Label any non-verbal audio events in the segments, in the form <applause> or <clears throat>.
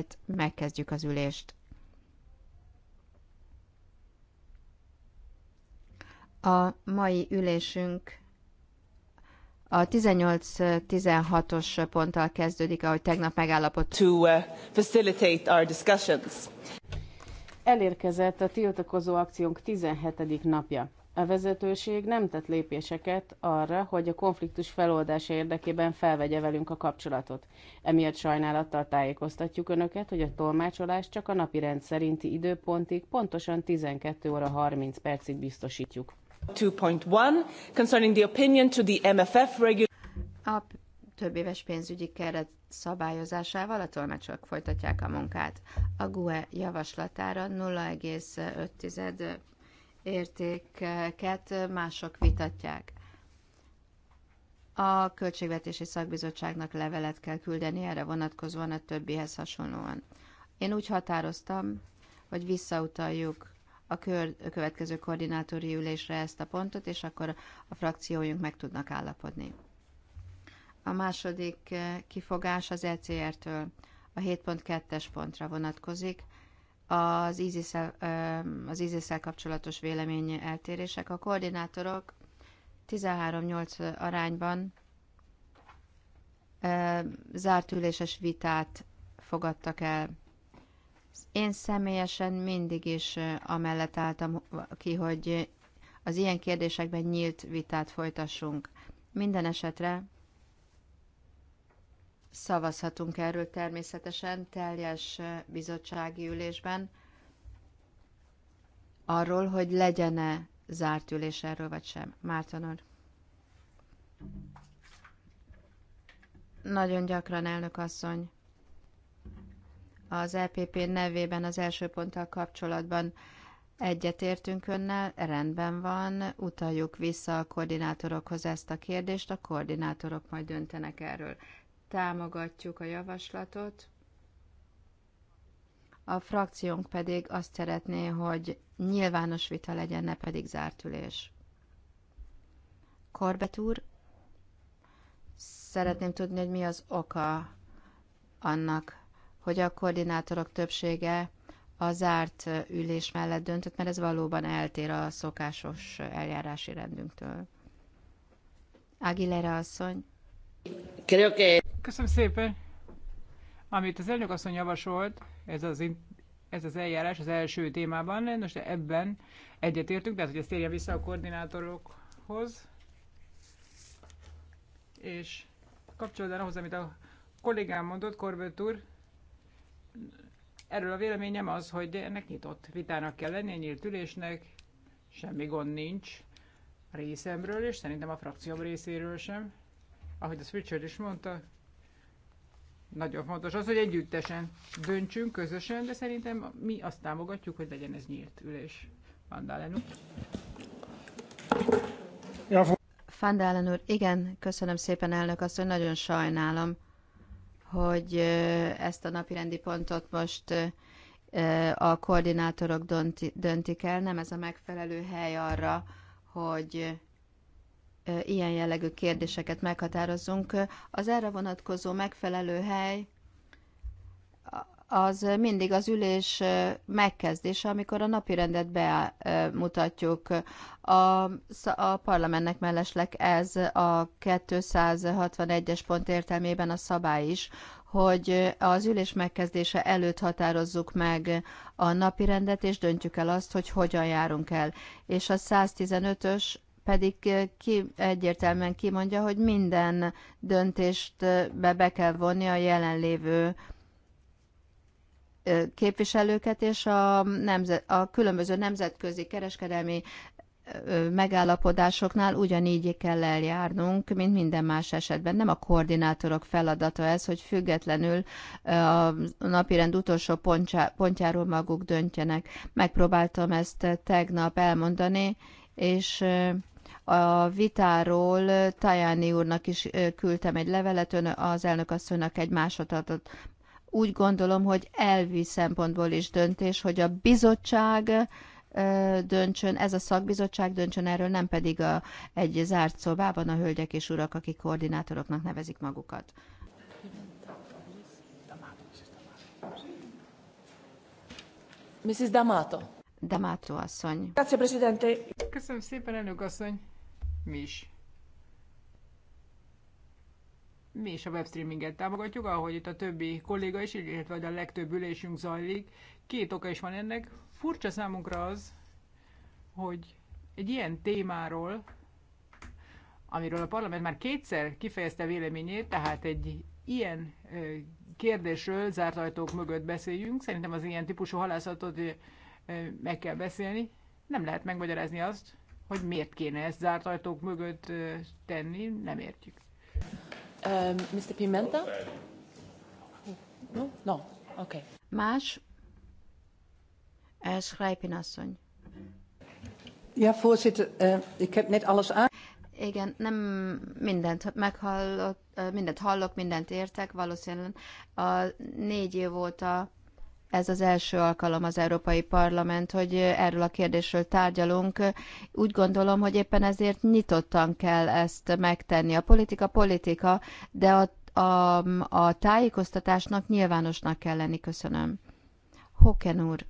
ismét megkezdjük az ülést. A mai ülésünk a 18-16-os ponttal kezdődik, ahogy tegnap megállapodtunk. To uh, facilitate our discussions. Elérkezett a tiltakozó akciónk 17. napja a vezetőség nem tett lépéseket arra, hogy a konfliktus feloldása érdekében felvegye velünk a kapcsolatot. Emiatt sajnálattal tájékoztatjuk Önöket, hogy a tolmácsolás csak a napi rend szerinti időpontig, pontosan 12 óra 30 percig biztosítjuk. 2.1 concerning the opinion to the MFF regular... A több éves pénzügyi keret szabályozásával a tolmácsok folytatják a munkát. A GUE javaslatára 0,5 értékeket mások vitatják. A Költségvetési Szakbizottságnak levelet kell küldeni erre vonatkozóan a többihez hasonlóan. Én úgy határoztam, hogy visszautaljuk a, kör, a következő koordinátori ülésre ezt a pontot, és akkor a frakciójunk meg tudnak állapodni. A második eh, kifogás az ECR-től a 7.2-es pontra vonatkozik, az isis az isis kapcsolatos vélemény eltérések. A koordinátorok 13-8 arányban zárt üléses vitát fogadtak el. Én személyesen mindig is amellett álltam ki, hogy az ilyen kérdésekben nyílt vitát folytassunk. Minden esetre Szavazhatunk erről természetesen teljes bizottsági ülésben, arról, hogy legyen-e zárt ülés erről, vagy sem. Márton úr. Nagyon gyakran, elnök asszony, az EPP nevében az első ponttal kapcsolatban egyetértünk önnel, rendben van, utaljuk vissza a koordinátorokhoz ezt a kérdést, a koordinátorok majd döntenek erről támogatjuk a javaslatot. A frakciónk pedig azt szeretné, hogy nyilvános vita legyen, ne pedig zárt ülés. Korbet úr, szeretném tudni, hogy mi az oka annak, hogy a koordinátorok többsége a zárt ülés mellett döntött, mert ez valóban eltér a szokásos eljárási rendünktől. Aguilera asszony. Köszönöm szépen. Amit az elnök asszony javasolt, ez az, ez az eljárás az első témában, most ebben egyetértünk, tehát hogy ezt térjen vissza a koordinátorokhoz, és kapcsolódóan ahhoz, amit a kollégám mondott, Korbőt úr, erről a véleményem az, hogy ennek nyitott vitának kell lennie, nyílt ülésnek, semmi gond nincs részemről, és szerintem a frakcióm részéről sem ahogy az Richard is mondta, nagyon fontos az, hogy együttesen döntsünk, közösen, de szerintem mi azt támogatjuk, hogy legyen ez nyílt ülés. Vandálen úr. Ja, Fandálen úr, igen, köszönöm szépen elnök azt, hogy nagyon sajnálom, hogy ezt a napi rendi pontot most a koordinátorok dönti, döntik el, nem ez a megfelelő hely arra, hogy ilyen jellegű kérdéseket meghatározzunk. Az erre vonatkozó megfelelő hely az mindig az ülés megkezdése, amikor a napi rendet bemutatjuk. A, a parlamentnek mellesleg ez a 261-es pont értelmében a szabály is, hogy az ülés megkezdése előtt határozzuk meg a napi rendet, és döntjük el azt, hogy hogyan járunk el. És a 115-ös pedig eh, ki, egyértelműen kimondja, hogy minden döntést eh, be, be kell vonni a jelenlévő eh, képviselőket és a, nemzet, a különböző nemzetközi kereskedelmi megállapodásoknál ugyanígy kell eljárnunk, mint minden más esetben. Nem a koordinátorok feladata ez, hogy függetlenül a napirend utolsó pontjá, pontjáról maguk döntjenek. Megpróbáltam ezt tegnap elmondani, és a vitáról Tajani úrnak is küldtem egy levelet, ön az elnök asszonynak egy adott. úgy gondolom, hogy elvi szempontból is döntés, hogy a bizottság döntsön, ez a szakbizottság döntsön erről, nem pedig a, egy zárt szobában a hölgyek és urak, akik koordinátoroknak nevezik magukat. Mrs. D'Amato. D'Amato asszony. Köszönöm szépen, elnök asszony mi is. Mi is a webstreaminget támogatjuk, ahogy itt a többi kolléga is, illetve a legtöbb ülésünk zajlik. Két oka is van ennek. Furcsa számunkra az, hogy egy ilyen témáról, amiről a parlament már kétszer kifejezte véleményét, tehát egy ilyen kérdésről zárt ajtók mögött beszéljünk. Szerintem az ilyen típusú halászatot meg kell beszélni. Nem lehet megmagyarázni azt, hogy miért kéne ezt zárt ajtók mögött tenni, nem értjük. Um, Mr. Pimenta? No? No, oké. Okay. Más? Eh, Schreipin asszony. Ja, voorzitter, uh, ik heb net alles aan. Igen, nem mindent meghallok, eh, mindent hallok, mindent értek, valószínűleg a négy év óta ez az első alkalom az Európai Parlament, hogy erről a kérdésről tárgyalunk. Úgy gondolom, hogy éppen ezért nyitottan kell ezt megtenni. A politika politika, de a, a, a tájékoztatásnak nyilvánosnak kell lenni. Köszönöm. Hoken úr.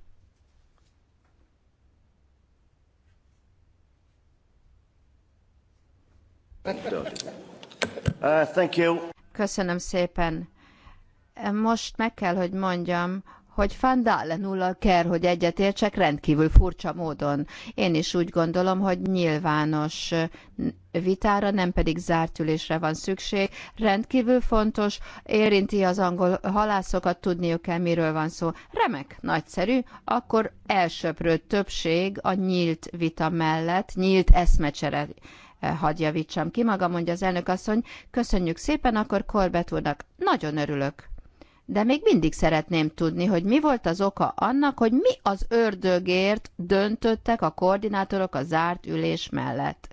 Uh, thank you. Köszönöm szépen. Most meg kell, hogy mondjam, hogy Van Dalenullal kell, hogy egyetértsek rendkívül furcsa módon. Én is úgy gondolom, hogy nyilvános vitára, nem pedig zárt ülésre van szükség. Rendkívül fontos, érinti az angol halászokat, tudniuk kell, miről van szó. Remek, nagyszerű, akkor elsöprő többség a nyílt vita mellett, nyílt eszmecsere eh, hadd javítsam ki magam, mondja az elnök asszony. Köszönjük szépen, akkor Korbet úrnak. Nagyon örülök de még mindig szeretném tudni, hogy mi volt az oka annak, hogy mi az ördögért döntöttek a koordinátorok a zárt ülés mellett.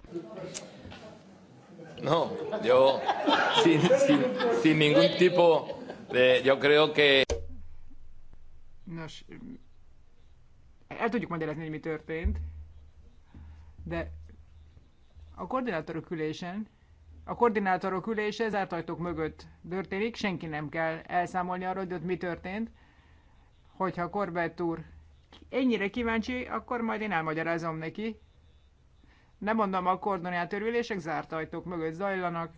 No, yo, sin, sin, sin ningún tipo de, yo creo que... Nos, el tudjuk magyarázni, hogy mi történt, de a koordinátorok ülésen a koordinátorok ülése zárt ajtók mögött történik, senki nem kell elszámolni arról, hogy ott mi történt. Hogyha Corbett úr ennyire kíváncsi, akkor majd én elmagyarázom neki. Nem mondom, a koordinátor ülések zárt ajtók mögött zajlanak.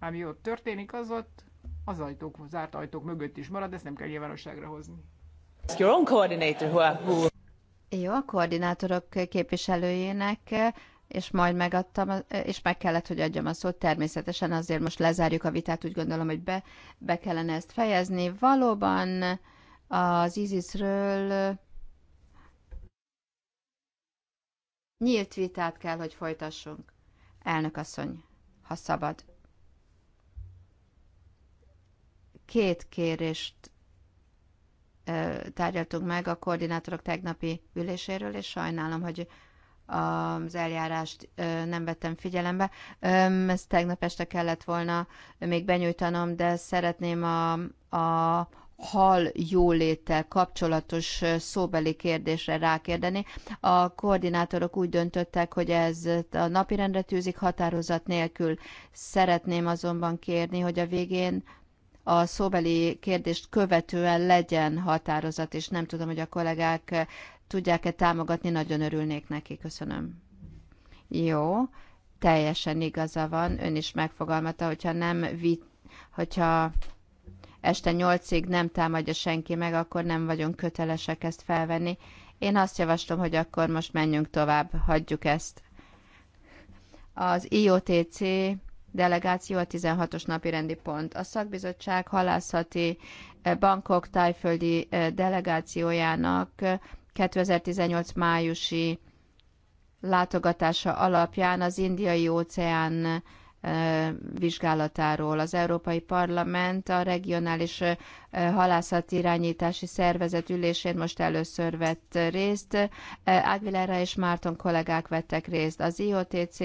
Ami ott történik, az ott az ajtók, zárt ajtók mögött is marad, ezt nem kell nyilvánosságra hozni. Your own coordinator, who, who... Jó, a koordinátorok képviselőjének és majd megadtam, és meg kellett, hogy adjam a szót. Természetesen azért most lezárjuk a vitát, úgy gondolom, hogy be, be kellene ezt fejezni. Valóban az ISIS-ről nyílt vitát kell, hogy folytassunk. Elnök asszony, ha szabad. Két kérést tárgyaltunk meg a koordinátorok tegnapi üléséről, és sajnálom, hogy az eljárást nem vettem figyelembe. Ezt tegnap este kellett volna még benyújtanom, de szeretném a, a hal jóléttel kapcsolatos szóbeli kérdésre rákérdeni. A koordinátorok úgy döntöttek, hogy ez a napirendre tűzik határozat nélkül. Szeretném azonban kérni, hogy a végén a szóbeli kérdést követően legyen határozat, és nem tudom, hogy a kollégák tudják-e támogatni, nagyon örülnék neki. Köszönöm. Jó, teljesen igaza van. Ön is megfogalmazta, hogyha nem vit, hogyha este nyolcig nem támadja senki meg, akkor nem vagyunk kötelesek ezt felvenni. Én azt javaslom, hogy akkor most menjünk tovább, hagyjuk ezt. Az IOTC delegáció a 16-os napi rendi pont. A szakbizottság halászati eh, bankok tájföldi eh, delegációjának 2018 májusi látogatása alapján az indiai óceán vizsgálatáról. Az Európai Parlament a regionális halászati irányítási szervezet ülésén most először vett részt. Ágvilára és Márton kollégák vettek részt. Az IOTC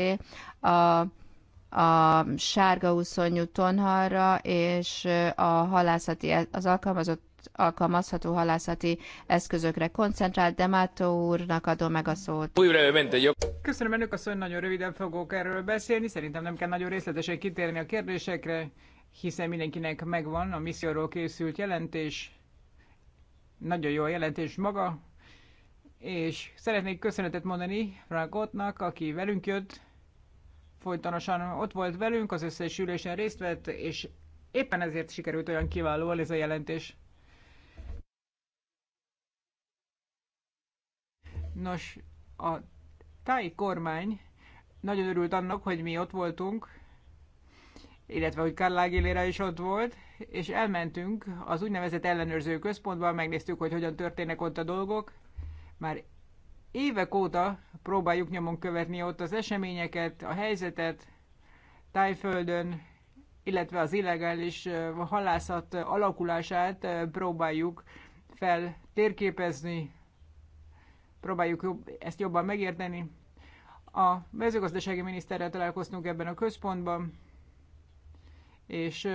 a a sárga úszonyú tonhalra és a halászati, az alkalmazott alkalmazható halászati eszközökre de Demato úrnak adom meg a szót. Köszönöm önök a szót, nagyon röviden fogok erről beszélni. Szerintem nem kell nagyon részletesen kitérni a kérdésekre, hiszen mindenkinek megvan a misszióról készült jelentés. Nagyon jó a jelentés maga, és szeretnék köszönetet mondani Frankotnak, aki velünk jött, folytonosan ott volt velünk, az összes ülésen részt vett, és éppen ezért sikerült olyan kiválóan ez a jelentés. Nos, a táj kormány nagyon örült annak, hogy mi ott voltunk, illetve hogy Karl Aguilera is ott volt, és elmentünk az úgynevezett ellenőrző központban, megnéztük, hogy hogyan történnek ott a dolgok. Már évek óta próbáljuk nyomon követni ott az eseményeket, a helyzetet, Tájföldön, illetve az illegális halászat alakulását próbáljuk fel térképezni, próbáljuk jobb, ezt jobban megérteni. A mezőgazdasági miniszterrel találkoztunk ebben a központban, és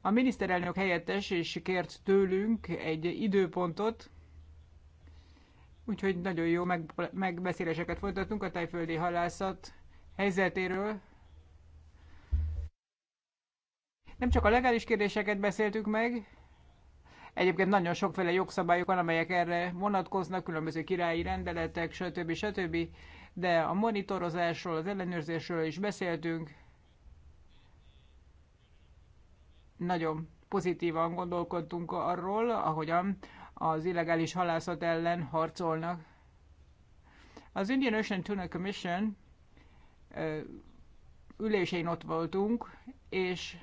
a miniszterelnök helyettes is kért tőlünk egy időpontot, úgyhogy nagyon jó meg, megbeszéléseket folytattunk a tájföldi halászat helyzetéről. Nem csak a legális kérdéseket beszéltük meg, Egyébként nagyon sokféle jogszabályok van, amelyek erre vonatkoznak, különböző királyi rendeletek, stb. stb. De a monitorozásról, az ellenőrzésről is beszéltünk. Nagyon pozitívan gondolkodtunk arról, ahogyan az illegális halászat ellen harcolnak. Az Indian Ocean Tuna Commission ülésén ott voltunk, és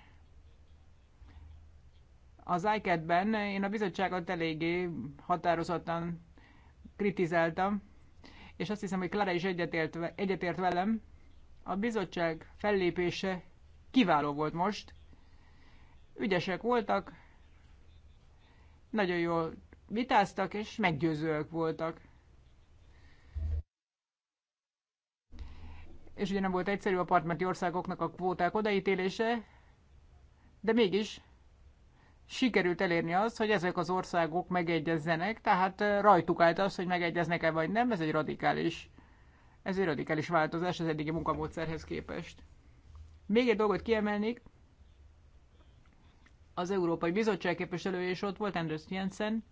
az ICAT-ben én a bizottságot eléggé határozottan kritizáltam, és azt hiszem, hogy Klara is egyetért, egyetért velem. A bizottság fellépése kiváló volt most, ügyesek voltak, nagyon jól vitáztak, és meggyőzőek voltak. És ugye nem volt egyszerű a partmenti országoknak a kvóták odaítélése, de mégis sikerült elérni azt, hogy ezek az országok megegyezzenek, tehát rajtuk állt az, hogy megegyeznek-e vagy nem, ez egy radikális, ez egy radikális változás az eddigi munkamódszerhez képest. Még egy dolgot kiemelnék, az Európai Bizottság képviselő, és ott volt, Anders Jensen,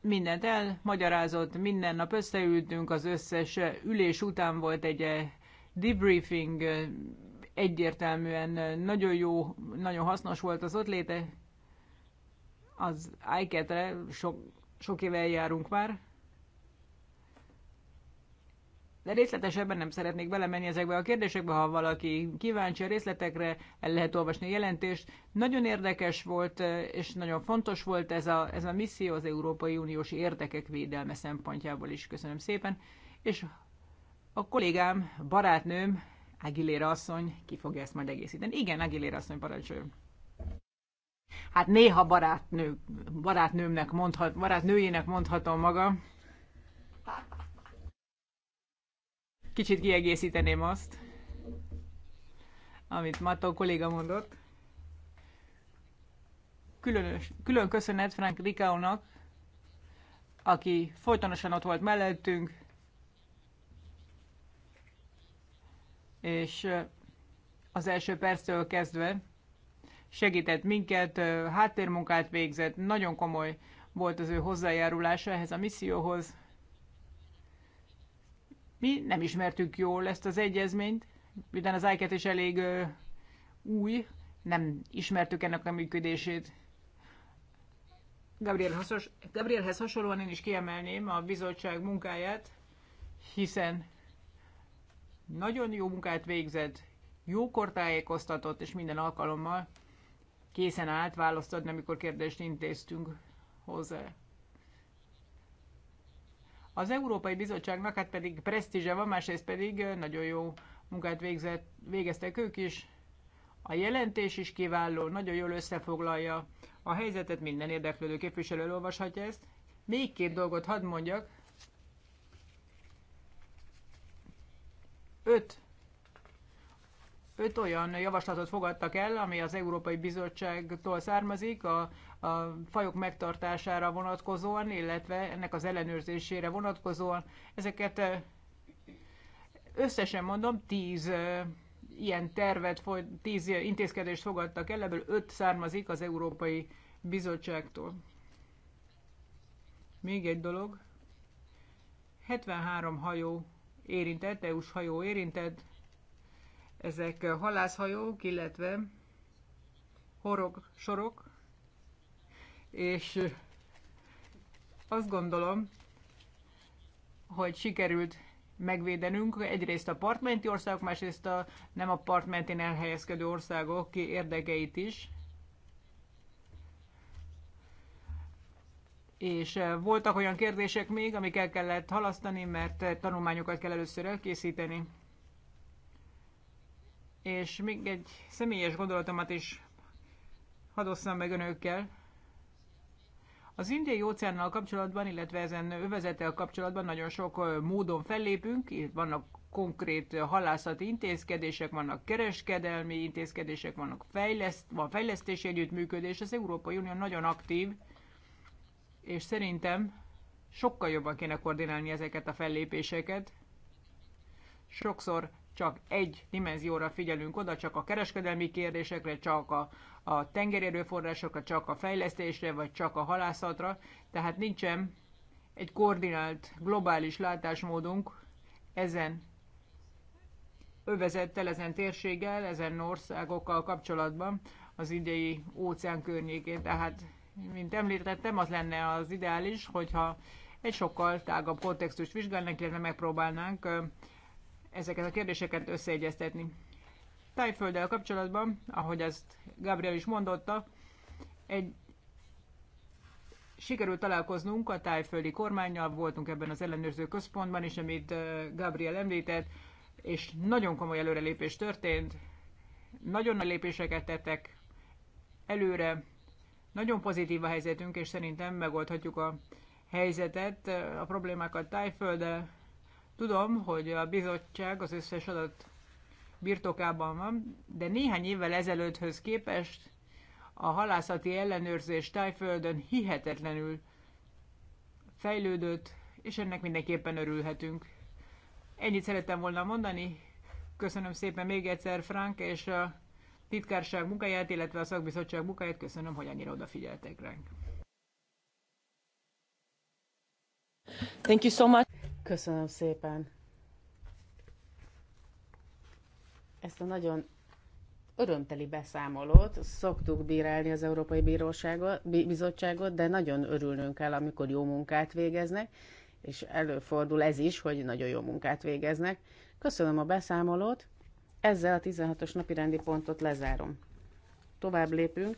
mindent elmagyarázott, minden nap összeültünk, az összes ülés után volt egy debriefing egyértelműen nagyon jó, nagyon hasznos volt az ott léte. Az i sok, sok éve járunk már. De részletesebben nem szeretnék belemenni ezekbe a kérdésekbe, ha valaki kíváncsi a részletekre, el lehet olvasni a jelentést. Nagyon érdekes volt, és nagyon fontos volt ez a, ez a misszió az Európai Uniós érdekek védelme szempontjából is. Köszönöm szépen. És a kollégám, barátnőm, Aguilera asszony ki fogja ezt majd egészíteni. Igen, Aguilera asszony parancsoljon. Hát néha barátnő, barátnőmnek mondhat, barátnőjének mondhatom magam. Kicsit kiegészíteném azt, amit Mató kolléga mondott. Különös, külön köszönet Frank Rikaónak, aki folytonosan ott volt mellettünk, és az első perctől kezdve segített minket, háttérmunkát végzett, nagyon komoly volt az ő hozzájárulása ehhez a misszióhoz. Mi nem ismertük jól ezt az egyezményt, minden az ájket is elég ö, új, nem ismertük ennek a működését. Gabriel hasos, Gabrielhez hasonlóan én is kiemelném a bizottság munkáját, hiszen nagyon jó munkát végzett, jókor tájékoztatott, és minden alkalommal készen állt választ adni, amikor kérdést intéztünk hozzá. Az Európai Bizottságnak hát pedig presztízse van, másrészt pedig nagyon jó munkát végzett, végeztek ők is. A jelentés is kiváló, nagyon jól összefoglalja a helyzetet, minden érdeklődő képviselő olvashatja ezt. Még két dolgot hadd mondjak. öt, öt olyan javaslatot fogadtak el, ami az Európai Bizottságtól származik, a, a fajok megtartására vonatkozóan, illetve ennek az ellenőrzésére vonatkozóan. Ezeket összesen mondom, tíz ilyen tervet, tíz intézkedést fogadtak el, ebből öt származik az Európai Bizottságtól. Még egy dolog. 73 hajó érintett, EU-s hajó érintett. Ezek halászhajók, illetve horog, sorok, és azt gondolom, hogy sikerült megvédenünk egyrészt a partmenti országok, másrészt a nem a partmentén elhelyezkedő országok érdekeit is. és eh, voltak olyan kérdések még, amik el kellett halasztani, mert eh, tanulmányokat kell először elkészíteni. És még egy személyes gondolatomat is hadosszam meg önökkel. Az indiai óceánnal kapcsolatban, illetve ezen övezettel kapcsolatban nagyon sok eh, módon fellépünk, itt vannak konkrét halászati intézkedések, vannak kereskedelmi intézkedések, vannak fejleszt, van fejlesztési együttműködés, az Európai Unió nagyon aktív és szerintem sokkal jobban kéne koordinálni ezeket a fellépéseket. Sokszor csak egy dimenzióra figyelünk oda, csak a kereskedelmi kérdésekre, csak a, a tengeri erőforrásokra, csak a fejlesztésre, vagy csak a halászatra. Tehát nincsen egy koordinált, globális látásmódunk ezen övezettel, ezen térséggel, ezen országokkal kapcsolatban az idei óceán környékén. Tehát mint említettem, az lenne az ideális, hogyha egy sokkal tágabb kontextust vizsgálnánk, illetve megpróbálnánk ezeket a kérdéseket összeegyeztetni. Tájfölddel kapcsolatban, ahogy ezt Gabriel is mondotta, egy sikerült találkoznunk a tájföldi kormányjal, voltunk ebben az ellenőrző központban is, amit Gabriel említett, és nagyon komoly előrelépés történt, nagyon nagy lépéseket tettek előre, nagyon pozitív a helyzetünk, és szerintem megoldhatjuk a helyzetet, a problémákat tájfölde. Tudom, hogy a bizottság az összes adat birtokában van, de néhány évvel ezelőtthöz képest a halászati ellenőrzés tájföldön hihetetlenül fejlődött, és ennek mindenképpen örülhetünk. Ennyit szerettem volna mondani. Köszönöm szépen még egyszer, Frank, és a titkárság munkáját, illetve a szakbizottság munkáját. Köszönöm, hogy annyira odafigyeltek ránk. Thank you so much. Köszönöm szépen. Ezt a nagyon örömteli beszámolót. Szoktuk bírálni az Európai Bíróságot, Bizottságot, de nagyon örülnünk kell, amikor jó munkát végeznek, és előfordul ez is, hogy nagyon jó munkát végeznek. Köszönöm a beszámolót. Ezzel a 16-os napi rendi pontot lezárom. Tovább lépünk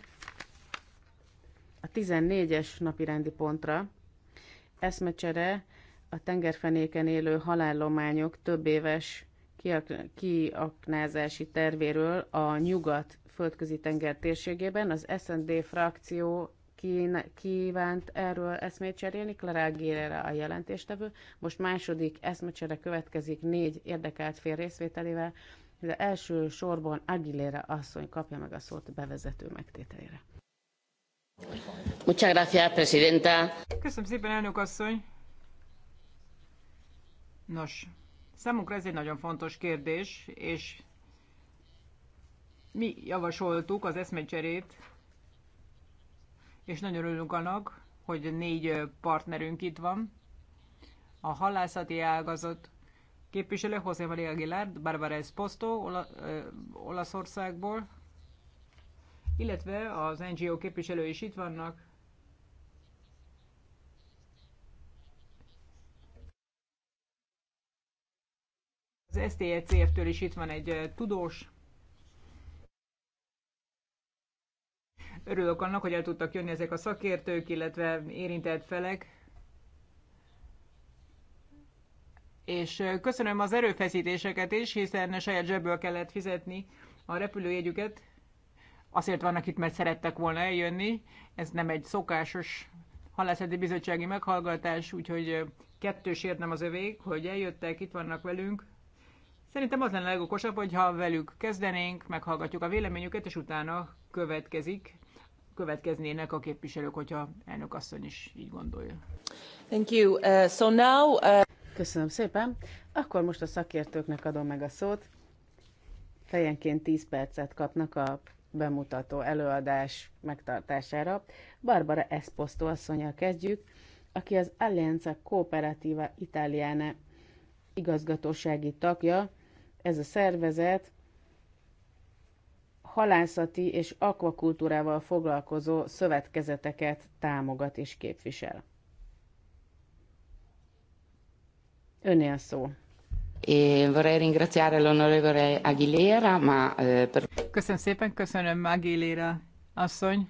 a 14-es napi rendi pontra. Eszmecsere a tengerfenéken élő halállományok több éves kiaknázási tervéről a nyugat földközi tenger térségében. Az SND frakció kívánt erről eszmét cserélni, Klará Gérere a jelentéstevő. Most második eszmecsere következik négy érdekelt fél részvételével de első sorban Aguilera asszony kapja meg a szót a bevezető megtételére. Muchas gracias, presidenta. Köszönöm szépen, elnök asszony. Nos, számunkra ez egy nagyon fontos kérdés, és mi javasoltuk az eszmecserét, és nagyon örülünk annak, hogy négy partnerünk itt van. A halászati ágazat, képviselő, José Maria Aguilar, Barbara Esposto Ola, ö, Olaszországból, illetve az NGO képviselői is itt vannak. Az STECF-től is itt van egy tudós. Örülök annak, hogy el tudtak jönni ezek a szakértők, illetve érintett felek. és köszönöm az erőfeszítéseket is, hiszen saját zsebből kellett fizetni a repülőjegyüket. Azért vannak itt, mert szerettek volna eljönni. Ez nem egy szokásos halászati bizottsági meghallgatás, úgyhogy kettős nem az övék, hogy eljöttek, itt vannak velünk. Szerintem az lenne legokosabb, hogyha velük kezdenénk, meghallgatjuk a véleményüket, és utána következik, következnének a képviselők, hogyha elnök asszony is így gondolja. Thank you. Uh, so now, uh... Köszönöm szépen. Akkor most a szakértőknek adom meg a szót. Fejenként 10 percet kapnak a bemutató előadás megtartására. Barbara Esposto asszonyjal kezdjük, aki az Allianza Cooperativa Italiana igazgatósági tagja. Ez a szervezet halászati és akvakultúrával foglalkozó szövetkezeteket támogat és képvisel. Önél szó. E, eh, köszönöm szépen, köszönöm Aguilera asszony.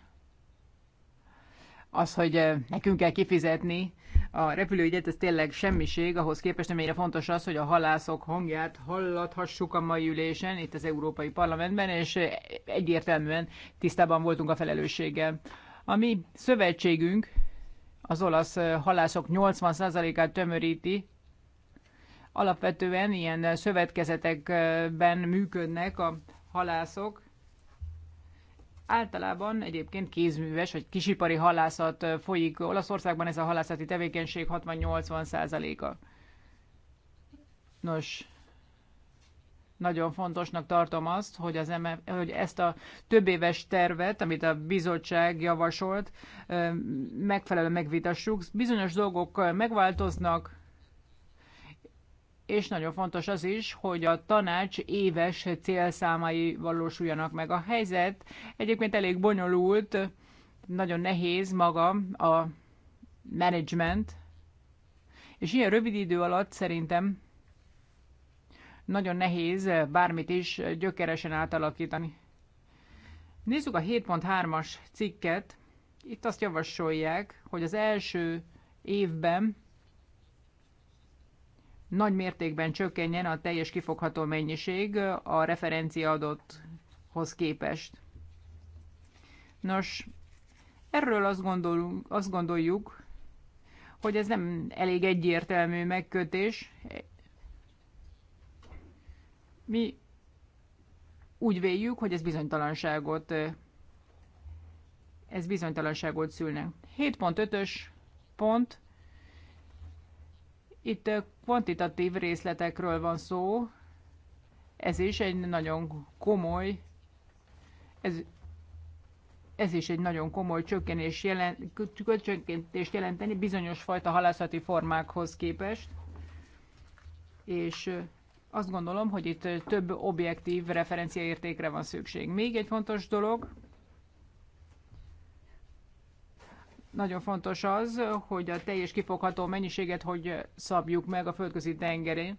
Az, hogy eh, nekünk kell kifizetni a repülőügyet, ez tényleg semmiség, ahhoz képest nem egyre fontos az, hogy a halászok hangját hallathassuk a mai ülésen, itt az Európai Parlamentben, és eh, egyértelműen tisztában voltunk a felelősséggel. A mi szövetségünk az olasz halászok 80%-át tömöríti, Alapvetően ilyen szövetkezetekben működnek a halászok. Általában egyébként kézműves vagy kisipari halászat folyik. Olaszországban ez a halászati tevékenység 60-80 százaléka. Nos, nagyon fontosnak tartom azt, hogy, az MF, hogy ezt a több éves tervet, amit a bizottság javasolt, megfelelően megvitassuk. Bizonyos dolgok megváltoznak, és nagyon fontos az is, hogy a tanács éves célszámai valósuljanak meg. A helyzet egyébként elég bonyolult, nagyon nehéz maga a management, és ilyen rövid idő alatt szerintem nagyon nehéz bármit is gyökeresen átalakítani. Nézzük a 7.3-as cikket. Itt azt javasolják, hogy az első évben nagy mértékben csökkenjen a teljes kifogható mennyiség a referencia adotthoz képest. Nos, erről azt, gondolunk, azt gondoljuk, hogy ez nem elég egyértelmű megkötés. Mi úgy véljük, hogy ez bizonytalanságot ez bizonytalanságot szülne. 7.5-ös pont itt eh, kvantitatív részletekről van szó, ez is egy nagyon komoly, ez, ez is egy nagyon komoly csökkenés jelent, csökkentést jelenteni bizonyos fajta halászati formákhoz képest, és eh, azt gondolom, hogy itt eh, több objektív referenciaértékre van szükség. Még egy fontos dolog, nagyon fontos az, hogy a teljes kifogható mennyiséget hogy szabjuk meg a földközi tengerén.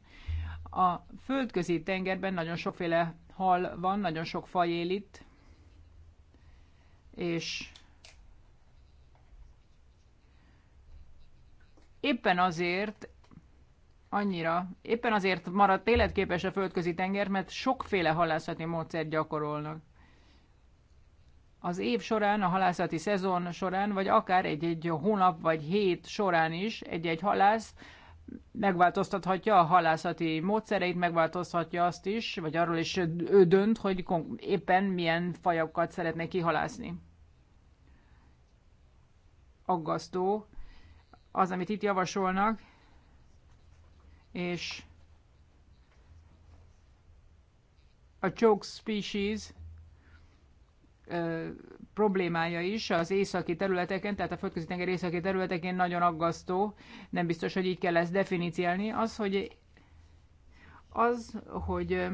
A földközi tengerben nagyon sokféle hal van, nagyon sok faj él itt, és éppen azért annyira, éppen azért maradt életképes a földközi tenger, mert sokféle halászati módszert gyakorolnak az év során, a halászati szezon során, vagy akár egy-egy hónap vagy hét során is egy-egy halász megváltoztathatja a halászati módszereit, megváltoztatja azt is, vagy arról is ő dönt, hogy éppen milyen fajokat szeretne kihalászni. Aggasztó az, amit itt javasolnak, és a choke species problémája is az északi területeken, tehát a földközi tenger északi területeken nagyon aggasztó, nem biztos, hogy így kell ezt definíciálni, az, hogy az, hogy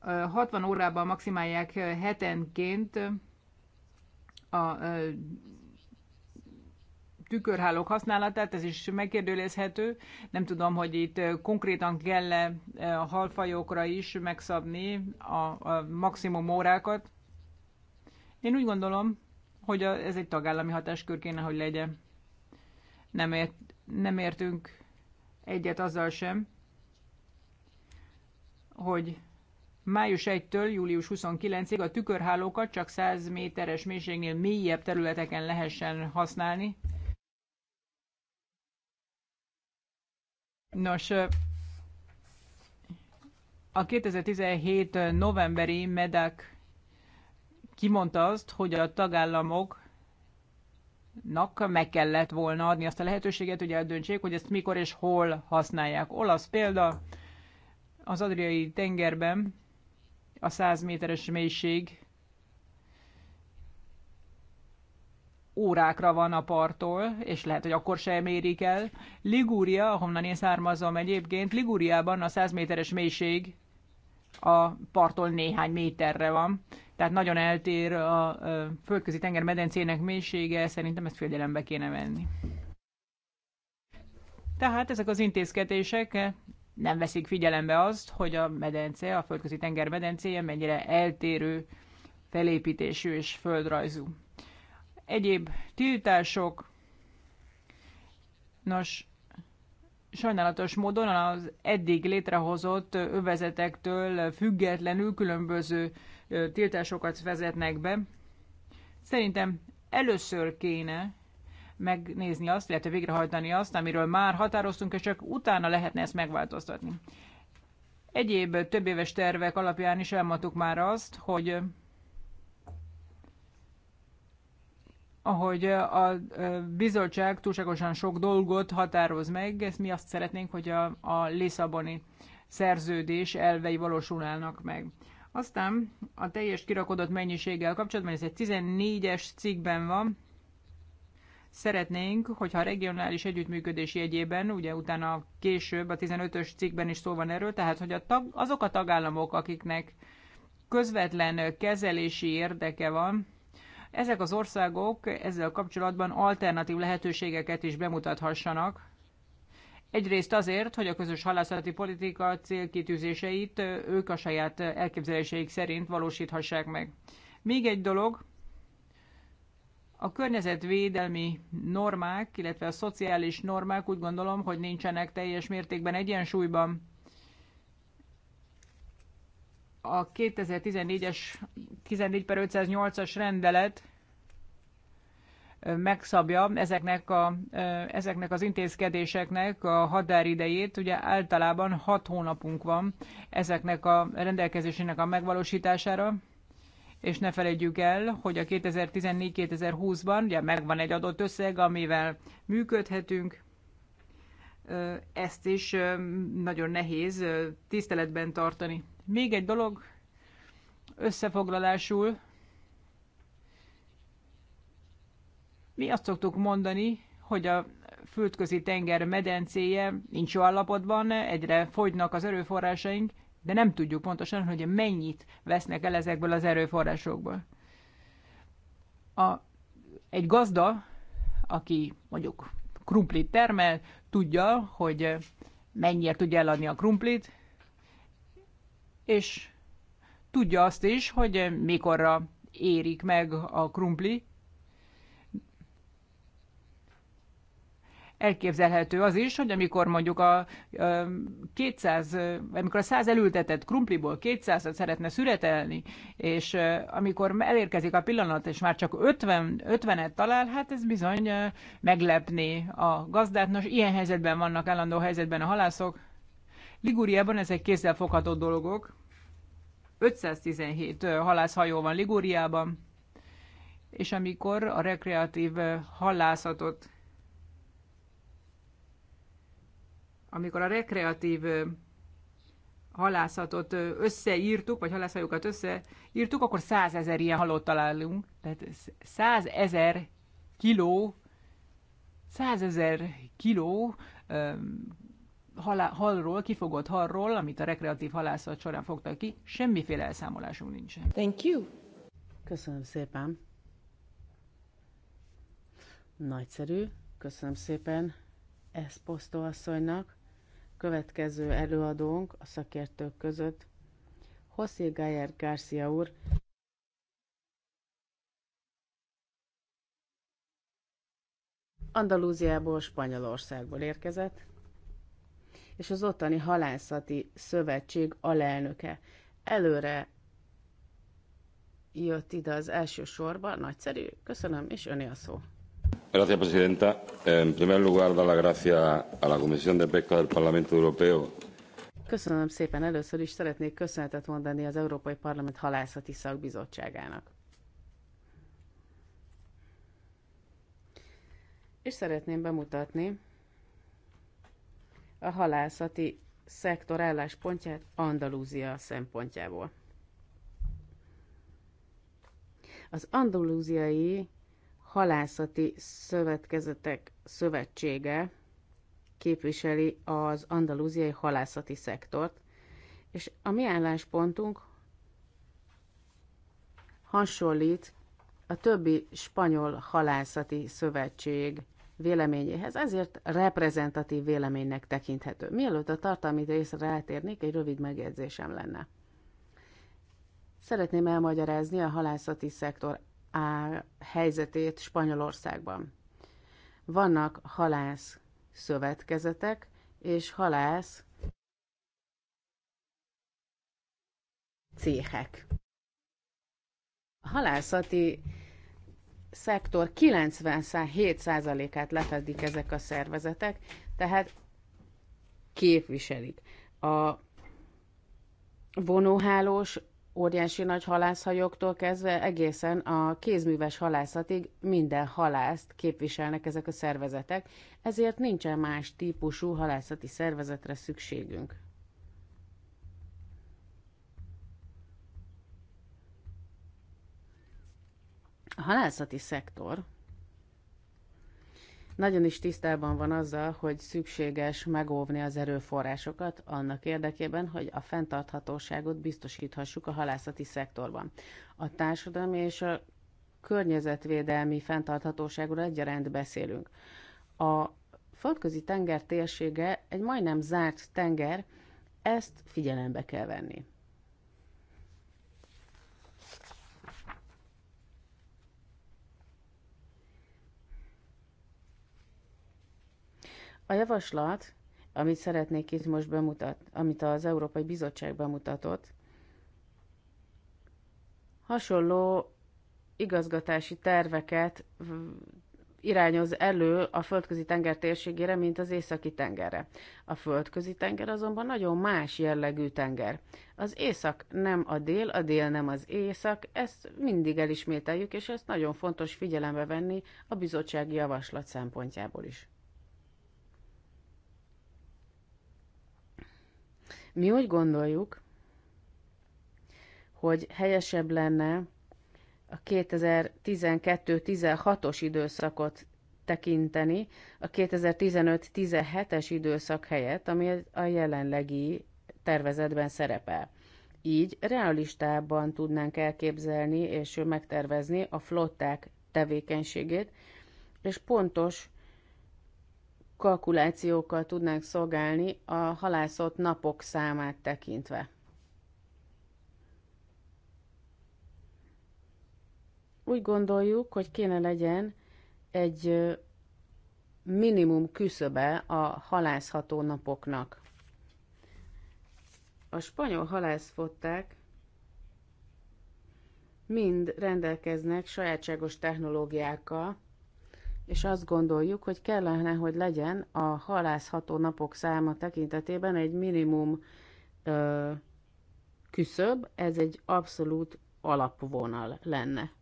60 órában maximálják hetenként a tükörhálók használatát, ez is megkérdőlezhető. Nem tudom, hogy itt konkrétan kell -e a halfajokra is megszabni a, a maximum órákat. Én úgy gondolom, hogy ez egy tagállami hatáskör kéne, hogy legyen. Nem, ért, nem értünk egyet azzal sem, hogy május 1-től július 29-ig a tükörhálókat csak 100 méteres mélységnél mélyebb területeken lehessen használni. Nos, a 2017 novemberi medák kimondta azt, hogy a tagállamoknak meg kellett volna adni azt a lehetőséget, hogy eldöntsék, hogy ezt mikor és hol használják. Olasz példa, az Adriai tengerben a 100 méteres mélység órákra van a parttól, és lehet, hogy akkor sem mérik el. Ligúria, ahonnan én származom egyébként, Ligúriában a 100 méteres mélység a parttól néhány méterre van tehát nagyon eltér a földközi tenger medencének mélysége, szerintem ezt figyelembe kéne venni. Tehát ezek az intézkedések nem veszik figyelembe azt, hogy a medence, a földközi tenger medencéje mennyire eltérő felépítésű és földrajzú. Egyéb tiltások, nos, sajnálatos módon az eddig létrehozott övezetektől függetlenül különböző tiltásokat vezetnek be. Szerintem először kéne megnézni azt, illetve végrehajtani azt, amiről már határoztunk, és csak utána lehetne ezt megváltoztatni. Egyéb több éves tervek alapján is elmondtuk már azt, hogy ahogy a bizottság túlságosan sok dolgot határoz meg, ezt mi azt szeretnénk, hogy a, a Lisszaboni szerződés elvei valósulnának meg. Aztán a teljes kirakodott mennyiséggel kapcsolatban, ez egy 14-es cikkben van, szeretnénk, hogyha a regionális együttműködés jegyében, ugye utána később a 15-ös cikkben is szó van erről, tehát hogy a tag, azok a tagállamok, akiknek közvetlen kezelési érdeke van, ezek az országok ezzel kapcsolatban alternatív lehetőségeket is bemutathassanak, Egyrészt azért, hogy a közös halászati politika célkitűzéseit ők a saját elképzeléseik szerint valósíthassák meg. Még egy dolog, a környezetvédelmi normák, illetve a szociális normák úgy gondolom, hogy nincsenek teljes mértékben egyensúlyban. A 2014-es 14 per 508-as rendelet megszabja ezeknek, a, ezeknek az intézkedéseknek a határidejét. Ugye általában hat hónapunk van ezeknek a rendelkezésének a megvalósítására, és ne felejtjük el, hogy a 2014-2020-ban ugye megvan egy adott összeg, amivel működhetünk, ezt is nagyon nehéz tiszteletben tartani. Még egy dolog, összefoglalásul Mi azt szoktuk mondani, hogy a földközi tenger medencéje nincs jó állapotban, egyre fogynak az erőforrásaink, de nem tudjuk pontosan, hogy mennyit vesznek el ezekből az erőforrásokból. A, egy gazda, aki mondjuk krumplit termel, tudja, hogy mennyire tudja eladni a krumplit, és tudja azt is, hogy mikorra érik meg a krumpli, elképzelhető az is, hogy amikor mondjuk a 200, amikor a 100 elültetett krumpliból 200-at szeretne szüretelni, és amikor elérkezik a pillanat, és már csak 50, 50-et talál, hát ez bizony meglepné a gazdát. Nos, ilyen helyzetben vannak állandó helyzetben a halászok. Liguriában ezek fogható dolgok. 517 halászhajó van Liguriában, és amikor a rekreatív halászatot amikor a rekreatív halászatot összeírtuk, vagy halászhajókat összeírtuk, akkor százezer ilyen halott találunk. Tehát százezer kiló, százezer kiló halá, halról, kifogott halról, amit a rekreatív halászat során fogtak ki, semmiféle elszámolásunk nincsen. Thank you! Köszönöm szépen! Nagyszerű, köszönöm szépen Eszposztó asszonynak következő előadónk a szakértők között, José Gayer Garcia úr, Andalúziából, Spanyolországból érkezett, és az ottani halászati szövetség alelnöke. Előre jött ide az első sorba, nagyszerű, köszönöm, és öné a szó. Gracias, Presidenta. En primer lugar, dar las gracias a la Comisión de Pesca del Parlamento Europeo. Köszönöm szépen. Először is szeretnék köszönetet mondani az Európai Parlament Halászati Szakbizottságának. És szeretném bemutatni a halászati szektor álláspontját Andalúzia szempontjából. Az andalúziai halászati szövetkezetek szövetsége képviseli az andalúziai halászati szektort, és a mi álláspontunk hasonlít a többi spanyol halászati szövetség véleményéhez, ezért reprezentatív véleménynek tekinthető. Mielőtt a tartalmi részre rátérnék, egy rövid megjegyzésem lenne. Szeretném elmagyarázni a halászati szektor a helyzetét Spanyolországban. Vannak halász szövetkezetek és halász céhek. A halászati szektor 97%-át lefedik ezek a szervezetek, tehát képviselik. A vonóhálós óriási nagy halászhajóktól kezdve egészen a kézműves halászatig minden halászt képviselnek ezek a szervezetek, ezért nincsen más típusú halászati szervezetre szükségünk. A halászati szektor nagyon is tisztában van azzal, hogy szükséges megóvni az erőforrásokat annak érdekében, hogy a fenntarthatóságot biztosíthassuk a halászati szektorban. A társadalmi és a környezetvédelmi fenntarthatóságról egyaránt beszélünk. A földközi tenger térsége egy majdnem zárt tenger, ezt figyelembe kell venni. A javaslat, amit szeretnék itt most bemutatni, amit az Európai Bizottság bemutatott, hasonló igazgatási terveket irányoz elő a földközi tenger térségére, mint az északi tengerre. A földközi tenger azonban nagyon más jellegű tenger. Az észak nem a dél, a dél nem az észak, ezt mindig elismételjük, és ezt nagyon fontos figyelembe venni a bizottsági javaslat szempontjából is. Mi úgy gondoljuk, hogy helyesebb lenne a 2012-16-os időszakot tekinteni a 2015-17-es időszak helyett, ami a jelenlegi tervezetben szerepel. Így realistában tudnánk elképzelni és megtervezni a flották tevékenységét, és pontos kalkulációkkal tudnánk szolgálni a halászott napok számát tekintve. Úgy gondoljuk, hogy kéne legyen egy minimum küszöbe a halászható napoknak. A spanyol halászfották mind rendelkeznek sajátságos technológiákkal, és azt gondoljuk, hogy kellene, hogy legyen a halászható napok száma tekintetében egy minimum ö, küszöb, ez egy abszolút alapvonal lenne.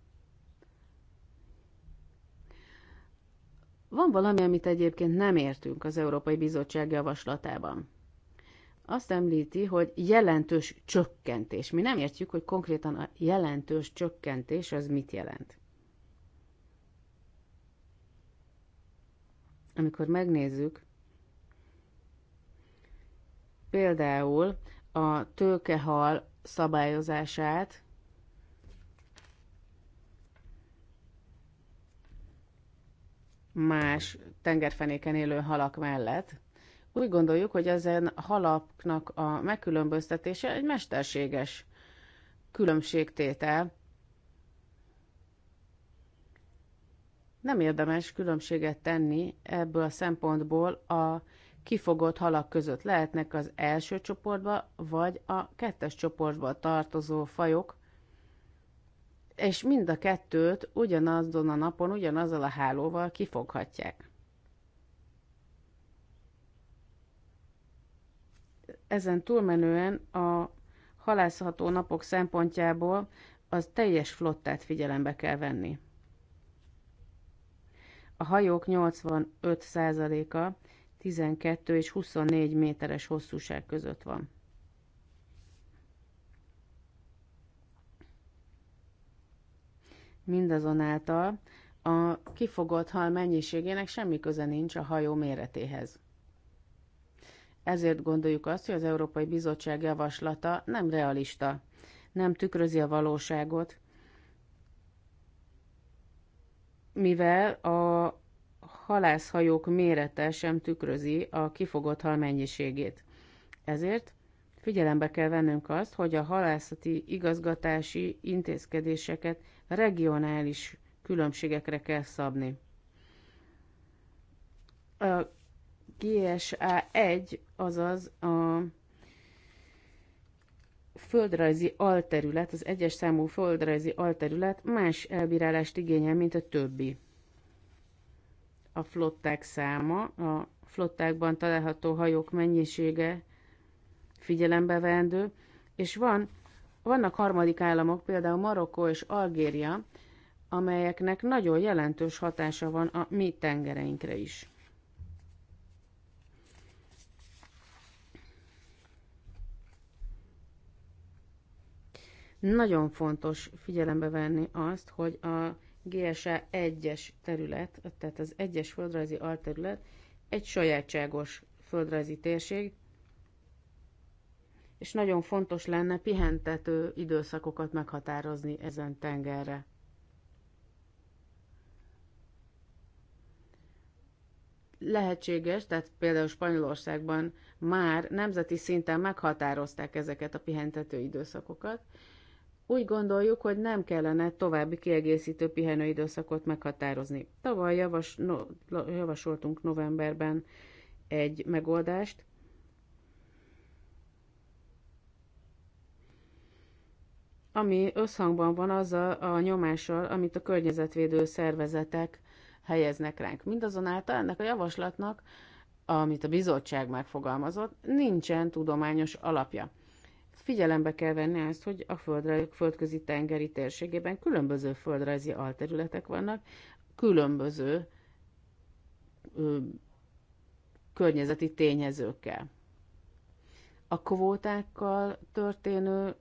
Van valami, amit egyébként nem értünk az Európai Bizottság javaslatában. Azt említi, hogy jelentős csökkentés. Mi nem értjük, hogy konkrétan a jelentős csökkentés az mit jelent. amikor megnézzük, például a tőkehal szabályozását, más tengerfenéken élő halak mellett, úgy gondoljuk, hogy ezen halaknak a megkülönböztetése egy mesterséges különbségtétel, nem érdemes különbséget tenni ebből a szempontból a kifogott halak között. Lehetnek az első csoportba, vagy a kettes csoportba tartozó fajok, és mind a kettőt ugyanazon a napon, ugyanazzal a hálóval kifoghatják. Ezen túlmenően a halászható napok szempontjából az teljes flottát figyelembe kell venni. A hajók 85%-a 12 és 24 méteres hosszúság között van. Mindazonáltal a kifogott hal mennyiségének semmi köze nincs a hajó méretéhez. Ezért gondoljuk azt, hogy az Európai Bizottság javaslata nem realista, nem tükrözi a valóságot, mivel a halászhajók mérete sem tükrözi a kifogott hal mennyiségét. Ezért figyelembe kell vennünk azt, hogy a halászati igazgatási intézkedéseket regionális különbségekre kell szabni. A GSA 1, azaz a földrajzi alterület, az egyes számú földrajzi alterület más elbírálást igényel, mint a többi. A flották száma, a flottákban található hajók mennyisége figyelembe vendő, és van, vannak harmadik államok, például Marokkó és Algéria, amelyeknek nagyon jelentős hatása van a mi tengereinkre is. Nagyon fontos figyelembe venni azt, hogy a GSA 1-es terület, tehát az 1-es földrajzi alterület egy sajátságos földrajzi térség, és nagyon fontos lenne pihentető időszakokat meghatározni ezen tengerre. Lehetséges, tehát például Spanyolországban már nemzeti szinten meghatározták ezeket a pihentető időszakokat, úgy gondoljuk, hogy nem kellene további kiegészítő pihenőidőszakot meghatározni. Tavaly javas, no, javasoltunk novemberben egy megoldást, ami összhangban van azzal a nyomással, amit a környezetvédő szervezetek helyeznek ránk. Mindazonáltal ennek a javaslatnak, amit a bizottság megfogalmazott, nincsen tudományos alapja figyelembe kell venni azt, hogy a földrajz, földközi tengeri térségében különböző földrajzi alterületek vannak, különböző ö, környezeti tényezőkkel. A kvótákkal történő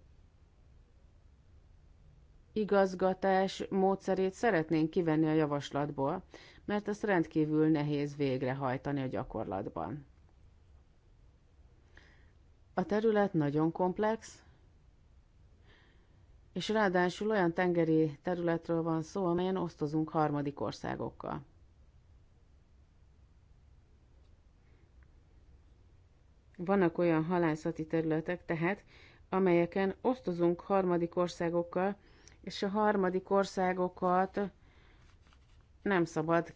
igazgatás módszerét szeretnénk kivenni a javaslatból, mert ezt rendkívül nehéz végrehajtani a gyakorlatban. A terület nagyon komplex, és ráadásul olyan tengeri területről van szó, amelyen osztozunk harmadik országokkal. Vannak olyan halászati területek tehát, amelyeken osztozunk harmadik országokkal, és a harmadik országokat nem szabad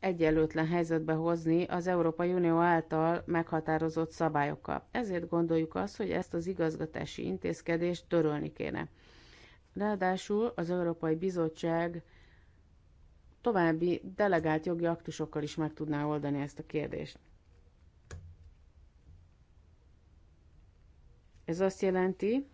egyenlőtlen helyzetbe hozni az Európai Unió által meghatározott szabályokkal. Ezért gondoljuk azt, hogy ezt az igazgatási intézkedést törölni kéne. Ráadásul az Európai Bizottság további delegált jogi aktusokkal is meg tudná oldani ezt a kérdést. Ez azt jelenti,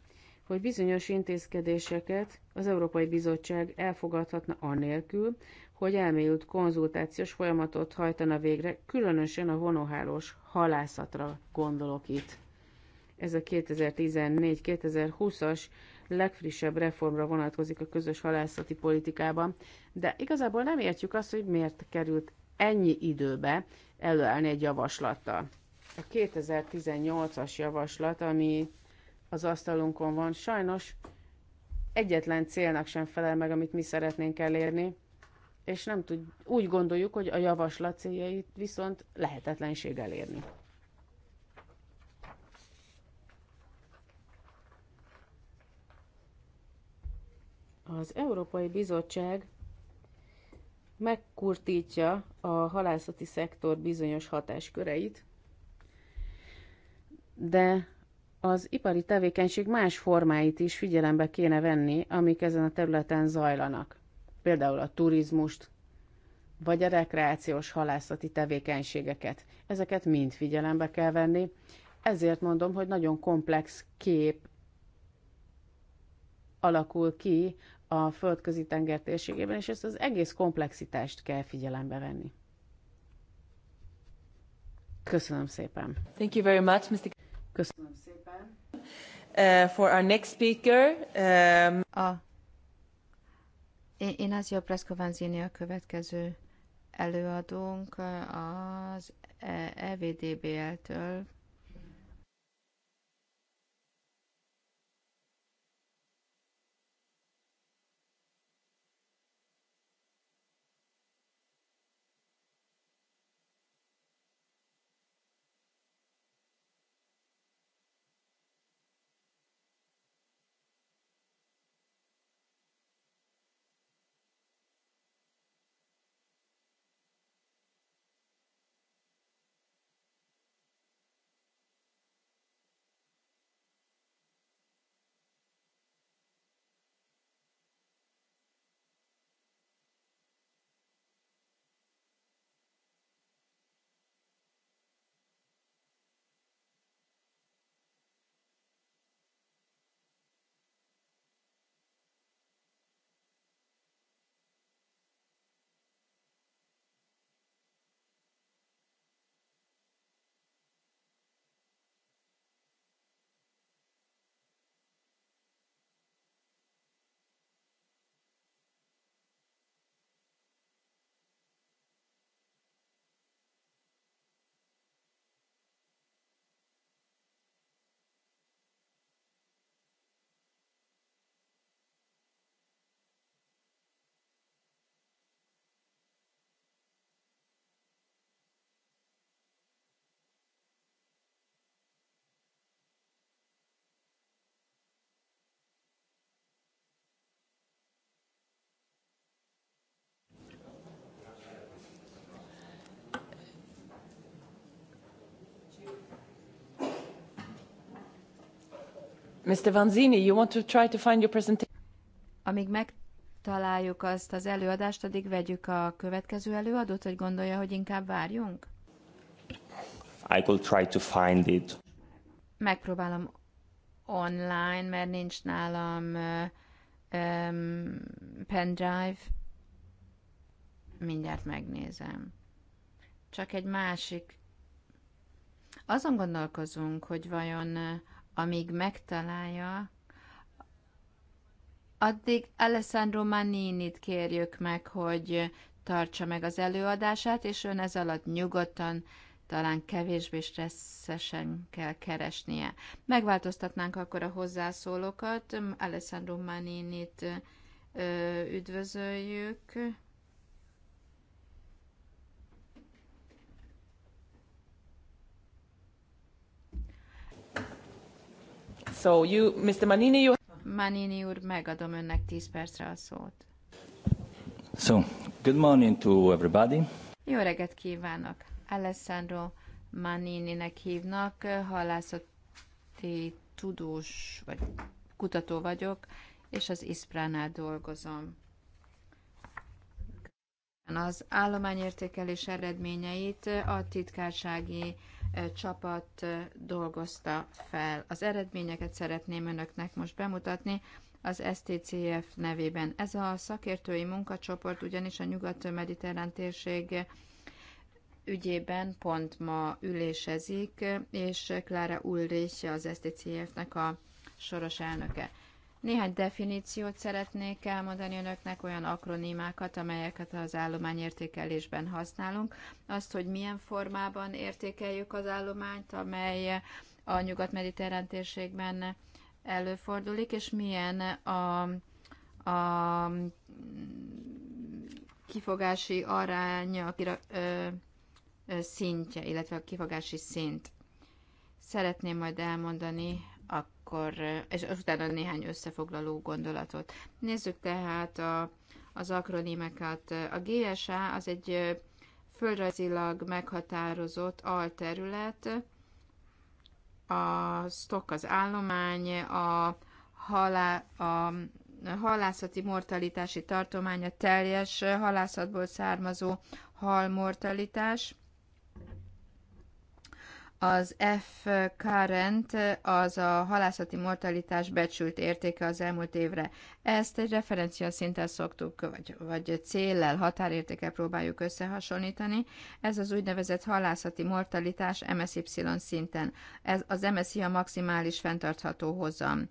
hogy bizonyos intézkedéseket az Európai Bizottság elfogadhatna anélkül, hogy elmélyült konzultációs folyamatot hajtana végre, különösen a vonóhálós halászatra gondolok itt. Ez a 2014-2020-as legfrissebb reformra vonatkozik a közös halászati politikában, de igazából nem értjük azt, hogy miért került ennyi időbe előállni egy javaslattal. A 2018-as javaslat, ami az asztalunkon van, sajnos egyetlen célnak sem felel meg, amit mi szeretnénk elérni, és nem tud, úgy gondoljuk, hogy a javaslat céljait viszont lehetetlenség elérni. Az Európai Bizottság megkurtítja a halászati szektor bizonyos hatásköreit, de az ipari tevékenység más formáit is figyelembe kéne venni, amik ezen a területen zajlanak például a turizmust, vagy a rekreációs halászati tevékenységeket. Ezeket mind figyelembe kell venni. Ezért mondom, hogy nagyon komplex kép alakul ki a földközi tenger térségében, és ezt az egész komplexitást kell figyelembe venni. Köszönöm szépen. Thank you very much, Mr. Köszönöm szépen. Uh, for our next speaker, um... a én az jobb lesz a következő előadónk az EVDBL-től, e Mr. Vanzini, you want to try to find your presentation? Amíg megtaláljuk azt az előadást, addig vegyük a következő előadót, hogy gondolja, hogy inkább várjunk? I will try to find it. Megpróbálom online, mert nincs nálam uh, um, pendrive. Mindjárt megnézem. Csak egy másik. Azon gondolkozunk, hogy vajon uh, amíg megtalálja, addig Alessandro Maninit kérjük meg, hogy tartsa meg az előadását, és ön ez alatt nyugodtan, talán kevésbé stresszesen kell keresnie. Megváltoztatnánk akkor a hozzászólókat. Alessandro Maninit üdvözöljük. So you, Mr. Manini, you... Manini úr, megadom önnek 10 percre a szót. So, good morning to everybody. Jó reggelt kívánok! Alessandro Manini-nek hívnak, halászati tudós vagy kutató vagyok, és az ISPRÁ-nál dolgozom. Az állományértékelés eredményeit a titkársági E, csapat e, dolgozta fel. Az eredményeket szeretném önöknek most bemutatni az STCF nevében. Ez a szakértői munkacsoport ugyanis a nyugat-mediterrán térség ügyében pont ma ülésezik, és Klára Ulrich az STCF-nek a soros elnöke. Néhány definíciót szeretnék elmondani önöknek, olyan akronimákat, amelyeket az állományértékelésben használunk. Azt, hogy milyen formában értékeljük az állományt, amely a nyugat-mediterrán térségben előfordulik, és milyen a, a kifogási arány, a kira, ö, ö, szintje, illetve a kifogási szint. Szeretném majd elmondani akkor, és utána néhány összefoglaló gondolatot. Nézzük tehát a, az akronímeket. A GSA az egy földrajzilag meghatározott alterület, a stock az állomány, a, halá, a halászati mortalitási tartomány, a teljes halászatból származó halmortalitás, az F current az a halászati mortalitás becsült értéke az elmúlt évre. Ezt egy referencia szinten szoktuk, vagy, vagy céllel, határértékel próbáljuk összehasonlítani. Ez az úgynevezett halászati mortalitás MSY szinten. Ez, az MSI a maximális fenntartható hozam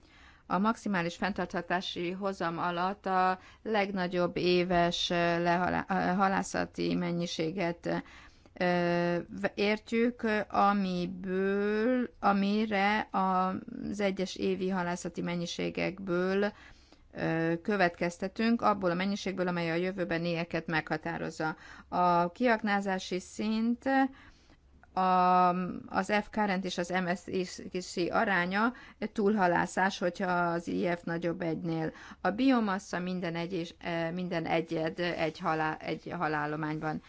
a maximális fenntarthatási hozam alatt a legnagyobb éves lehalá- halászati mennyiséget értjük, amiből, amire az egyes évi halászati mennyiségekből következtetünk, abból a mennyiségből, amely a jövőben éjeket meghatározza. A kiaknázási szint a, az f rend és az MSZI aránya túlhalászás, hogyha az IF nagyobb egynél. A biomassa minden, egy és, minden egyed egy, halál, egy halálományban.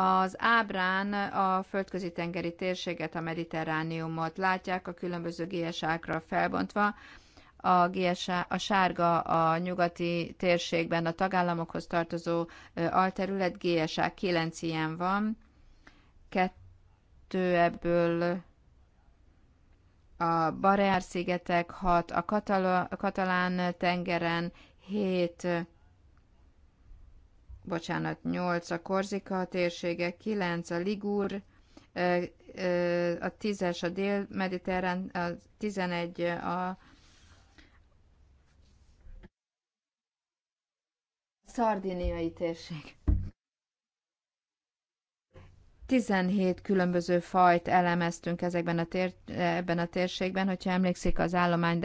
Az ábrán a földközi tengeri térséget, a mediterrániumot látják a különböző GSA-kra felbontva. A, GSA, a sárga a nyugati térségben a tagállamokhoz tartozó alterület, GSA 9 ilyen van, kettő ebből a Bareár-szigetek hat a, Katala, a Katalán tengeren 7 bocsánat, 8 a Korzika térsége, 9 a Ligur, a 10-es a Dél-Mediterrán, a 11 a Szardiniai térség. 17 különböző fajt elemeztünk ezekben a tér, ebben a térségben, hogyha emlékszik az állomány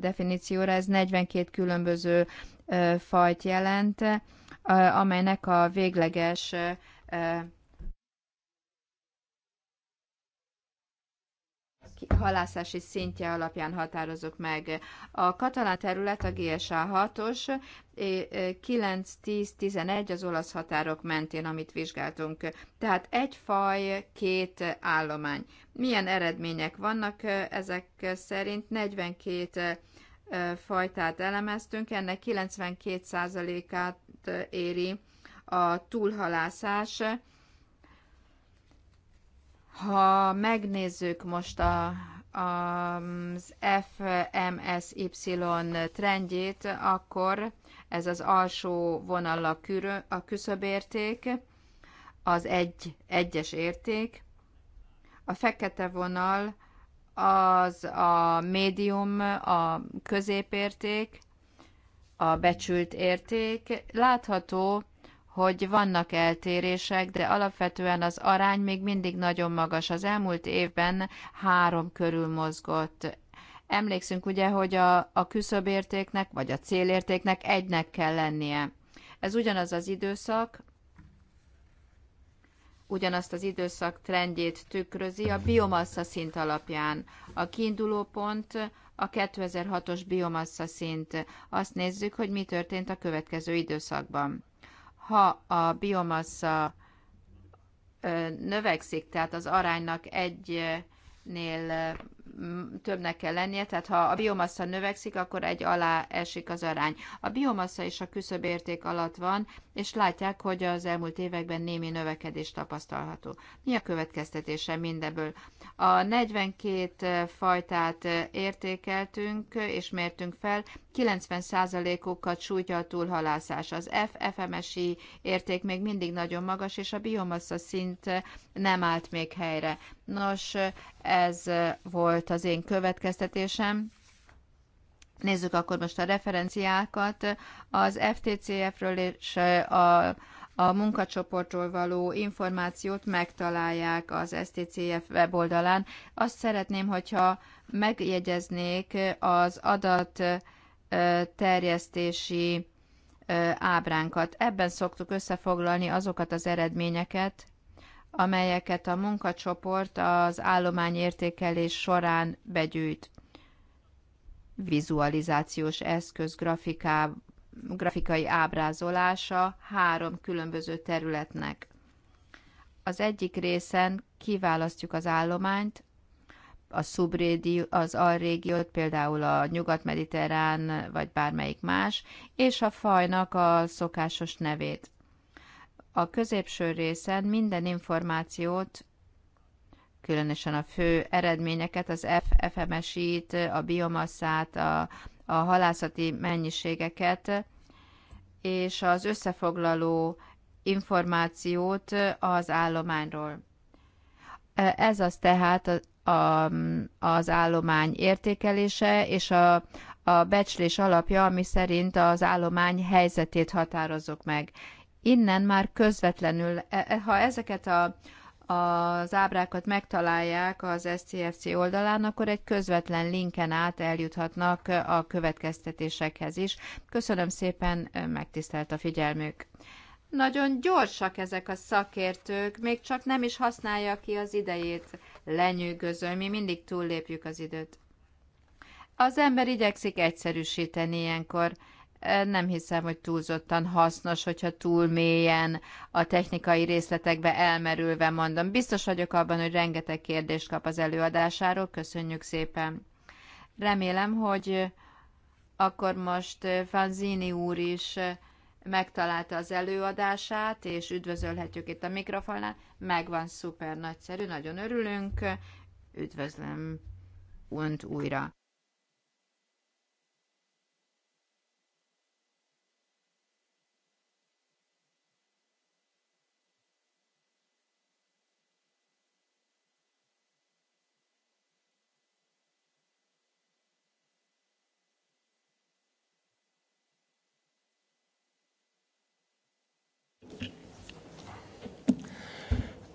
definícióra, ez 42 különböző fajt jelent amelynek a végleges halászási szintje alapján határozok meg. A katalán terület a GSA 6-os, 9, 10, 11 az olasz határok mentén, amit vizsgáltunk. Tehát egy faj, két állomány. Milyen eredmények vannak ezek szerint? 42 fajtát elemeztünk, ennek 92%-át éri a túlhalászás. Ha megnézzük most a, az FMSY trendjét, akkor ez az alsó vonal a, kürö, a küszöbérték, az egy, egyes érték, a fekete vonal az a médium, a középérték, a becsült érték. Látható, hogy vannak eltérések, de alapvetően az arány még mindig nagyon magas. Az elmúlt évben három körül mozgott. Emlékszünk ugye, hogy a, a küszöbértéknek vagy a célértéknek egynek kell lennie. Ez ugyanaz az időszak, ugyanazt az időszak trendjét tükrözi a biomassa szint alapján. A kiinduló pont a 2006-os biomassa szint. Azt nézzük, hogy mi történt a következő időszakban. Ha a biomassa növekszik, tehát az aránynak egynél többnek kell lennie, tehát ha a biomassa növekszik, akkor egy alá esik az arány. A biomassa is a küszöbérték alatt van, és látják, hogy az elmúlt években némi növekedés tapasztalható. Mi a következtetése mindebből? A 42 fajtát értékeltünk és mértünk fel, 90 okat sújtja a túlhalászás. Az FFMSI érték még mindig nagyon magas, és a biomassa szint nem állt még helyre. Nos, ez volt volt az én következtetésem. Nézzük akkor most a referenciákat. Az FTCF-ről és a, a munkacsoportról való információt megtalálják az STCF weboldalán. Azt szeretném, hogyha megjegyeznék az adat terjesztési ábránkat. Ebben szoktuk összefoglalni azokat az eredményeket, amelyeket a munkacsoport az állományértékelés során begyűjt. Vizualizációs eszköz grafiká, grafikai ábrázolása három különböző területnek. Az egyik részen kiválasztjuk az állományt, a szubrédió, az alrégiót, például a nyugat-mediterrán, vagy bármelyik más, és a fajnak a szokásos nevét. A középső részen minden információt, különösen a fő eredményeket, az ffms FMS-it, a biomaszát, a, a halászati mennyiségeket, és az összefoglaló információt az állományról. Ez az tehát a, a, az állomány értékelése és a, a becslés alapja, ami szerint az állomány helyzetét határozok meg innen már közvetlenül, e, e, ha ezeket a, az ábrákat megtalálják az SCFC oldalán, akkor egy közvetlen linken át eljuthatnak a következtetésekhez is. Köszönöm szépen, e, megtisztelt a figyelmük. Nagyon gyorsak ezek a szakértők, még csak nem is használja ki az idejét. Lenyűgöző, mi mindig túllépjük az időt. Az ember igyekszik egyszerűsíteni ilyenkor nem hiszem, hogy túlzottan hasznos, hogyha túl mélyen a technikai részletekbe elmerülve mondom. Biztos vagyok abban, hogy rengeteg kérdést kap az előadásáról. Köszönjük szépen. Remélem, hogy akkor most Fanzini úr is megtalálta az előadását, és üdvözölhetjük itt a mikrofonnál. Megvan, szuper, nagyszerű, nagyon örülünk. Üdvözlöm önt újra.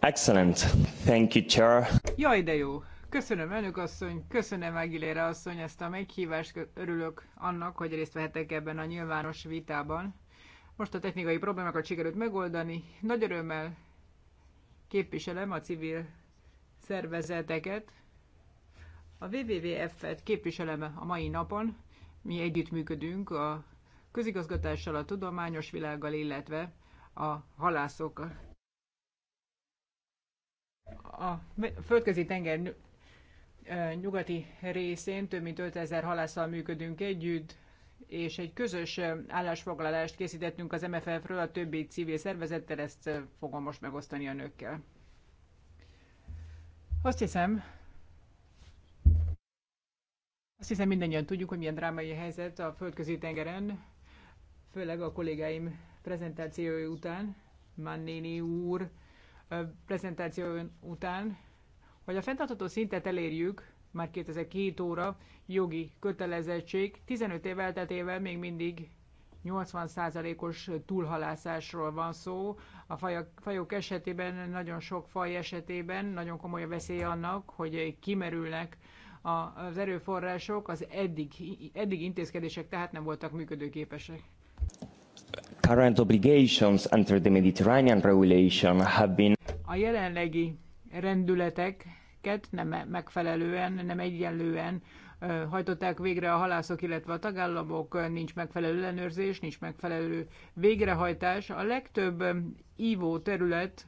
Excellent. Thank you, Chair. Jaj, de jó. Köszönöm, elnök asszony, köszönöm, Aguilera asszony, ezt a meghívást. Örülök annak, hogy részt vehetek ebben a nyilvános vitában. Most a technikai problémákat sikerült megoldani. Nagy örömmel képviselem a civil szervezeteket. A WWF-et képviselem a mai napon. Mi együttműködünk a közigazgatással, a tudományos világgal, illetve a halászokkal. A földközi tenger nyugati részén több mint 5000 halásszal működünk együtt, és egy közös állásfoglalást készítettünk az MFF-ről a többi civil szervezettel, ezt fogom most megosztani a nőkkel. Azt hiszem, azt hiszem mindannyian tudjuk, hogy milyen drámai a helyzet a földközi tengeren, főleg a kollégáim prezentációi után. Mannéni úr prezentáció után, hogy a fenntartható szintet elérjük, már 2002 óra jogi kötelezettség, 15 év elteltével még mindig 80%-os túlhalászásról van szó. A fajok, fajok esetében, nagyon sok faj esetében nagyon komoly a veszély annak, hogy kimerülnek az erőforrások, az eddig, eddig intézkedések tehát nem voltak működőképesek. Current obligations under the Mediterranean regulation have been a jelenlegi rendületeket nem megfelelően, nem egyenlően hajtották végre a halászok, illetve a tagállamok, nincs megfelelő ellenőrzés, nincs megfelelő végrehajtás. A legtöbb ívó terület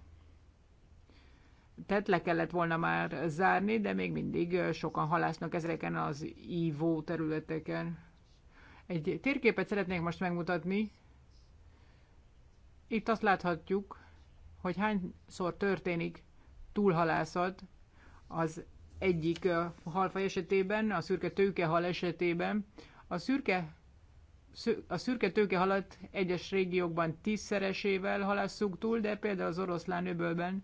tehát le kellett volna már zárni, de még mindig sokan halásznak ezeken az ívó területeken. Egy térképet szeretnék most megmutatni. Itt azt láthatjuk, hogy hányszor történik túlhalászat az egyik halfaj esetében, a szürke tőkehal esetében. A szürke, a szürke tőkehalat egyes régiókban tízszeresével halásszuk túl, de például az oroszlán öbölben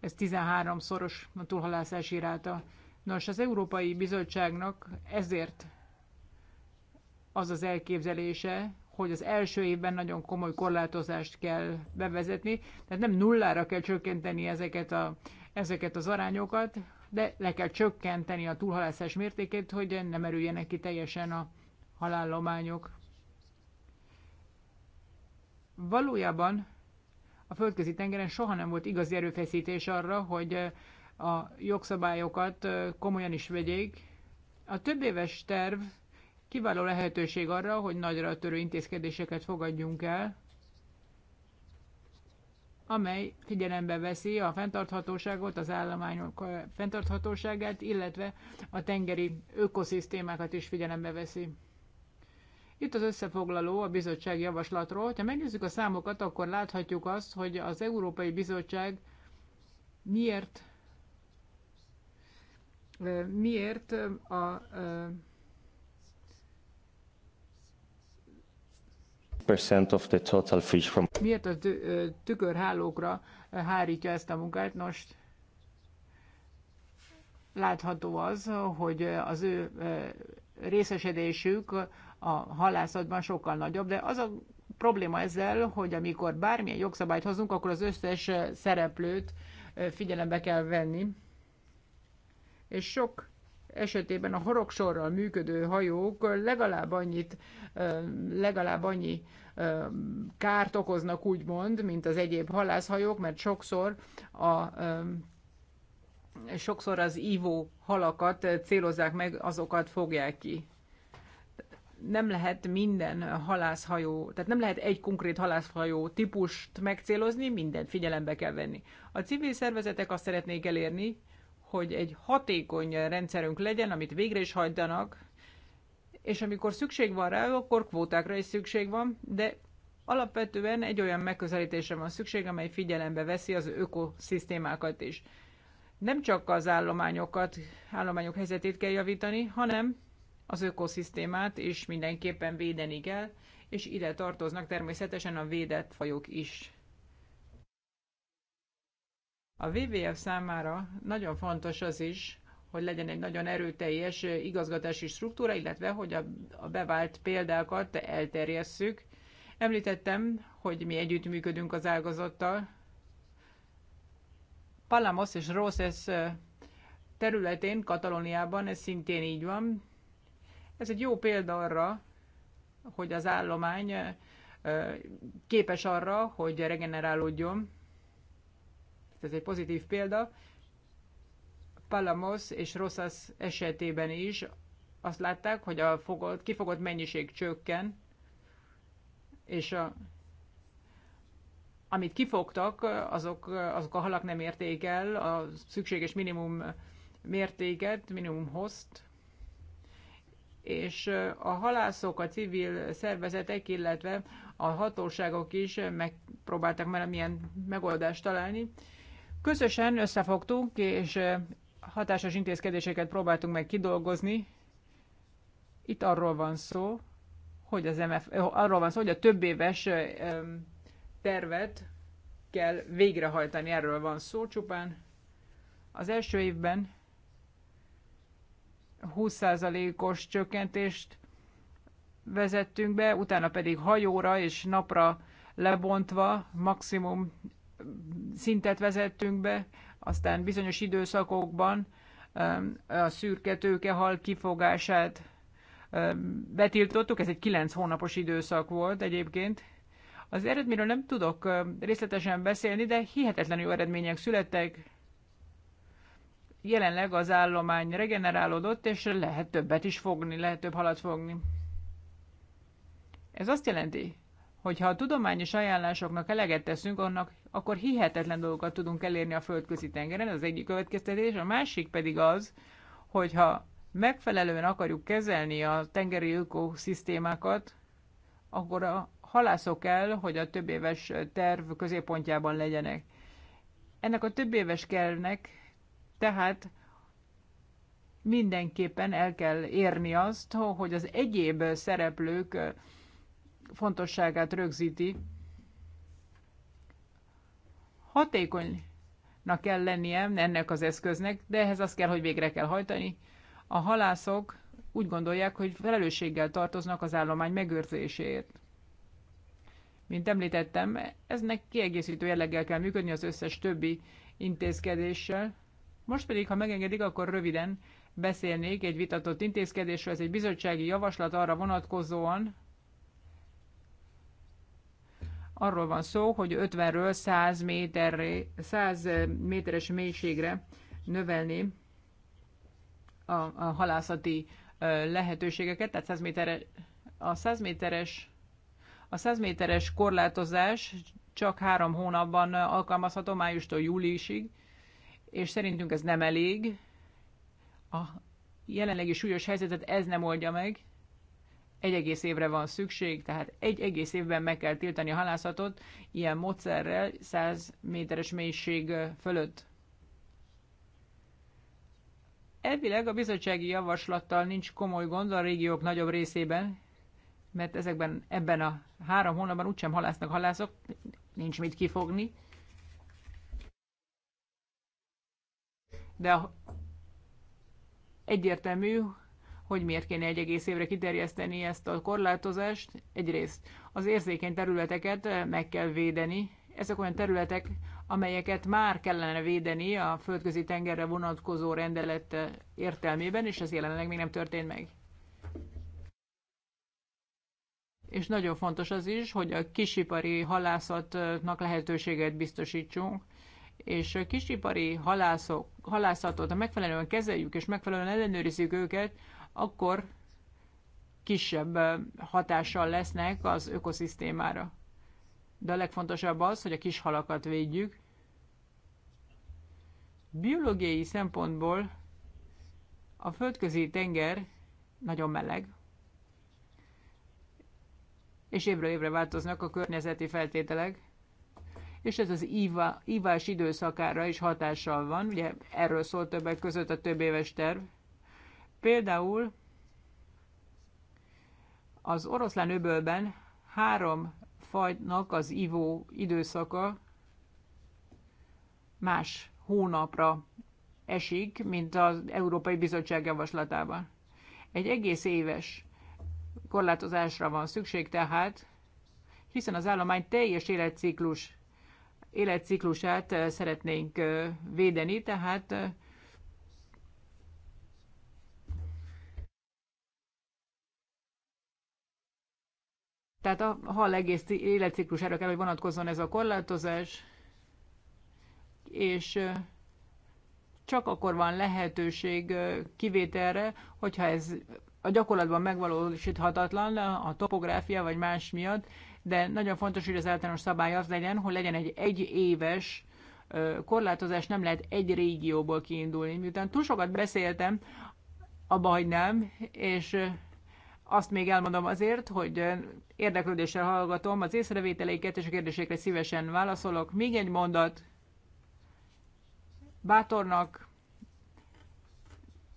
ez 13-szoros a túlhalászási ráta. Nos, az Európai Bizottságnak ezért az az elképzelése, hogy az első évben nagyon komoly korlátozást kell bevezetni, tehát nem nullára kell csökkenteni ezeket, a, ezeket az arányokat, de le kell csökkenteni a túlhalászás mértékét, hogy nem erüljenek ki teljesen a halállományok. Valójában a földközi tengeren soha nem volt igazi erőfeszítés arra, hogy a jogszabályokat komolyan is vegyék. A több éves terv Kiváló lehetőség arra, hogy nagyra törő intézkedéseket fogadjunk el, amely figyelembe veszi a fenntarthatóságot, az állományok eh, fenntarthatóságát, illetve a tengeri ökoszisztémákat is figyelembe veszi. Itt az összefoglaló a bizottság javaslatról. Ha megnézzük a számokat, akkor láthatjuk azt, hogy az Európai Bizottság miért eh, miért eh, a 6% of the total fish from... Miért a tükörhálókra hárítja ezt a munkát? Nos, látható az, hogy az ő részesedésük a halászatban sokkal nagyobb, de az a probléma ezzel, hogy amikor bármilyen jogszabályt hozunk, akkor az összes szereplőt figyelembe kell venni. És sok esetében a horogsorral működő hajók legalább annyit, legalább annyi kárt okoznak, úgymond, mint az egyéb halászhajók, mert sokszor a sokszor az ívó halakat célozzák meg, azokat fogják ki. Nem lehet minden halászhajó, tehát nem lehet egy konkrét halászhajó típust megcélozni, mindent figyelembe kell venni. A civil szervezetek azt szeretnék elérni, hogy egy hatékony rendszerünk legyen, amit végre is hagydanak, és amikor szükség van rá, akkor kvótákra is szükség van, de alapvetően egy olyan megközelítésre van szükség, amely figyelembe veszi az ökoszisztémákat is. Nem csak az állományokat, állományok helyzetét kell javítani, hanem az ökoszisztémát is mindenképpen védeni kell, és ide tartoznak természetesen a védett fajok is. A WWF számára nagyon fontos az is, hogy legyen egy nagyon erőteljes igazgatási struktúra, illetve hogy a, a bevált példákat elterjesszük. Említettem, hogy mi együttműködünk az ágazattal. Palamos és Roses területén, Katalóniában ez szintén így van. Ez egy jó példa arra, hogy az állomány képes arra, hogy regenerálódjon ez egy pozitív példa. Palamos és Rosas esetében is azt látták, hogy a fogott, kifogott mennyiség csökken, és a, amit kifogtak, azok, azok a halak nem érték el a szükséges minimum mértéket, minimum host, és a halászok, a civil szervezetek, illetve a hatóságok is megpróbáltak már milyen megoldást találni, Közösen összefogtunk, és hatásos intézkedéseket próbáltunk meg kidolgozni. Itt arról van szó, hogy az MF, arról van szó, hogy a több éves tervet kell végrehajtani, erről van szó csupán. Az első évben 20%-os csökkentést vezettünk be, utána pedig hajóra és napra lebontva maximum szintet vezettünk be, aztán bizonyos időszakokban um, a szürke hal kifogását um, betiltottuk, ez egy kilenc hónapos időszak volt egyébként. Az eredményről nem tudok um, részletesen beszélni, de hihetetlenül jó eredmények születtek. Jelenleg az állomány regenerálódott, és lehet többet is fogni, lehet több halat fogni. Ez azt jelenti, ha a tudományos ajánlásoknak eleget teszünk, annak akkor hihetetlen dolgokat tudunk elérni a földközi tengeren, az egyik következtetés, a másik pedig az, hogyha megfelelően akarjuk kezelni a tengeri ökoszisztémákat, akkor a halászok el, hogy a több éves terv középpontjában legyenek. Ennek a több éves kervnek tehát mindenképpen el kell érni azt, hogy az egyéb szereplők fontosságát rögzíti. Hatékonynak kell lennie ennek az eszköznek, de ehhez azt kell, hogy végre kell hajtani. A halászok úgy gondolják, hogy felelősséggel tartoznak az állomány megőrzéséért. Mint említettem, eznek kiegészítő jelleggel kell működni az összes többi intézkedéssel. Most pedig, ha megengedik, akkor röviden beszélnék egy vitatott intézkedésről. Ez egy bizottsági javaslat arra vonatkozóan, Arról van szó, hogy 50-ről 100, méterre, 100 méteres mélységre növelni a, a halászati lehetőségeket, tehát 100 méteres, a 100 méteres a 100 méteres korlátozás csak három hónapban alkalmazható, májustól júliusig, és szerintünk ez nem elég. A jelenlegi súlyos helyzetet ez nem oldja meg egy egész évre van szükség, tehát egy egész évben meg kell tiltani a halászatot ilyen módszerrel 100 méteres mélység fölött. Elvileg a bizottsági javaslattal nincs komoly gond a régiók nagyobb részében, mert ezekben ebben a három hónapban úgysem halásznak halászok, nincs mit kifogni. De egyértelmű, hogy miért kéne egy egész évre kiterjeszteni ezt a korlátozást. Egyrészt az érzékeny területeket eh, meg kell védeni. Ezek olyan területek, amelyeket már kellene védeni a földközi tengerre vonatkozó rendelet eh, értelmében, és ez jelenleg még nem történt meg. És nagyon fontos az is, hogy a kisipari halászatnak lehetőséget biztosítsunk, és a kisipari halászok, halászatot megfelelően kezeljük és megfelelően ellenőrizzük őket, akkor kisebb hatással lesznek az ökoszisztémára. De a legfontosabb az, hogy a kis halakat védjük. Biológiai szempontból a földközi tenger nagyon meleg, és évről évre változnak a környezeti feltételek, és ez az íva, ívás időszakára is hatással van. Ugye erről szól többek között a több éves terv. Például az oroszlán öbölben három fajnak az ivó időszaka más hónapra esik, mint az Európai Bizottság javaslatában. Egy egész éves korlátozásra van szükség tehát, hiszen az állomány teljes életciklus, életciklusát eh, szeretnénk eh, védeni, tehát eh, Tehát a hal egész életciklusára kell, hogy vonatkozzon ez a korlátozás, és csak akkor van lehetőség kivételre, hogyha ez a gyakorlatban megvalósíthatatlan a topográfia vagy más miatt, de nagyon fontos, hogy az általános szabály az legyen, hogy legyen egy egy éves korlátozás, nem lehet egy régióból kiindulni. Miután túl sokat beszéltem, abba hagynám, és azt még elmondom azért, hogy érdeklődéssel hallgatom az észrevételeiket, és a kérdésekre szívesen válaszolok. Még egy mondat. Bátornak,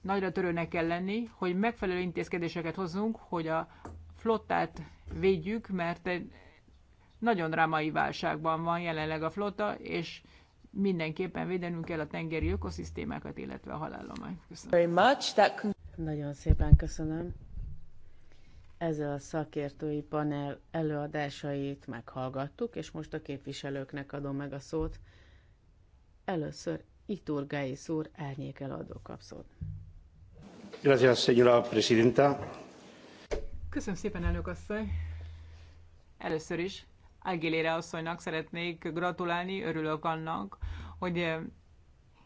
nagyra törőnek kell lenni, hogy megfelelő intézkedéseket hozzunk, hogy a flottát védjük, mert egy nagyon drámai válságban van jelenleg a flotta, és mindenképpen védenünk kell a tengeri ökoszisztémákat, illetve a halállományt. Köszönöm. Very much. That... Nagyon szépen köszönöm. Ezzel a szakértői panel előadásait meghallgattuk, és most a képviselőknek adom meg a szót. Először Iturgái szúr árnyékel adó kapszót. Gracias, señora presidenta. Köszönöm szépen, elnök asszony. Először is Aguilera asszonynak szeretnék gratulálni, örülök annak, hogy eh,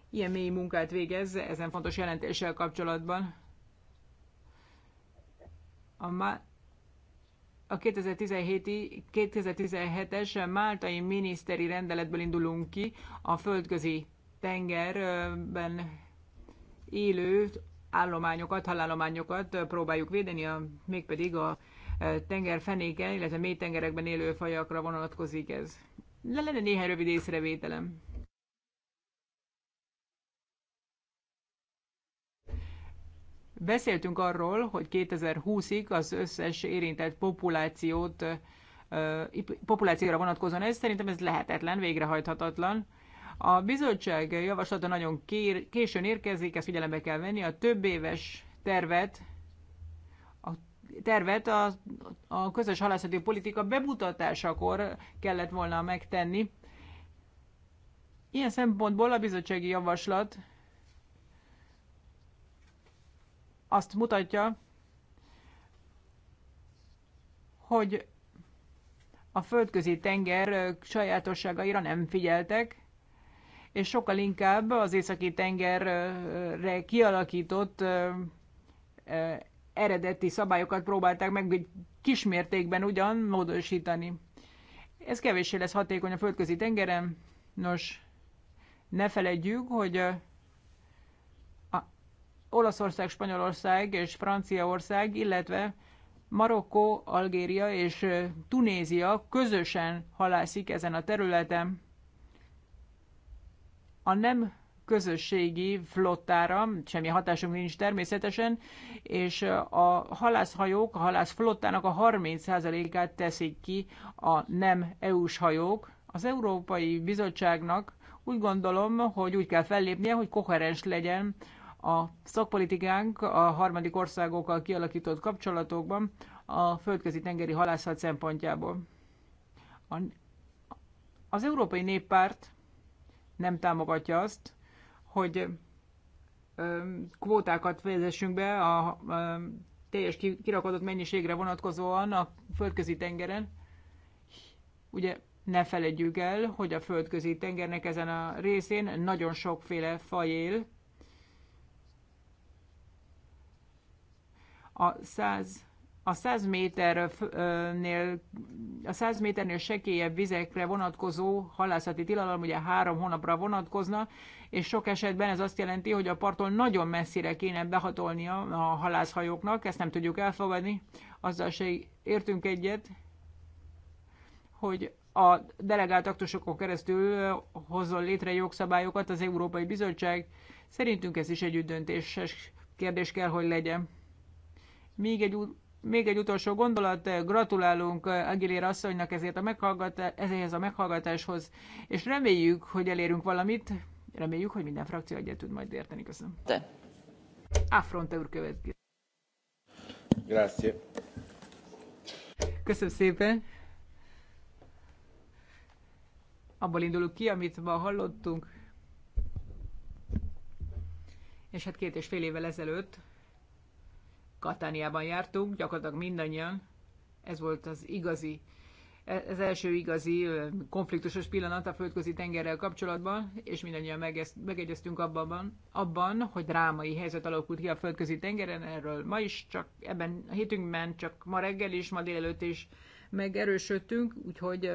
ilyen mély munkát végez ezen fontos jelentéssel kapcsolatban a, Má- a 2017 es máltai miniszteri rendeletből indulunk ki a földközi tengerben élő állományokat, halállományokat próbáljuk védeni, a, mégpedig a e, tengerfenéken, illetve mély tengerekben élő fajakra vonatkozik ez. Le lenne néhány rövid észrevételem. Beszéltünk arról, hogy 2020-ig az összes érintett populációt, populációra vonatkozóan ez szerintem ez lehetetlen, végrehajthatatlan. A bizottság javaslata nagyon kér, későn érkezik, ezt figyelembe kell venni, a több éves tervet a tervet a, a közös halászati politika bemutatásakor kellett volna megtenni. Ilyen szempontból a bizottsági javaslat azt mutatja, hogy a földközi tenger sajátosságaira nem figyeltek, és sokkal inkább az északi tengerre kialakított eredeti szabályokat próbálták meg kismértékben ugyan módosítani. Ez kevéssé lesz hatékony a földközi tengeren. Nos, ne feledjük, hogy Olaszország, Spanyolország és Franciaország, illetve Marokkó, Algéria és Tunézia közösen halászik ezen a területen. A nem közösségi flottára, semmi hatásunk nincs természetesen, és a halászhajók, a halászflottának a 30%-át teszik ki a nem EU-s hajók. Az Európai Bizottságnak úgy gondolom, hogy úgy kell fellépnie, hogy koherens legyen a szakpolitikánk a harmadik országokkal kialakított kapcsolatokban a földközi tengeri halászat szempontjából. A, az Európai Néppárt nem támogatja azt, hogy ö, kvótákat vezessünk be a ö, teljes kirakodott mennyiségre vonatkozóan a földközi tengeren. Ugye ne feledjük el, hogy a földközi tengernek ezen a részén nagyon sokféle faj él, a 100 a 100 méternél, a 100 méternél sekélyebb vizekre vonatkozó halászati tilalom ugye három hónapra vonatkozna, és sok esetben ez azt jelenti, hogy a parton nagyon messzire kéne behatolnia a halászhajóknak, ezt nem tudjuk elfogadni, azzal se értünk egyet, hogy a delegált aktusokon keresztül hozzon létre jogszabályokat az Európai Bizottság. Szerintünk ez is egy döntéses kérdés kell, hogy legyen. Még egy, még egy utolsó gondolat, gratulálunk eh, Agilér asszonynak ezért a meghallgatás, ezéhez a meghallgatáshoz, és reméljük, hogy elérünk valamit, reméljük, hogy minden frakció egyet tud majd érteni. Köszönöm. De. Affronte úr következik. Grazie. Köszönöm szépen. Abból indulunk ki, amit ma hallottunk. És hát két és fél évvel ezelőtt Katániában jártunk, gyakorlatilag mindannyian. Ez volt az igazi, ez első igazi konfliktusos pillanat a földközi tengerrel kapcsolatban, és mindannyian megegyeztünk abban, abban, hogy drámai helyzet alakult ki a földközi tengeren, erről ma is, csak ebben a hétünkben, csak ma reggel is, ma délelőtt is megerősödtünk, úgyhogy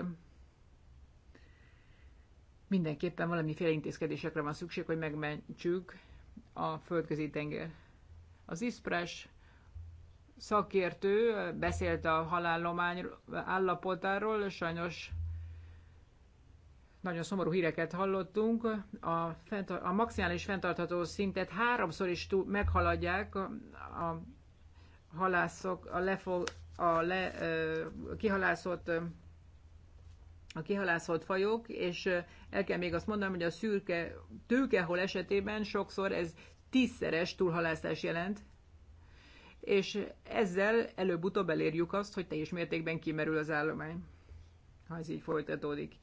mindenképpen valamiféle intézkedésekre van szükség, hogy megmentsük a földközi tenger. Az ISPRES szakértő beszélt a halállomány állapotáról, sajnos nagyon szomorú híreket hallottunk. A, fent, a maximális fenntartható szintet háromszor is túl, meghaladják a, a halászok, a, lefo, a le, a kihalászott a kihalászott fajok, és el kell még azt mondanom, hogy a szürke tőkehol esetében sokszor ez tízszeres túlhalászás jelent és ezzel előbb-utóbb elérjük azt, hogy teljes mértékben kimerül az állomány, ha ez így folytatódik.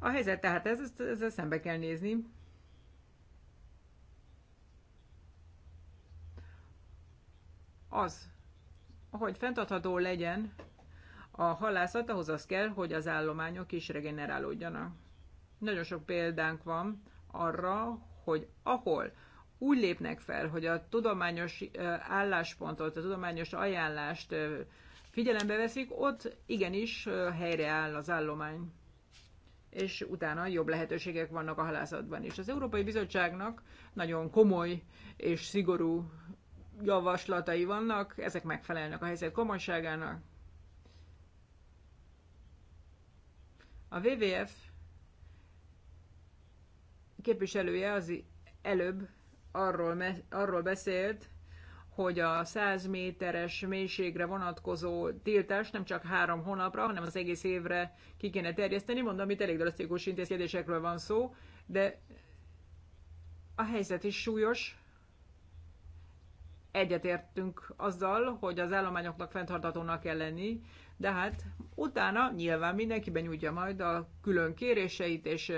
A helyzet tehát ez, ezzel, szembe kell nézni. Az, hogy fenntartható legyen a halászat, ahhoz az kell, hogy az állományok is regenerálódjanak. Nagyon sok példánk van arra, hogy ahol úgy lépnek fel, hogy a tudományos álláspontot, a tudományos ajánlást figyelembe veszik, ott igenis helyreáll az állomány és utána jobb lehetőségek vannak a halászatban is. Az Európai Bizottságnak nagyon komoly és szigorú javaslatai vannak, ezek megfelelnek a helyzet komolyságának. A WWF képviselője az előbb arról, arról beszélt, hogy a 100 méteres mélységre vonatkozó tiltást nem csak három hónapra, hanem az egész évre ki kéne terjeszteni. Mondom, itt elég drasztikus intézkedésekről van szó, de a helyzet is súlyos. Egyetértünk azzal, hogy az állományoknak fenntartatónak kell lenni, de hát utána nyilván mindenki benyújtja majd a külön kéréseit, és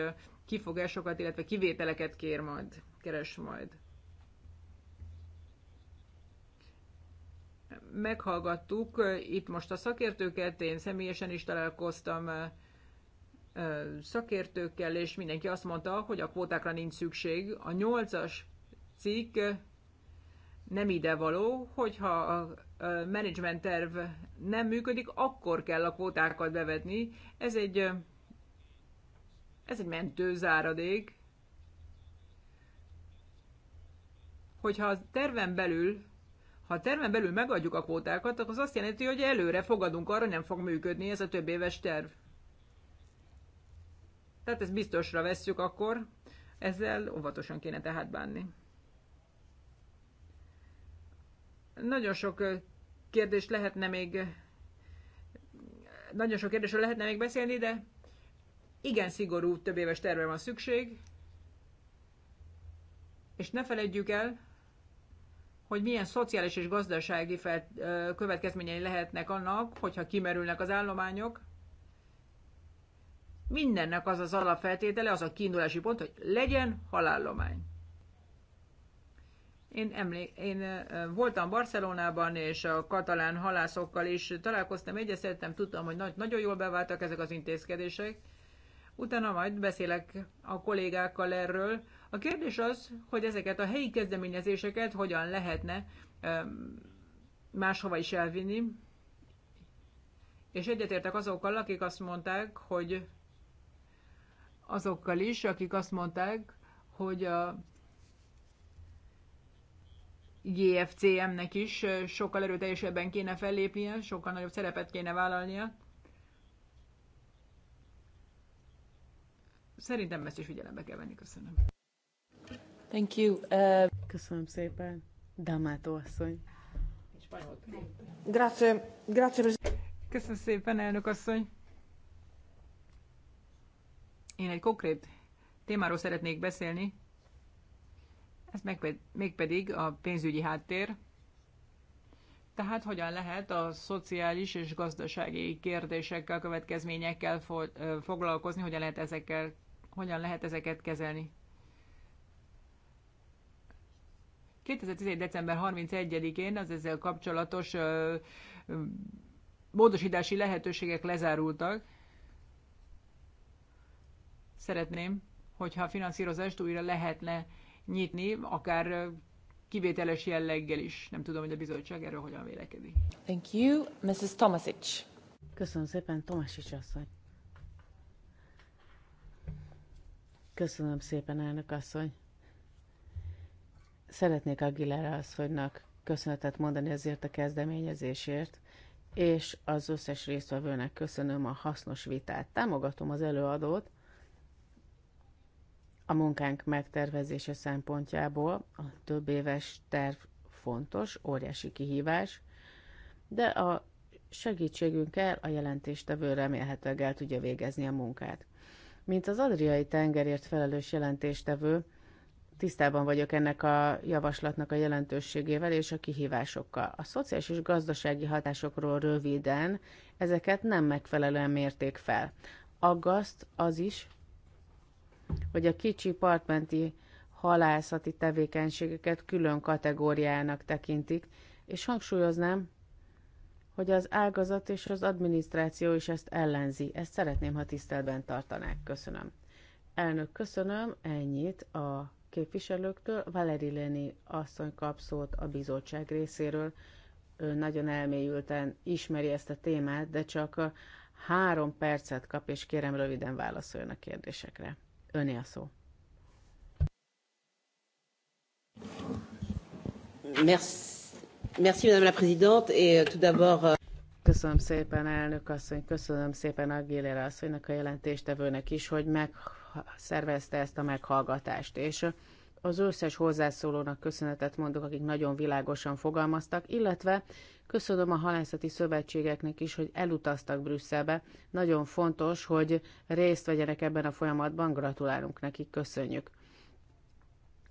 kifogásokat, illetve kivételeket kér majd, keres majd. meghallgattuk itt most a szakértőket, én személyesen is találkoztam szakértőkkel, és mindenki azt mondta, hogy a kvótákra nincs szükség. A nyolcas cikk nem ide való, hogyha a menedzsment terv nem működik, akkor kell a kvótákat bevetni. Ez egy, ez egy mentőzáradék. Hogyha a terven belül ha termen belül megadjuk a kvótákat, akkor az azt jelenti, hogy előre fogadunk arra, nem fog működni ez a több éves terv. Tehát ezt biztosra vesszük akkor, ezzel óvatosan kéne tehát bánni. Nagyon sok kérdés lehetne még nagyon sok kérdésről lehetne még beszélni, de igen szigorú több éves terve van szükség, és ne felejtjük el, hogy milyen szociális és gazdasági fel, következményei lehetnek annak, hogyha kimerülnek az állományok. Mindennek az az alapfeltétele, az a kiindulási pont, hogy legyen halállomány. Én, emlék, én voltam Barcelonában, és a katalán halászokkal is találkoztam, egyeztettem, tudtam, hogy nagy, nagyon jól beváltak ezek az intézkedések. Utána majd beszélek a kollégákkal erről, a kérdés az, hogy ezeket a helyi kezdeményezéseket hogyan lehetne máshova is elvinni, és egyetértek azokkal, akik azt mondták, hogy azokkal is, akik azt mondták, hogy a GFCM-nek is sokkal erőteljesebben kéne fellépnie, sokkal nagyobb szerepet kéne vállalnia. Szerintem ezt is figyelembe kell venni. Köszönöm. Thank you. Uh... Köszönöm szépen. Damato asszony. Grazie, grazie. Köszönöm szépen, elnök asszony. Én egy konkrét témáról szeretnék beszélni, ez megped, mégpedig a pénzügyi háttér. Tehát hogyan lehet a szociális és gazdasági kérdésekkel, következményekkel foglalkozni, hogyan lehet, ezekkel, hogyan lehet ezeket kezelni. 2011. december 31-én az ezzel kapcsolatos ö, ö, módosítási lehetőségek lezárultak. Szeretném, hogyha a finanszírozást újra lehetne nyitni, akár kivételes jelleggel is. Nem tudom, hogy a bizottság erről hogyan vélekedik. Thank you, Mrs. Tomasic. Köszönöm szépen, Tomasic asszony. Köszönöm szépen, elnök asszony. Szeretnék Aguilera asszonynak köszönetet mondani ezért a kezdeményezésért, és az összes résztvevőnek köszönöm a hasznos vitát. Támogatom az előadót a munkánk megtervezése szempontjából. A több éves terv fontos, óriási kihívás, de a segítségünkkel a jelentéstevő remélhetőleg el tudja végezni a munkát. Mint az Adriai tengerért felelős jelentéstevő, tisztában vagyok ennek a javaslatnak a jelentőségével és a kihívásokkal. A szociális és gazdasági hatásokról röviden ezeket nem megfelelően mérték fel. Aggaszt az is, hogy a kicsi partmenti halászati tevékenységeket külön kategóriának tekintik, és hangsúlyoznám, hogy az ágazat és az adminisztráció is ezt ellenzi. Ezt szeretném, ha tiszteletben tartanák. Köszönöm. Elnök, köszönöm. Ennyit a képviselőktől. Valeri Leni asszony kap szót a bizottság részéről. Ő nagyon elmélyülten ismeri ezt a témát, de csak a három percet kap, és kérem röviden válaszoljon a kérdésekre. Öné a szó. Merci, Merci Madame la Présidente, et euh, tout d'abord... Euh, köszönöm szépen, elnök asszony, köszönöm szépen Aguilera asszonynak a jelentéstevőnek is, hogy meg szervezte ezt a meghallgatást, és az összes hozzászólónak köszönetet mondok, akik nagyon világosan fogalmaztak, illetve köszönöm a halászati szövetségeknek is, hogy elutaztak Brüsszelbe. Nagyon fontos, hogy részt vegyenek ebben a folyamatban, gratulálunk nekik, köszönjük.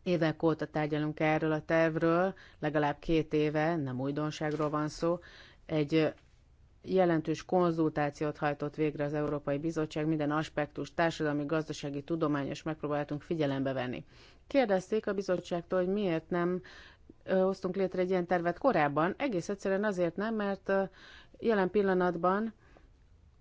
Évek óta tárgyalunk erről a tervről, legalább két éve, nem újdonságról van szó, egy jelentős konzultációt hajtott végre az Európai Bizottság, minden aspektus, társadalmi, gazdasági, tudományos megpróbáltunk figyelembe venni. Kérdezték a bizottságtól, hogy miért nem hoztunk létre egy ilyen tervet korábban. Egész egyszerűen azért nem, mert jelen pillanatban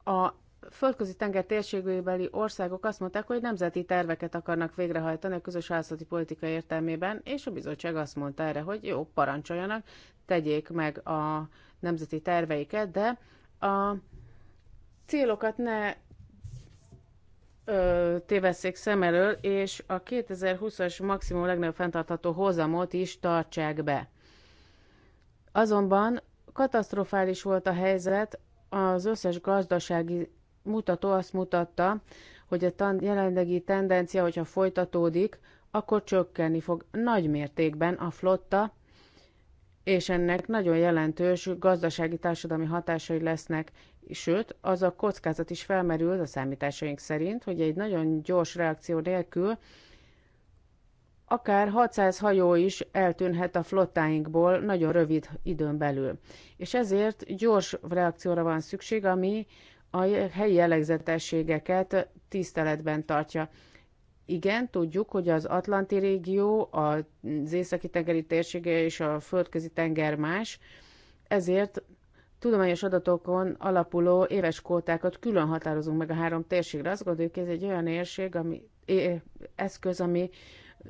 a földközi tenger térségbeli országok azt mondták, hogy nemzeti terveket akarnak végrehajtani a közös házati politika értelmében, és a bizottság azt mondta erre, hogy jó, parancsoljanak, tegyék meg a nemzeti terveiket, de a célokat ne tévesszék szem elől, és a 2020-as maximum legnagyobb fenntartható hozamot is tartsák be. Azonban katasztrofális volt a helyzet, az összes gazdasági mutató azt mutatta, hogy a tan- jelenlegi tendencia, hogyha folytatódik, akkor csökkenni fog nagy mértékben a flotta, és ennek nagyon jelentős gazdasági társadalmi hatásai lesznek, sőt, az a kockázat is felmerül a számításaink szerint, hogy egy nagyon gyors reakció nélkül akár 600 hajó is eltűnhet a flottáinkból nagyon rövid időn belül. És ezért gyors reakcióra van szükség, ami a helyi jellegzetességeket tiszteletben tartja. Igen, tudjuk, hogy az Atlanti régió, az északi-tengeri térsége és a földközi tenger más, ezért tudományos adatokon alapuló éves kótákat külön határozunk meg a három térségre. Azt gondoljuk, ez egy olyan érség, ami, é, eszköz, ami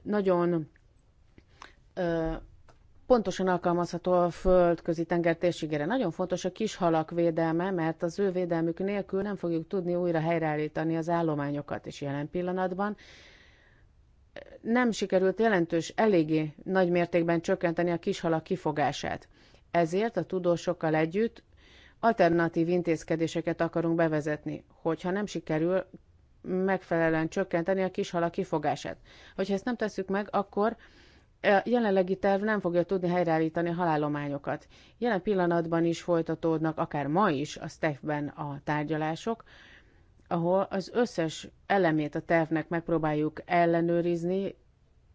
nagyon ö, pontosan alkalmazható a földközi tenger térségére. Nagyon fontos a kis halak védelme, mert az ő védelmük nélkül nem fogjuk tudni újra helyreállítani az állományokat, és jelen pillanatban nem sikerült jelentős, eléggé nagy mértékben csökkenteni a kishalak kifogását. Ezért a tudósokkal együtt alternatív intézkedéseket akarunk bevezetni, hogyha nem sikerül megfelelően csökkenteni a kishalak kifogását. Hogyha ezt nem tesszük meg, akkor a e, jelenlegi terv nem fogja tudni helyreállítani a halálományokat. Jelen pillanatban is folytatódnak, akár ma is a stef a tárgyalások, ahol az összes elemét a tervnek megpróbáljuk ellenőrizni,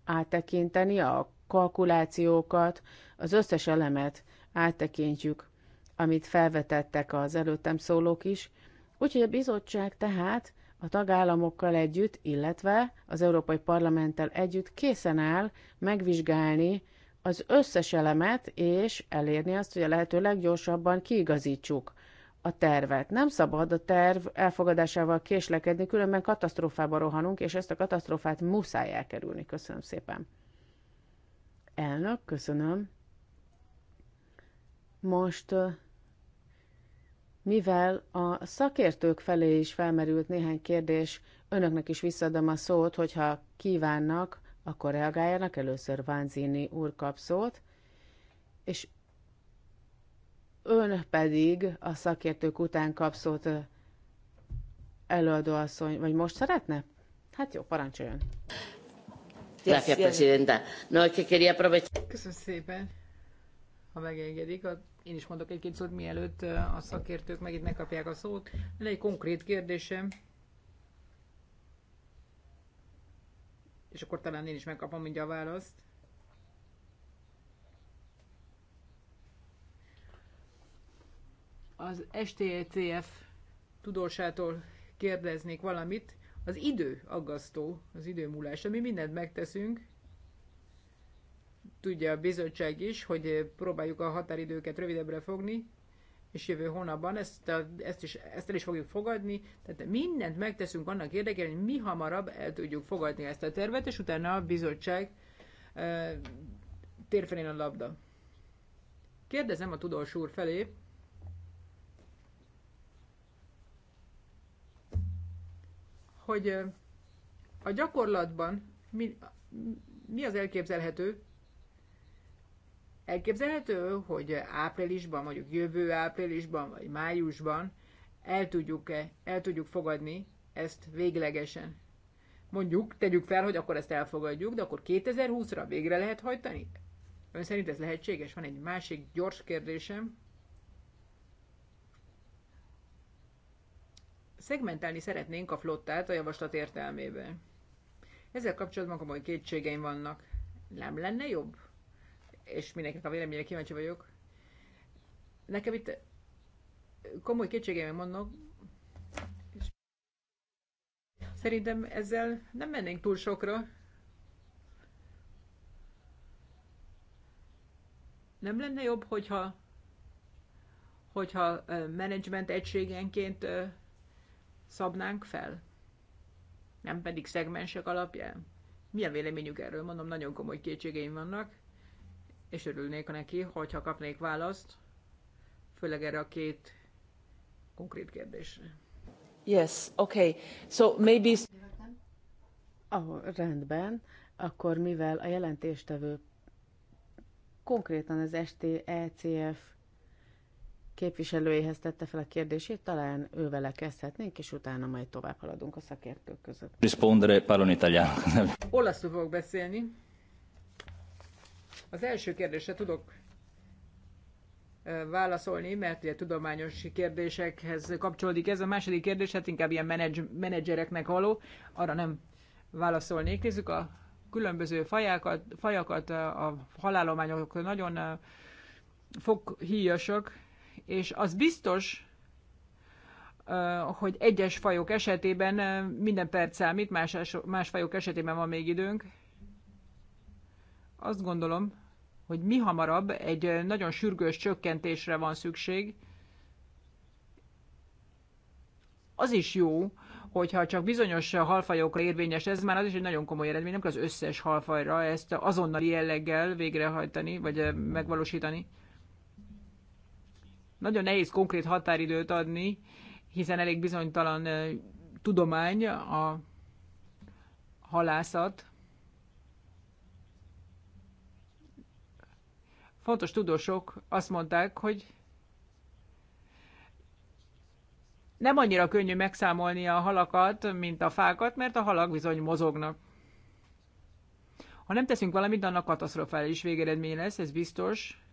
áttekinteni a kalkulációkat, az összes elemet áttekintjük, amit felvetettek az előttem szólók is. Úgyhogy a bizottság tehát a tagállamokkal együtt, illetve az Európai Parlamenttel együtt készen áll megvizsgálni az összes elemet, és elérni azt, hogy a lehető leggyorsabban kiigazítsuk a tervet. Nem szabad a terv elfogadásával késlekedni, különben katasztrófába rohanunk, és ezt a katasztrófát muszáj elkerülni. Köszönöm szépen. Elnök, köszönöm. Most mivel a szakértők felé is felmerült néhány kérdés, önöknek is visszadom a szót, hogyha kívánnak, akkor reagáljanak. Először Vanzini úr kap szót, és ön pedig a szakértők után kap szót előadóasszony, vagy most szeretne? Hát jó, parancsoljon. Köszönöm szépen ha megengedik. Én is mondok egy-két szót, mielőtt a szakértők megint megkapják a szót. Lenne egy konkrét kérdésem, és akkor talán én is megkapom mindjárt a választ. Az STECF tudósától kérdeznék valamit. Az idő aggasztó, az idő ami mindent megteszünk, tudja a bizottság is, hogy eh, próbáljuk a határidőket rövidebbre fogni, és jövő hónapban ezt, a, ezt, is, ezt el is fogjuk fogadni. Tehát mindent megteszünk annak érdekében, hogy mi hamarabb el tudjuk fogadni ezt a tervet, és utána a bizottság e, eh, felén a labda. Kérdezem a tudós úr felé, hogy eh, a gyakorlatban mi, mi az elképzelhető, Elképzelhető, hogy áprilisban, mondjuk jövő áprilisban, vagy májusban el tudjuk-e, el tudjuk fogadni ezt véglegesen. Mondjuk, tegyük fel, hogy akkor ezt elfogadjuk, de akkor 2020-ra végre lehet hajtani? Ön szerint ez lehetséges? Van egy másik gyors kérdésem. Szegmentálni szeretnénk a flottát a javaslat értelmében. Ezzel kapcsolatban komoly kétségeim vannak. Nem lenne jobb? és mindenkinek a véleményére kíváncsi vagyok. Nekem itt komoly kétségeim vannak, és szerintem ezzel nem mennénk túl sokra. Nem lenne jobb, hogyha hogyha menedzsment egységenként szabnánk fel? Nem pedig szegmensek alapján? Milyen véleményük erről? Mondom, nagyon komoly kétségeim vannak és örülnék neki, hogyha kapnék választ, főleg erre a két konkrét kérdésre. Yes, okay. So maybe... Oh, rendben. Akkor mivel a jelentéstevő konkrétan az STECF képviselőjéhez tette fel a kérdését, talán ővel kezdhetnénk, és utána majd tovább haladunk a szakértők között. Rispondere parlo italiano. Olaszul fogok beszélni. Az első kérdésre tudok válaszolni, mert ugye tudományos kérdésekhez kapcsolódik ez. A második kérdés, hát inkább ilyen menedzs, menedzsereknek való, arra nem válaszolnék. Nézzük a különböző fajákat, fajakat, a halálományok nagyon foghíjasak, és az biztos, hogy egyes fajok esetében minden perc számít, más, más fajok esetében van még időnk, azt gondolom, hogy mi hamarabb egy nagyon sürgős csökkentésre van szükség. Az is jó, hogyha csak bizonyos halfajokra érvényes ez, már az is egy nagyon komoly eredmény, nem kell az összes halfajra ezt azonnali jelleggel végrehajtani, vagy megvalósítani. Nagyon nehéz konkrét határidőt adni, hiszen elég bizonytalan tudomány a halászat, fontos tudósok azt mondták, hogy nem annyira könnyű megszámolni a halakat, mint a fákat, mert a halak bizony mozognak. Ha nem teszünk valamit, annak katasztrofális végeredmény lesz, ez biztos.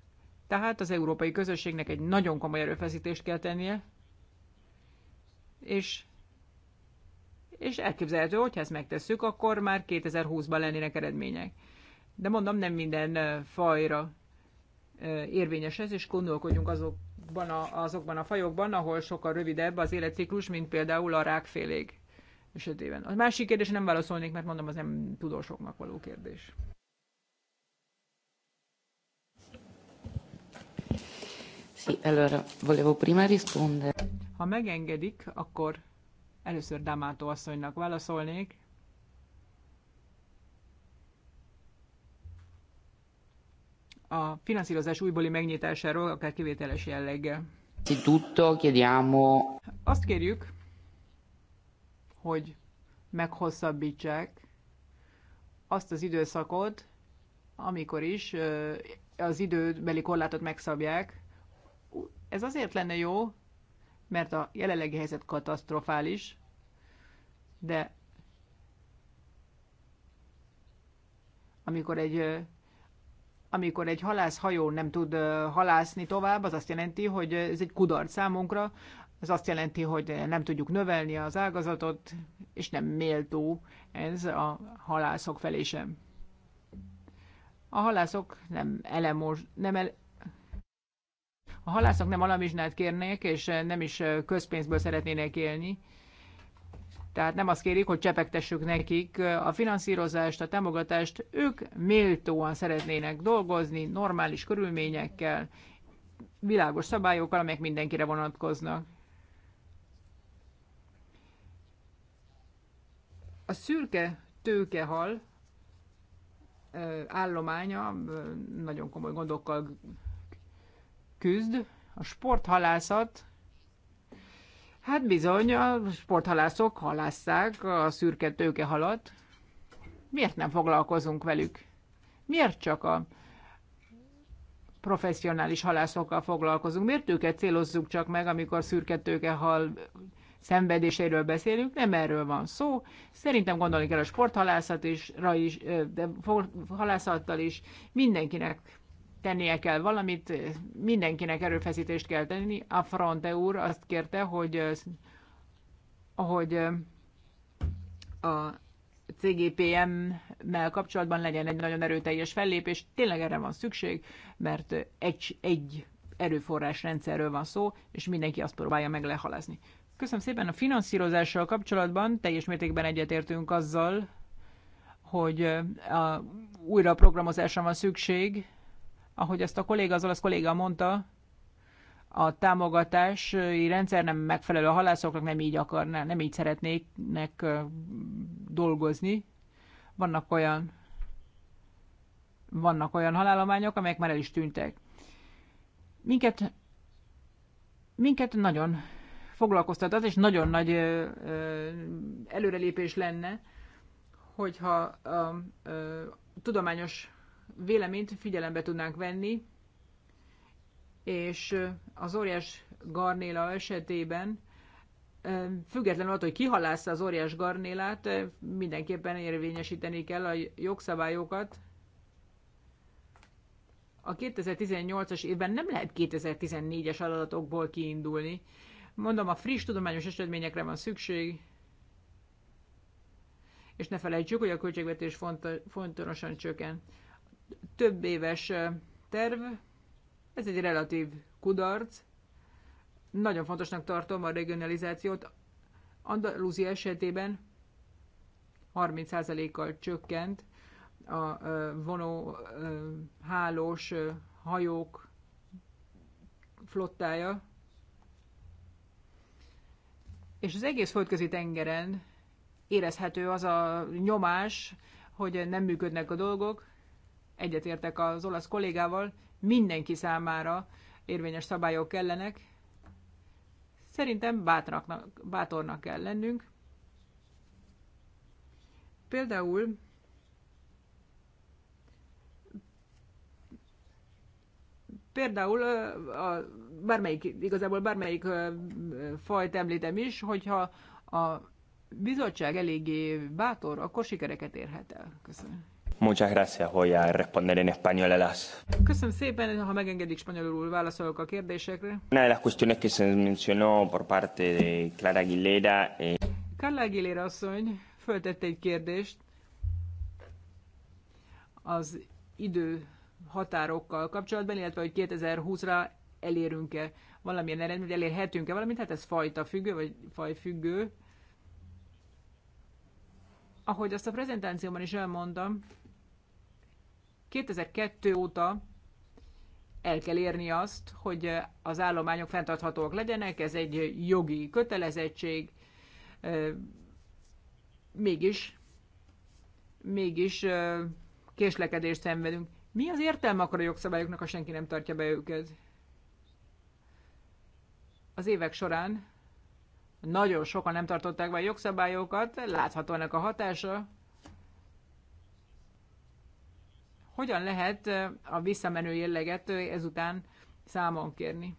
Tehát az európai közösségnek egy nagyon komoly erőfeszítést kell tennie, és, és elképzelhető, hogyha ezt megtesszük, akkor már 2020-ban lennének eredmények. De mondom, nem minden fajra érvényes ez, és gondolkodjunk azokban a, azokban a fajokban, ahol sokkal rövidebb az életciklus, mint például a rákfélék esetében. A másik kérdés nem válaszolnék, mert mondom, az nem tudósoknak való kérdés. Ha megengedik, akkor először Damato asszonynak válaszolnék. a finanszírozás újbóli megnyitásáról, akár kivételes jelleggel. Azt kérjük, hogy meghosszabbítsák azt az időszakot, amikor is az időbeli korlátot megszabják. Ez azért lenne jó, mert a jelenlegi helyzet katasztrofális, de amikor egy amikor egy halászhajó nem tud halászni tovább, az azt jelenti, hogy ez egy kudarc számunkra, ez azt jelenti, hogy nem tudjuk növelni az ágazatot, és nem méltó ez a halászok felé sem. A halászok nem elemos, nem el, a halászok nem alamizsnát kérnék, és nem is közpénzből szeretnének élni. Tehát nem azt kérik, hogy csepegtessük nekik a finanszírozást, a támogatást. Ők méltóan szeretnének dolgozni, normális körülményekkel, világos szabályokkal, amelyek mindenkire vonatkoznak. A szürke tőkehal állománya nagyon komoly gondokkal küzd. A sporthalászat Hát bizony, a sporthalászok halásszák a szürke tőke halat. Miért nem foglalkozunk velük? Miért csak a professzionális halászokkal foglalkozunk? Miért őket célozzuk csak meg, amikor szürke tőke hal szenvedéséről beszélünk? Nem erről van szó. Szerintem gondolni kell a sporthalászat is, de halászattal is. Mindenkinek tennie kell valamit, mindenkinek erőfeszítést kell tenni. A Fronte úr azt kérte, hogy, hogy a CGPM-mel kapcsolatban legyen egy nagyon erőteljes fellépés. Tényleg erre van szükség, mert egy, egy erőforrás rendszerről van szó, és mindenki azt próbálja meg lehalazni. Köszönöm szépen a finanszírozással kapcsolatban, teljes mértékben egyetértünk azzal, hogy a újra programozásra van szükség, ahogy azt a kolléga, az olasz kolléga mondta, a támogatási rendszer nem megfelelő a halászoknak, nem így akarná, nem így szeretnének dolgozni. Vannak olyan, vannak olyan halálományok, amelyek már el is tűntek. Minket, minket nagyon foglalkoztat az, és nagyon nagy ö, ö, előrelépés lenne, hogyha a, ö, tudományos véleményt figyelembe tudnánk venni, és az óriás garnéla esetében függetlenül attól, hogy kihalászza az óriás garnélát, mindenképpen érvényesíteni kell a jogszabályokat. A 2018-as évben nem lehet 2014-es adatokból kiindulni. Mondom, a friss tudományos eseményekre van szükség, és ne felejtsük, hogy a költségvetés fontosan csökken több éves terv, ez egy relatív kudarc. Nagyon fontosnak tartom a regionalizációt. Andalúzia esetében 30%-kal csökkent a vonó hálós hajók flottája, és az egész földközi tengeren érezhető az a nyomás, hogy nem működnek a dolgok egyetértek az olasz kollégával, mindenki számára érvényes szabályok kellenek. Szerintem bátraknak, bátornak kell lennünk. Például például a, bármelyik, igazából bármelyik fajt említem is, hogyha a bizottság eléggé bátor, akkor sikereket érhet el. Köszönöm. Muchas gracias, voy a responder en español a las... Köszönöm szépen, ha megengedik spanyolul válaszolok a kérdésekre. Una de las cuestiones que se mencionó por parte de Clara Aguilera... Eh... Carla Aguilera asszony föltette egy kérdést az idő határokkal kapcsolatban, illetve hogy 2020-ra elérünk-e valamilyen eredményt, elérhetünk-e valamit, hát ez fajta függő, vagy faj függő. Ahogy azt a prezentációban is elmondtam, 2002 óta el kell érni azt, hogy az állományok fenntarthatóak legyenek, ez egy jogi kötelezettség, mégis, mégis késlekedést szenvedünk. Mi az értelme akkor a jogszabályoknak, ha senki nem tartja be őket? Az évek során nagyon sokan nem tartották be a jogszabályokat, látható ennek a hatása. Hogyan lehet a visszamenő jelleget ezután számon kérni?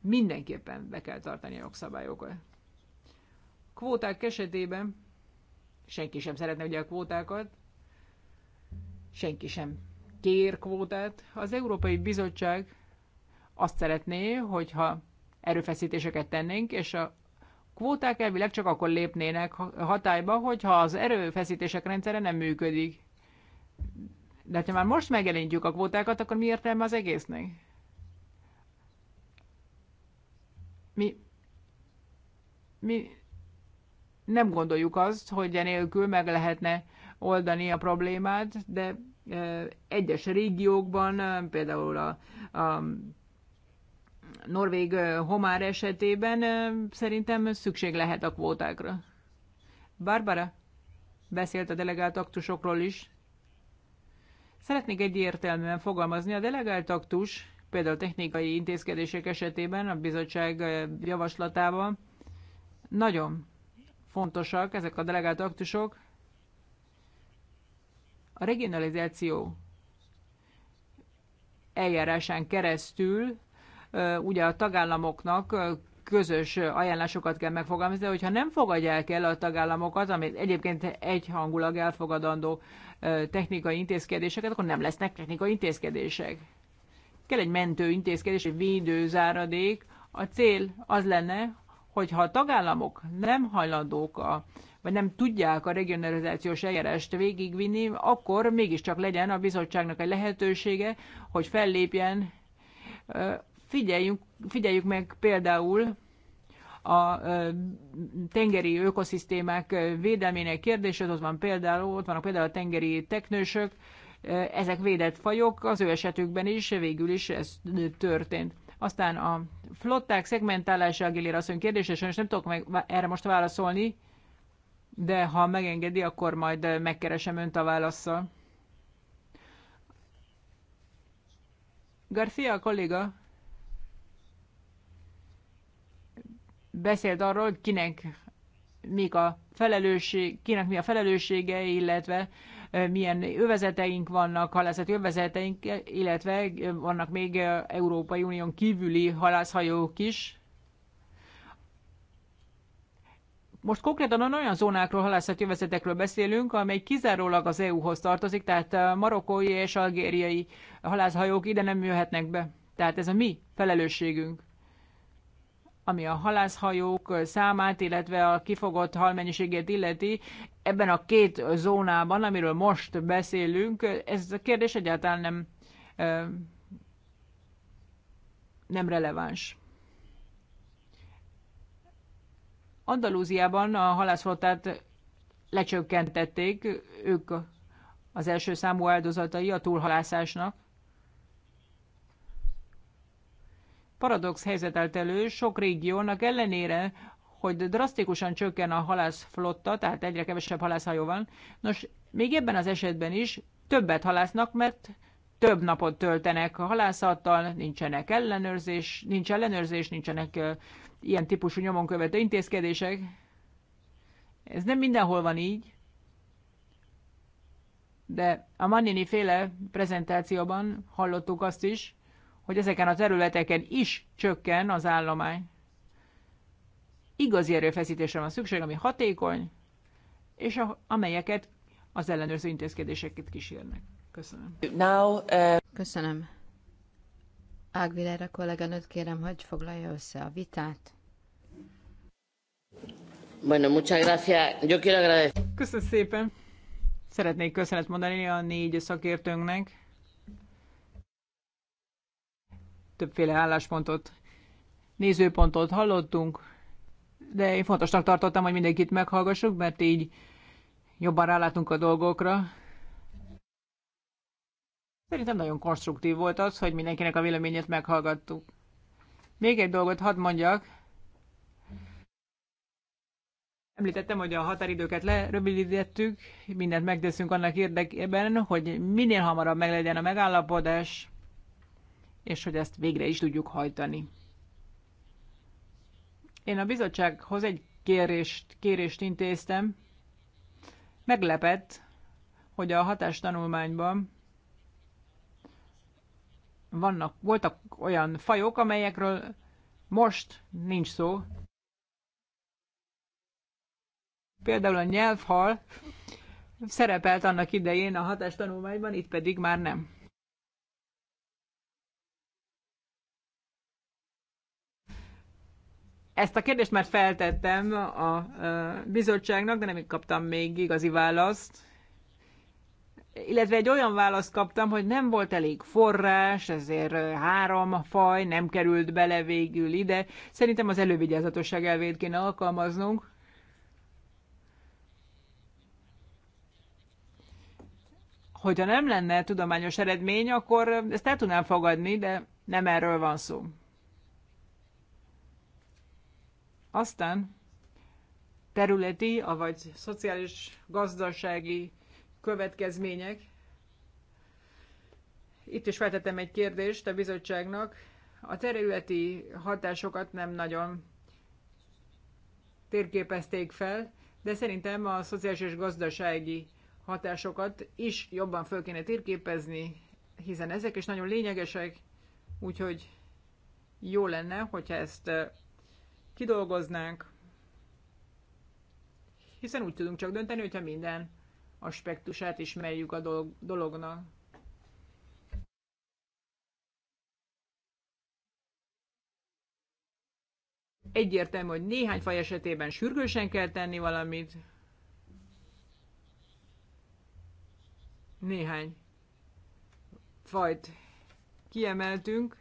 Mindenképpen be kell tartani a jogszabályokat. Kvóták esetében senki sem szeretne ugye a kvótákat, senki sem kér kvótát. Az Európai Bizottság azt szeretné, hogyha erőfeszítéseket tennénk, és a kvóták elvileg csak akkor lépnének hatályba, hogyha az erőfeszítések rendszere nem működik. De ha már most megjelenítjük a kvótákat, akkor mi értelme az egésznek? Mi, mi nem gondoljuk azt, hogy enélkül meg lehetne oldani a problémát, de egyes régiókban, például a, a norvég homár esetében szerintem szükség lehet a kvótákra. Barbara beszélt a delegált aktusokról is. Szeretnék egyértelműen fogalmazni, a delegált aktus, például technikai intézkedések esetében a bizottság eh, javaslatában nagyon fontosak ezek a delegált aktusok. A regionalizáció eljárásán keresztül eh, ugye a tagállamoknak eh, közös ajánlásokat kell megfogalmazni, hogyha nem fogadják el a tagállamokat, amit egyébként egyhangulag elfogadandó technikai intézkedéseket, akkor nem lesznek technikai intézkedések. Kell egy mentő intézkedés, egy védőzáradék. A cél az lenne, hogyha a tagállamok nem hajlandók a vagy nem tudják a regionalizációs eljárást végigvinni, akkor mégiscsak legyen a bizottságnak egy lehetősége, hogy fellépjen Figyeljünk, figyeljük meg például a tengeri ökoszisztémák védelmének kérdését, ott, van például, ott vannak például a tengeri teknősök, ezek védett fajok, az ő esetükben is végül is ez történt. Aztán a flották szegmentálása, Agilér asszony kérdése, és nem tudok meg erre most válaszolni, de ha megengedi, akkor majd megkeresem önt a válaszsal. Garcia kolléga beszélt arról, hogy kinek még a felelősség, kinek mi a felelőssége, illetve milyen övezeteink vannak, halászati övezeteink, illetve vannak még Európai Unión kívüli halászhajók is. Most konkrétan olyan zónákról, halászati övezetekről beszélünk, amely kizárólag az EU-hoz tartozik, tehát marokkói és algériai halászhajók ide nem jöhetnek be. Tehát ez a mi felelősségünk ami a halászhajók számát, illetve a kifogott halmennyiségét illeti, ebben a két zónában, amiről most beszélünk, ez a kérdés egyáltalán nem, nem releváns. Andalúziában a halászflottát lecsökkentették, ők az első számú áldozatai a túlhalászásnak. paradox helyzet állt elő sok régiónak ellenére, hogy drasztikusan csökken a halászflotta, tehát egyre kevesebb halászhajó van. Nos, még ebben az esetben is többet halásznak, mert több napot töltenek a halászattal, nincsenek ellenőrzés, nincs ellenőrzés, nincsenek ilyen típusú nyomon követő intézkedések. Ez nem mindenhol van így, de a Mannini féle prezentációban hallottuk azt is, hogy ezeken a területeken is csökken az állomány. Igazi erőfeszítésre van szükség, ami hatékony, és a, amelyeket az ellenőrző intézkedéseket kísérnek. Köszönöm. Now, uh... Köszönöm. Ágvilera kolléganőt kérem, hogy foglalja össze a vitát. Bueno, muchas gracias. Yo quiero agradecer. Köszönöm szépen. Szeretnék köszönet mondani a négy szakértőnknek többféle álláspontot, nézőpontot hallottunk, de én fontosnak tartottam, hogy mindenkit meghallgassuk, mert így jobban rálátunk a dolgokra. Szerintem nagyon konstruktív volt az, hogy mindenkinek a véleményét meghallgattuk. Még egy dolgot hadd mondjak. Említettem, hogy a határidőket lerövidítettük, mindent megteszünk annak érdekében, hogy minél hamarabb meglegyen a megállapodás, és hogy ezt végre is tudjuk hajtani. Én a bizottsághoz egy kérést, kérést intéztem. Meglepett, hogy a hatástanulmányban vannak, voltak olyan fajok, amelyekről most nincs szó. Például a nyelvhal szerepelt annak idején a hatástanulmányban, itt pedig már nem. Ezt a kérdést már feltettem a bizottságnak, de nem kaptam még igazi választ. Illetve egy olyan választ kaptam, hogy nem volt elég forrás, ezért három faj nem került bele végül ide. Szerintem az elővigyázatosság elvét kéne alkalmaznunk. Hogyha nem lenne tudományos eredmény, akkor ezt el tudnám fogadni, de nem erről van szó. Aztán területi, avagy szociális, gazdasági következmények. Itt is feltettem egy kérdést a bizottságnak. A területi hatásokat nem nagyon térképezték fel, de szerintem a szociális és gazdasági hatásokat is jobban föl kéne térképezni, hiszen ezek is nagyon lényegesek, úgyhogy jó lenne, hogyha ezt kidolgoznánk, hiszen úgy tudunk csak dönteni, hogyha minden aspektusát ismerjük a dolog, dolognak. Egyértelmű, hogy néhány faj esetében sürgősen kell tenni valamit, néhány fajt kiemeltünk.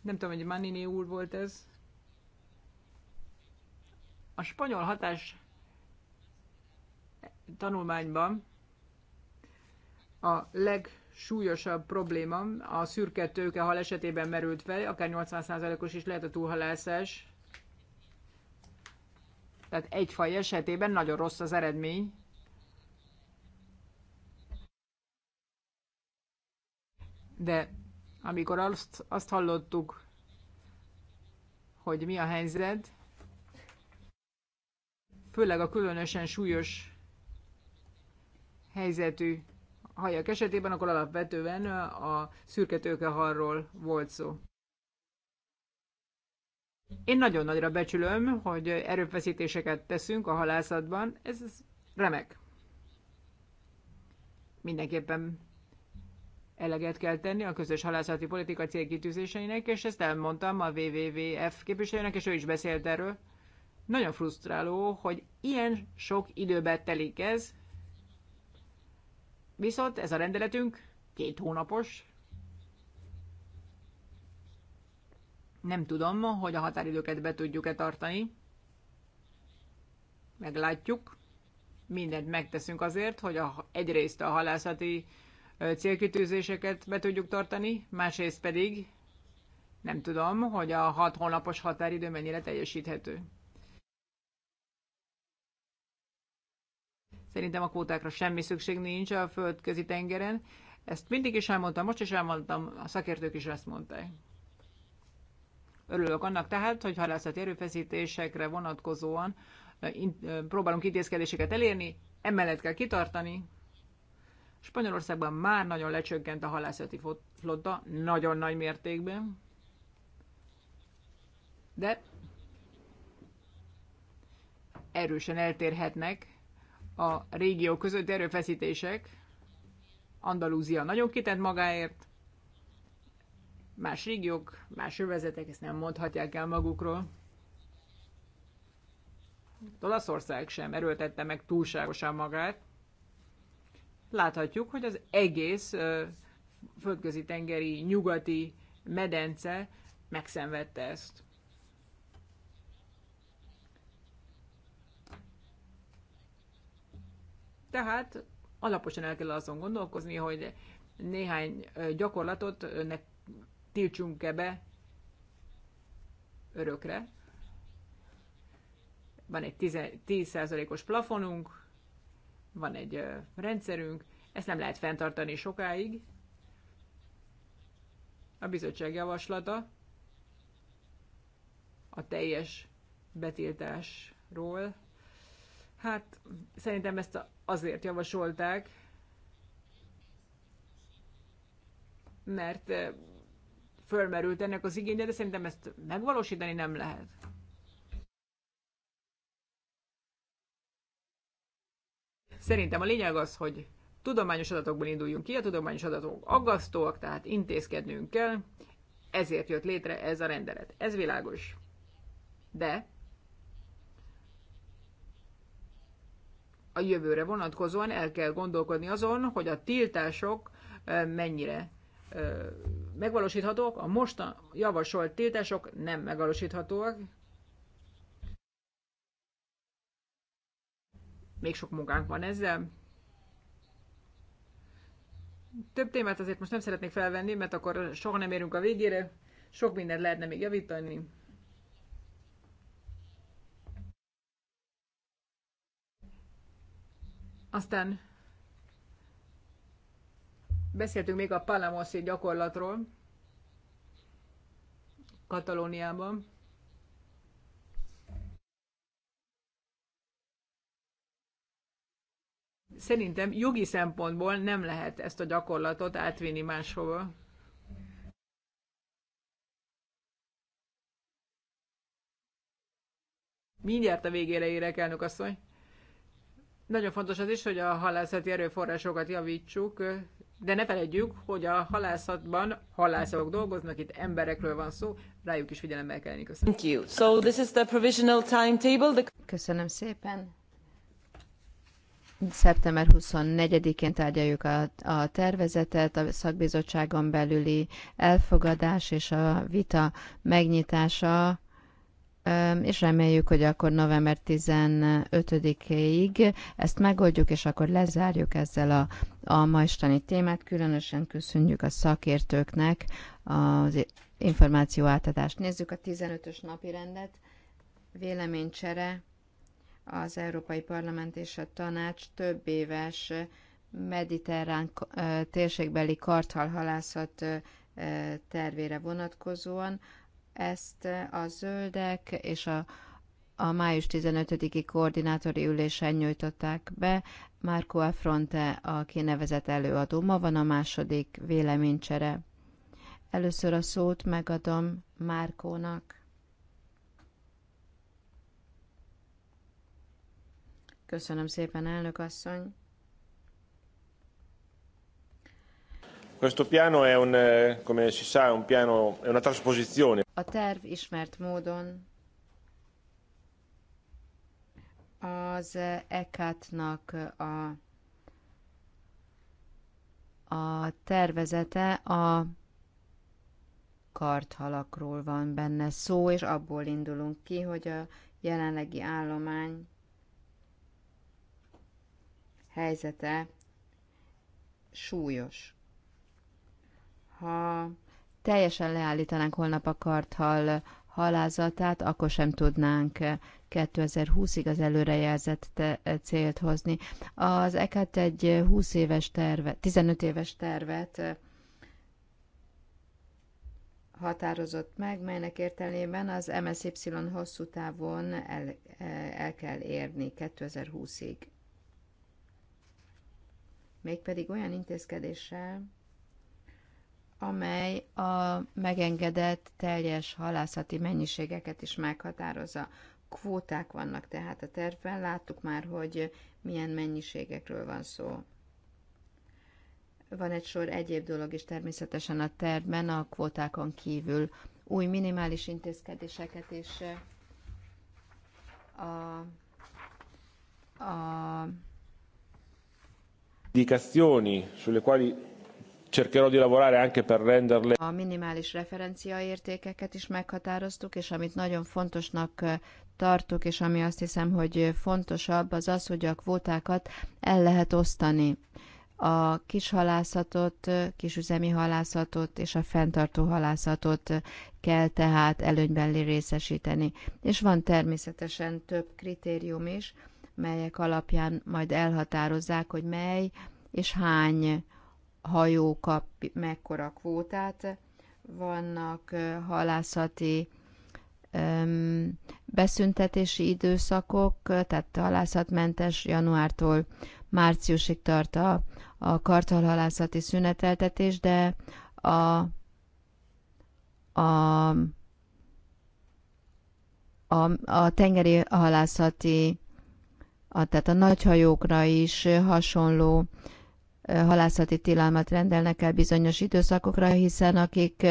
Nem tudom, hogy Manini úr volt ez. A spanyol hatás tanulmányban a legsúlyosabb probléma a szürke hal esetében merült fel, akár 80%-os is lehet a túlhalászás. Tehát egy faj esetében nagyon rossz az eredmény, de amikor azt, azt hallottuk, hogy mi a helyzet, főleg a különösen súlyos helyzetű hajak esetében, akkor alapvetően a szürke tőkeharról volt szó. Én nagyon nagyra becsülöm, hogy erőfeszítéseket teszünk a halászatban, ez remek. Mindenképpen eleget kell tenni a közös halászati politika célkitűzéseinek, és ezt elmondtam a WWF képviselőnek, és ő is beszélt erről. Nagyon frusztráló, hogy ilyen sok időbe telik ez, viszont ez a rendeletünk két hónapos. Nem tudom, hogy a határidőket be tudjuk-e tartani. Meglátjuk. Mindent megteszünk azért, hogy a, egyrészt a halászati célkitűzéseket be tudjuk tartani, másrészt pedig nem tudom, hogy a hat hónapos határidő mennyire teljesíthető. Szerintem a kvótákra semmi szükség nincs a földközi tengeren. Ezt mindig is elmondtam, most is elmondtam, a szakértők is ezt mondták. Örülök annak tehát, hogy halászati erőfeszítésekre vonatkozóan próbálunk intézkedéseket elérni, emellett kell kitartani. Spanyolországban már nagyon lecsökkent a halászati flotta, nagyon nagy mértékben. De erősen eltérhetnek a régió közötti erőfeszítések. Andalúzia nagyon kitett magáért, más régiók, más övezetek ezt nem mondhatják el magukról. Olaszország sem erőltette meg túlságosan magát. Láthatjuk, hogy az egész földközi-tengeri nyugati medence megszenvedte ezt. Tehát alaposan el kell azon gondolkozni, hogy néhány gyakorlatot ne tiltsunk ebbe örökre. Van egy 10%-os plafonunk, van egy rendszerünk, ezt nem lehet fenntartani sokáig. A bizottság javaslata a teljes betiltásról Hát szerintem ezt azért javasolták, mert eh, fölmerült ennek az igénye, de szerintem ezt megvalósítani nem lehet. Szerintem a lényeg az, hogy tudományos adatokból induljunk ki, a tudományos adatok aggasztóak, tehát intézkednünk kell, ezért jött létre ez a rendelet. Ez világos. De a jövőre vonatkozóan el kell gondolkodni azon, hogy a tiltások mennyire megvalósíthatók, a mostan javasolt tiltások nem megvalósíthatóak. Még sok munkánk van ezzel. Több témát azért most nem szeretnék felvenni, mert akkor soha nem érünk a végére, sok mindent lehetne még javítani. Aztán beszéltünk még a palamoszi gyakorlatról Katalóniában. Szerintem jogi szempontból nem lehet ezt a gyakorlatot átvinni máshova. Mindjárt a végére érek, elnök asszony. Nagyon fontos az is, hogy a halászati erőforrásokat javítsuk, de ne felejtjük, hogy a halászatban halászok dolgoznak, itt emberekről van szó, rájuk is figyelemmel kell lenni. Köszönöm. Thank you. So this is the provisional timetable. The... Köszönöm szépen. Szeptember 24-én tárgyaljuk a, a tervezetet, a szakbizottságon belüli elfogadás és a vita megnyitása és reméljük, hogy akkor november 15-ig ezt megoldjuk, és akkor lezárjuk ezzel a, a maistani témát. Különösen köszönjük a szakértőknek az információ átadást. Nézzük a 15-ös napi rendet. Véleménycsere az Európai Parlament és a Tanács több éves mediterrán térségbeli karthalhalászat tervére vonatkozóan ezt a zöldek és a, a május 15-i koordinátori ülésen nyújtották be. Marco Affronte a kinevezett előadó. Ma van a második véleménycsere. Először a szót megadom Márkónak. Köszönöm szépen, elnök asszony. Questo piano è un, eh, come si sa, un piano, è una trasposizione. A terv ismert módon az ECAT-nak a, a tervezete a karthalakról van benne szó, és abból indulunk ki, hogy a jelenlegi állomány helyzete súlyos ha teljesen leállítanánk holnap a karthal halázatát, akkor sem tudnánk 2020-ig az előrejelzett célt hozni. Az ECAT egy 20 éves tervet, 15 éves tervet határozott meg, melynek értelmében az MSY hosszú távon el, el kell érni 2020-ig. Mégpedig olyan intézkedéssel, amely a megengedett teljes halászati mennyiségeket is meghatározza. Kvóták vannak tehát a tervben, láttuk már, hogy milyen mennyiségekről van szó. Van egy sor egyéb dolog is természetesen a tervben, a kvótákon kívül új minimális intézkedéseket és eh, a, a indicazioni sulle quali cercherò di lavorare anche per renderle. A minimális referenciaértékeket is meghatároztuk, és amit nagyon fontosnak eh, tartok, és ami azt hiszem, hogy fontosabb, az az, hogy a kvótákat el lehet osztani. A kis halászatot, eh, kisüzemi halászatot és a fenntartó halászatot eh, kell tehát előnyben részesíteni. És van természetesen több kritérium is, melyek alapján majd elhatározzák, hogy mely és hány hajó kap mekkora kvótát, vannak halászati beszüntetési időszakok, tehát halászatmentes januártól márciusig tart a, a kartalhalászati szüneteltetés, de a, a, a, a tengeri halászati, a, tehát a nagyhajókra is hasonló halászati tilalmat rendelnek el bizonyos időszakokra, hiszen akik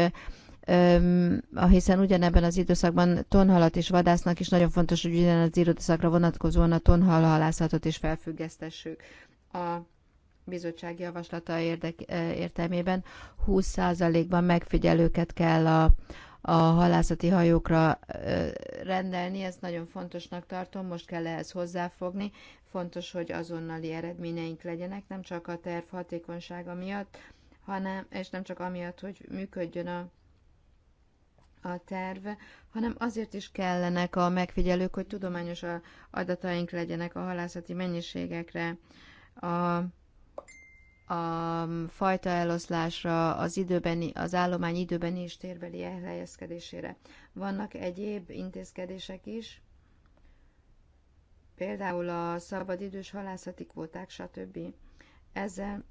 hiszen ugyanebben az időszakban tonhalat is vadásznak, és nagyon fontos, hogy ugyanaz az időszakra vonatkozóan a tonhal halászatot is felfüggesztessük. A bizottság javaslata érdek, értelmében 20%-ban megfigyelőket kell a, a halászati hajókra rendelni, ezt nagyon fontosnak tartom, most kell ehhez hozzáfogni, Fontos, hogy azonnali eredményeink legyenek, nem csak a terv hatékonysága miatt, hanem, és nem csak amiatt, hogy működjön a, a terv, hanem azért is kellenek a megfigyelők, hogy tudományos a adataink legyenek a halászati mennyiségekre, a, a fajta eloszlásra, az, időbeni, az állomány időbeni és térbeli elhelyezkedésére. Vannak egyéb intézkedések is, például a szabadidős halászati kvóták, stb. Ezzel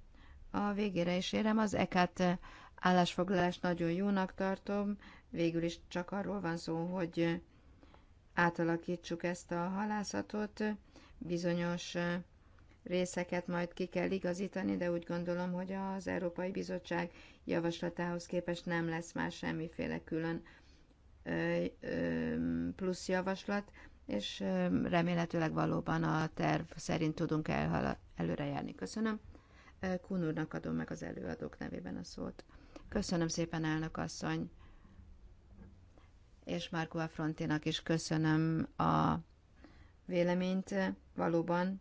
a végére is érem. Az ekát állásfoglalást nagyon jónak tartom. Végül is csak arról van szó, hogy átalakítsuk ezt a halászatot. Bizonyos részeket majd ki kell igazítani, de úgy gondolom, hogy az Európai Bizottság javaslatához képest nem lesz már semmiféle külön plusz javaslat, és remélhetőleg valóban a terv szerint tudunk elhala- előrejárni. Köszönöm. Kun úrnak adom meg az előadók nevében a szót. Köszönöm szépen, elnök asszony, és Márko Affrontinak is köszönöm a véleményt. Valóban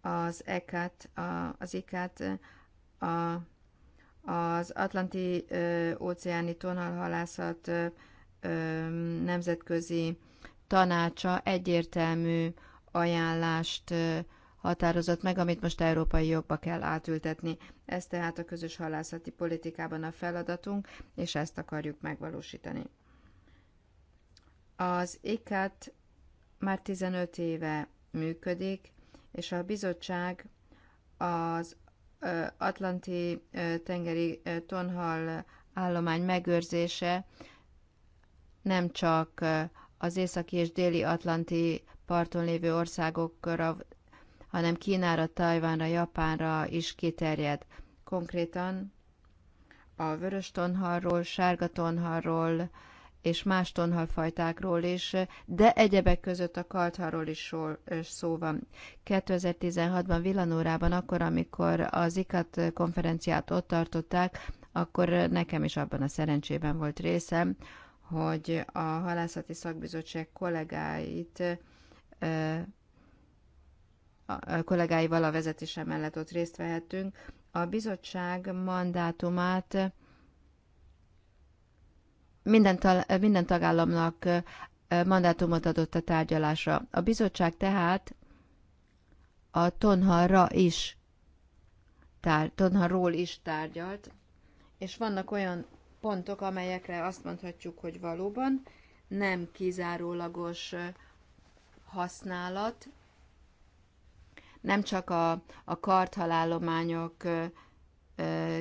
az ECAT, az ICAT, a, az Atlanti óceáni tonalhalászat nemzetközi tanácsa egyértelmű ajánlást határozott meg, amit most európai jogba kell átültetni. Ez tehát a közös halászati politikában a feladatunk, és ezt akarjuk megvalósítani. Az ICAT már 15 éve működik, és a bizottság az Atlanti tengeri tonhal állomány megőrzése nem csak az északi és déli atlanti parton lévő országokra, hanem Kínára, Tajvánra, Japánra is kiterjed. Konkrétan a vörös tonhalról, sárga tonhalról és más tonhalfajtákról is, de egyebek között a kaltharról is szó van. 2016-ban Villanórában, akkor, amikor az IKAT konferenciát ott tartották, akkor nekem is abban a szerencsében volt részem, hogy a halászati szakbizottság kollégáit a kollégáival a vezetése mellett ott részt vehetünk. A bizottság mandátumát minden, ta, minden tagállamnak mandátumot adott a tárgyalásra. A bizottság tehát a tonharra is tár- tonharról is tárgyalt, és vannak olyan pontok, amelyekre azt mondhatjuk, hogy valóban nem kizárólagos használat, nem csak a, a karthalálományok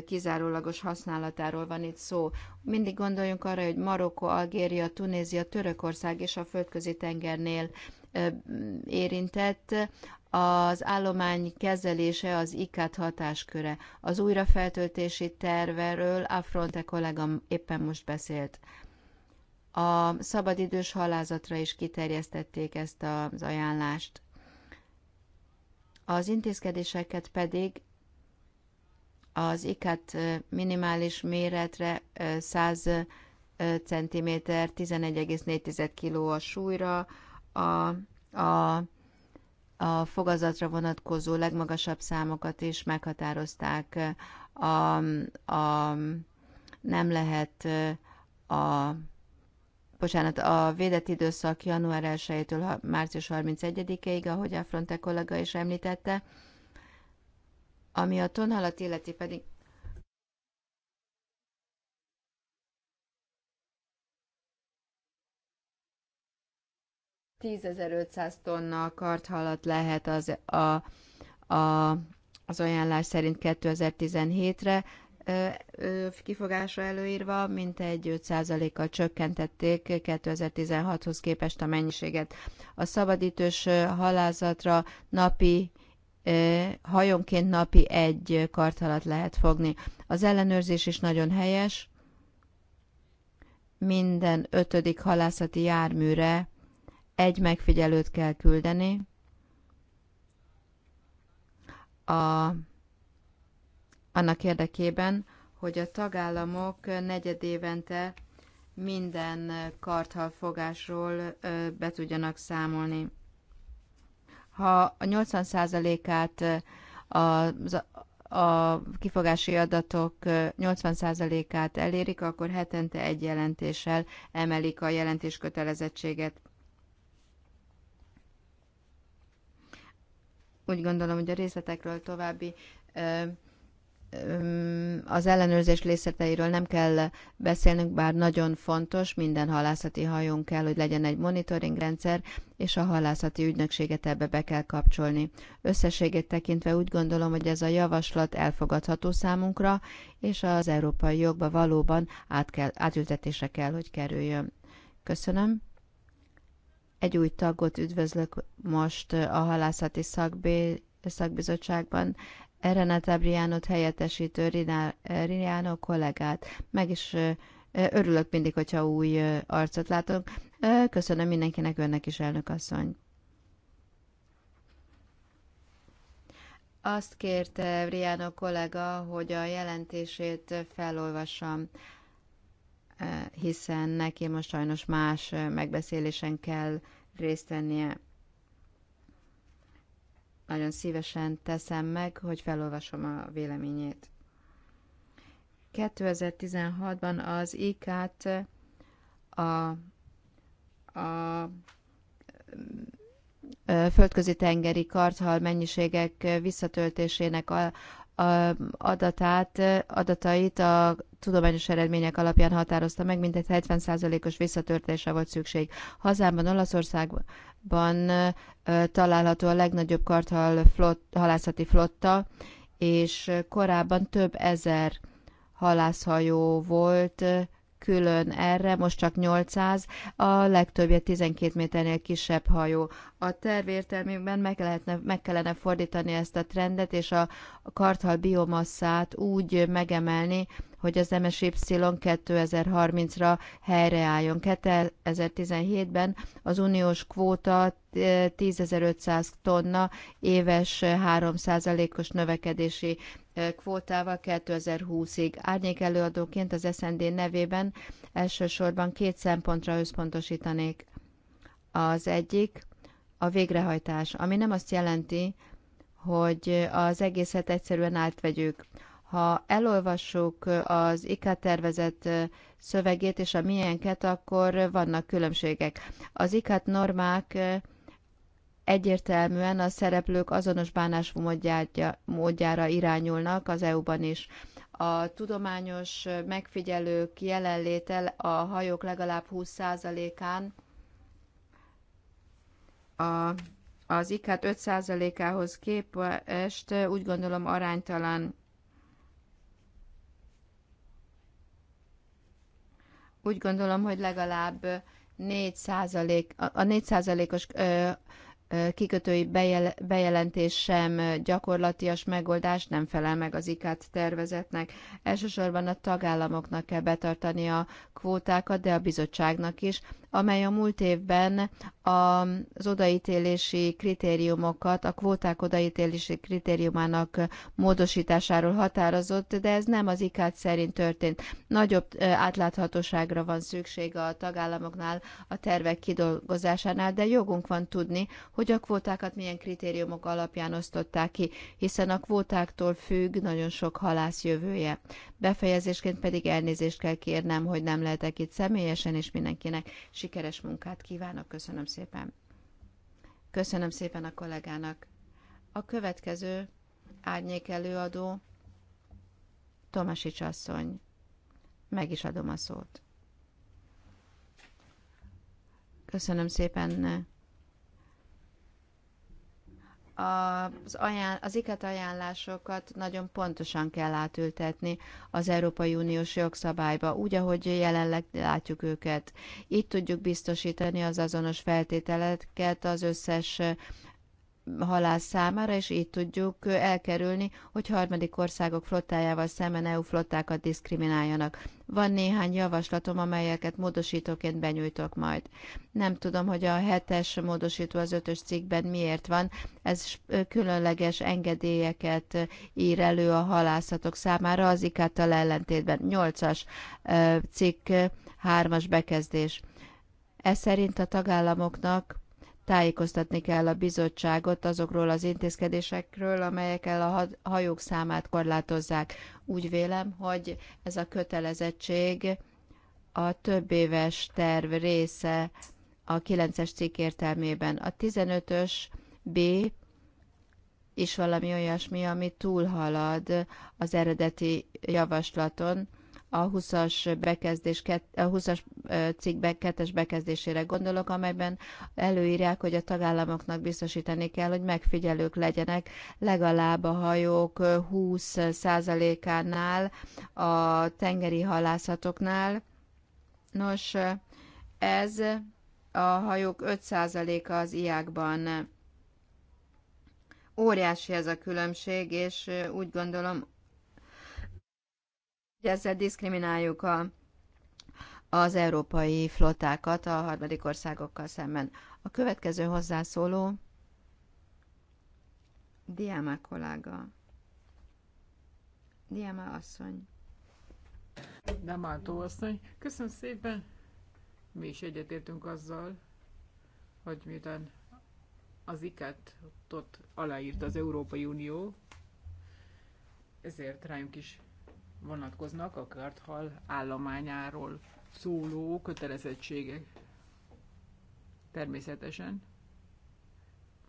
kizárólagos használatáról van itt szó. Mindig gondoljunk arra, hogy Marokko, Algéria, Tunézia, Törökország és a földközi tengernél érintett, az állomány kezelése az ICAT hatásköre. Az újrafeltöltési terveről Fronte kollégám éppen most beszélt. A szabadidős halázatra is kiterjesztették ezt az ajánlást. Az intézkedéseket pedig az ikat minimális méretre 100 cm 11,4 kg a súlyra, a, a a fogazatra vonatkozó legmagasabb számokat is meghatározták. A, a, nem lehet a bocsánat, a védett időszak január 1-től március 31-ig, ahogy a Fronte kollega is említette, ami a tonhalat illeti pedig 10.500 tonna karthalat lehet az, a, a, az ajánlás szerint 2017-re kifogásra előírva, mintegy 5%-kal csökkentették 2016-hoz képest a mennyiséget. A szabadítős halázatra napi hajonként napi egy karthalat lehet fogni. Az ellenőrzés is nagyon helyes. Minden ötödik halászati járműre egy megfigyelőt kell küldeni. A, annak érdekében, hogy a tagállamok negyedévente minden karthalfogásról be tudjanak számolni. Ha a 80%-át az, a kifogási adatok 80%-át elérik, akkor hetente egy jelentéssel emelik a jelentés kötelezettséget. úgy gondolom, hogy a részletekről további az ellenőrzés részleteiről nem kell beszélnünk, bár nagyon fontos, minden halászati hajón kell, hogy legyen egy monitoring rendszer, és a halászati ügynökséget ebbe be kell kapcsolni. Összességét tekintve úgy gondolom, hogy ez a javaslat elfogadható számunkra, és az európai jogba valóban átkel, átültetésre kell, hogy kerüljön. Köszönöm. Egy új tagot üdvözlök most eh, a halászati szakbé, szakbizottságban, Renata Briánot helyettesítő eh, Riniano kollégát. Meg is eh, örülök mindig, hogyha új arcot látok. Köszönöm mindenkinek, önnek is, elnök asszony. Azt kérte Briano kollega, hogy a jelentését felolvassam. Eh, hiszen neki most sajnos más eh, megbeszélésen kell részt vennie. Nagyon szívesen teszem meg, hogy felolvasom a véleményét. 2016-ban az IK-t eh, a, a földközi tengeri karthal mennyiségek visszatöltésének adatát, adatait a tudományos eredmények alapján határozta meg, mintegy 70%-os visszatörtése volt szükség. Hazámban, Olaszországban található a legnagyobb karthal flott, halászati flotta, és korábban több ezer halászhajó volt, külön erre, most csak 800, a legtöbbje 12 méternél kisebb hajó. A terv értelmében meg, lehetne, meg kellene fordítani ezt a trendet, és a karthal biomasszát úgy megemelni, hogy az MSY 2030-ra helyreálljon. 2017-ben az uniós kvóta 10.500 eh, tonna éves 3%-os növekedési kvótával 2020-ig. Árnyék előadóként az SND nevében elsősorban két szempontra összpontosítanék. Az egyik a végrehajtás, ami nem azt jelenti, hogy az egészet egyszerűen átvegyük. Ha elolvassuk az IK tervezett szövegét és a milyenket, akkor vannak különbségek. Az IK normák egyértelműen a szereplők azonos bánásmódjára irányulnak az EU-ban is. A tudományos megfigyelők jelenlétel a hajók legalább 20%-án a, az ikát 5%-ához képest úgy gondolom aránytalan úgy gondolom, hogy legalább 4 a 4 os kikötői bejel, bejelentés sem gyakorlatias megoldás, nem felel meg az IKT tervezetnek. Elsősorban a tagállamoknak kell betartani a kvótákat, de a bizottságnak is, amely a múlt évben az odaítélési kritériumokat, a kvóták odaítélési kritériumának módosításáról határozott, de ez nem az ikát szerint történt. Nagyobb átláthatóságra van szükség a tagállamoknál, a tervek kidolgozásánál, de jogunk van tudni, hogy a kvótákat milyen kritériumok alapján osztották ki, hiszen a kvótáktól függ nagyon sok halász jövője. Befejezésként pedig elnézést kell kérnem, hogy nem lehetek itt személyesen, és mindenkinek sikeres munkát kívánok, köszönöm szépen. Köszönöm szépen a kollégának. A következő árnyék előadó Tomasics asszony. Meg is adom a szót. Köszönöm szépen az, ajánl- az ikat ajánlásokat nagyon pontosan kell átültetni az Európai Uniós jogszabályba, úgy, ahogy jelenleg látjuk őket. Itt tudjuk biztosítani az azonos feltételeket az összes halász számára, és így tudjuk elkerülni, hogy harmadik országok flottájával szemben EU flottákat diszkrimináljanak. Van néhány javaslatom, amelyeket módosítóként benyújtok majd. Nem tudom, hogy a hetes módosító az ötös cikkben miért van. Ez különleges engedélyeket ír elő a halászatok számára az ikáttal ellentétben. Nyolcas cikk, hármas bekezdés. Ez szerint a tagállamoknak tájékoztatni kell a bizottságot azokról az intézkedésekről, amelyekkel a hajók számát korlátozzák. Úgy vélem, hogy ez a kötelezettség a több éves terv része a 9-es cikk értelmében. A 15-ös B is valami olyasmi, ami túlhalad az eredeti javaslaton, a 20-as, bekezdés, a 20-as cikk 2 bekezdésére gondolok, amelyben előírják, hogy a tagállamoknak biztosítani kell, hogy megfigyelők legyenek legalább a hajók 20%-ánál, a tengeri halászatoknál. Nos, ez a hajók 5%-a az iákban. Óriási ez a különbség, és úgy gondolom, ezzel diszkrimináljuk a, az európai flottákat a harmadik országokkal szemben. A következő hozzászóló Diáma kollága. Diáma asszony. álltó asszony, köszönöm szépen. Mi is egyetértünk azzal, hogy miután az ICAT-tot aláírt az Európai Unió, ezért rájunk is vonatkoznak a Karthal állományáról szóló kötelezettségek. Természetesen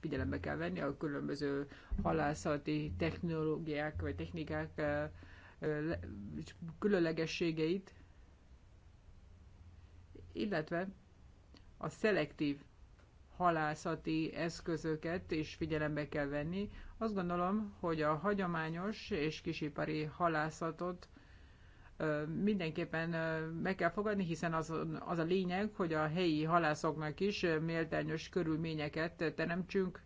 figyelembe kell venni a különböző halászati technológiák vagy technikák eh, eh, különlegességeit, illetve a szelektív halászati eszközöket is figyelembe kell venni, azt gondolom, hogy a hagyományos és kisipari halászatot mindenképpen meg kell fogadni, hiszen az, az a lényeg, hogy a helyi halászoknak is méltányos körülményeket teremtsünk,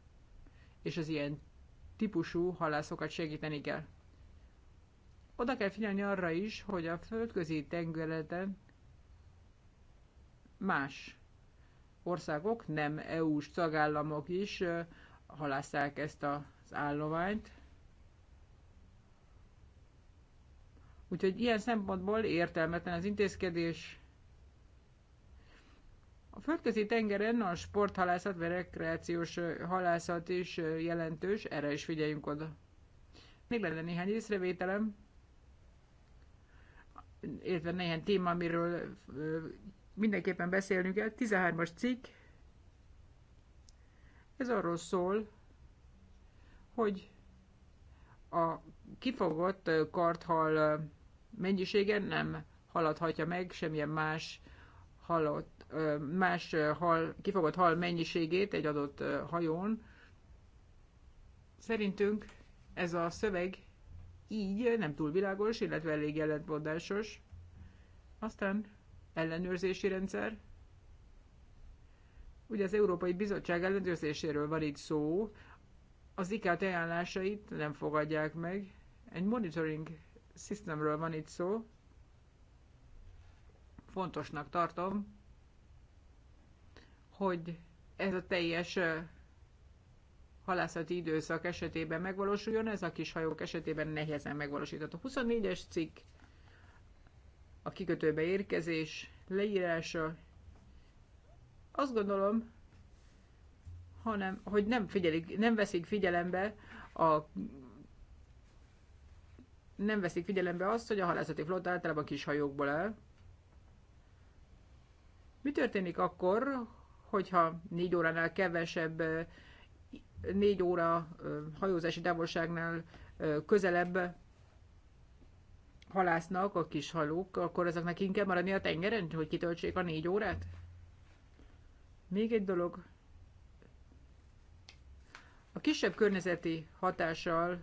és az ilyen típusú halászokat segíteni kell. Oda kell figyelni arra is, hogy a földközi tengereten más országok, nem EU-s tagállamok is halásszák ezt a az állományt. Úgyhogy ilyen szempontból értelmetlen az intézkedés. A földközi tengeren a sporthalászat, vagy rekreációs halászat is jelentős, erre is figyeljünk oda. Még lenne néhány észrevételem, illetve néhány téma, amiről mindenképpen beszélnünk el. 13-as cikk, ez arról szól, hogy a kifogott karthal mennyisége nem haladhatja meg semmilyen más halott, más hal, kifogott hal mennyiségét egy adott hajón. Szerintünk ez a szöveg így nem túl világos, illetve elég jelentbondásos. Aztán ellenőrzési rendszer. Ugye az Európai Bizottság ellenőrzéséről van itt szó, az ICAT ajánlásait nem fogadják meg. Egy monitoring systemről van itt szó. Fontosnak tartom, hogy ez a teljes halászati időszak esetében megvalósuljon, ez a kis hajók esetében nehezen megvalósítható. 24-es cikk, a kikötőbe érkezés, leírása. Azt gondolom, hanem hogy nem, figyelik, nem veszik figyelembe a nem veszik figyelembe azt, hogy a halászati flotta általában kis hajókból áll. Mi történik akkor, hogyha négy óránál kevesebb, négy óra hajózási távolságnál közelebb halásznak a kis halók, akkor ezeknek inkább maradni a tengeren, hogy kitöltsék a négy órát? Még egy dolog, kisebb környezeti hatással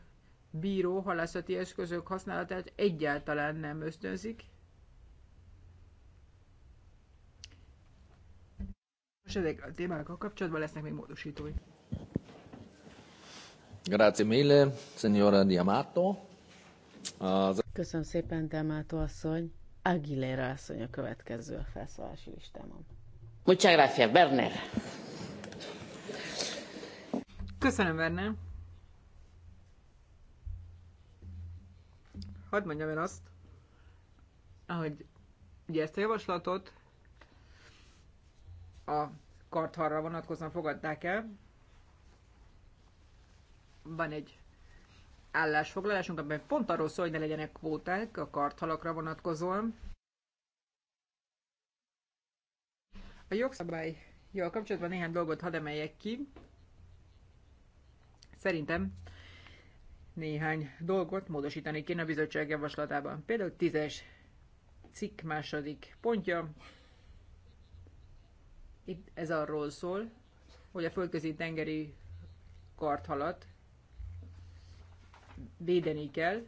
bíró halászati eszközök használatát egyáltalán nem ösztönzik. Most ezek a témákkal kapcsolatban lesznek még módosítói. Grazie mille, signora Diamato. Az... Köszönöm szépen, Diamato asszony. Aguilera asszony a következő a felszólási listámon. Muchas gracias, Werner. Köszönöm, Verne. Hadd mondjam el azt, hogy ugye ezt a javaslatot a kartharra vonatkozóan fogadták el. Van egy állásfoglalásunk, amiben pont arról szól, hogy ne legyenek kvóták a karthalakra vonatkozóan. A jó a kapcsolatban néhány dolgot hadd emeljek ki. Szerintem néhány dolgot módosítani kéne a bizottság javaslatában. Például 10-es cikk második pontja. Itt ez arról szól, hogy a földközi tengeri karthalat védeni kell,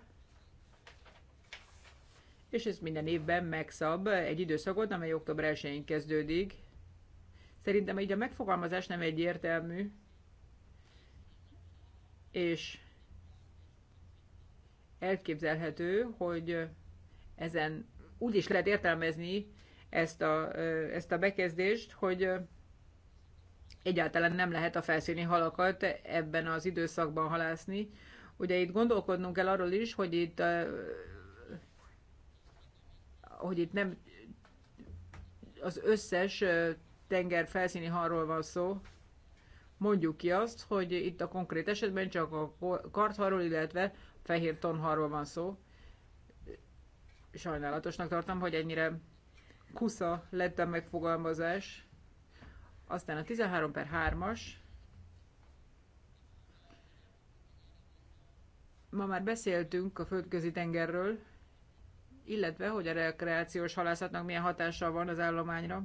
és ez minden évben megszab egy időszakot, amely október 1-én kezdődik. Szerintem így a megfogalmazás nem egyértelmű, és elképzelhető, hogy ezen úgy is lehet értelmezni ezt a, ezt a bekezdést, hogy egyáltalán nem lehet a felszíni halakat ebben az időszakban halászni. Ugye itt gondolkodnunk kell arról is, hogy itt, hogy itt nem az összes tenger felszíni halról van szó, mondjuk ki azt, hogy itt a konkrét esetben csak a kartharról, illetve fehér tonharról van szó. Sajnálatosnak tartom, hogy ennyire kusza lett a megfogalmazás. Aztán a 13 per 3-as. Ma már beszéltünk a földközi tengerről, illetve hogy a rekreációs halászatnak milyen hatással van az állományra.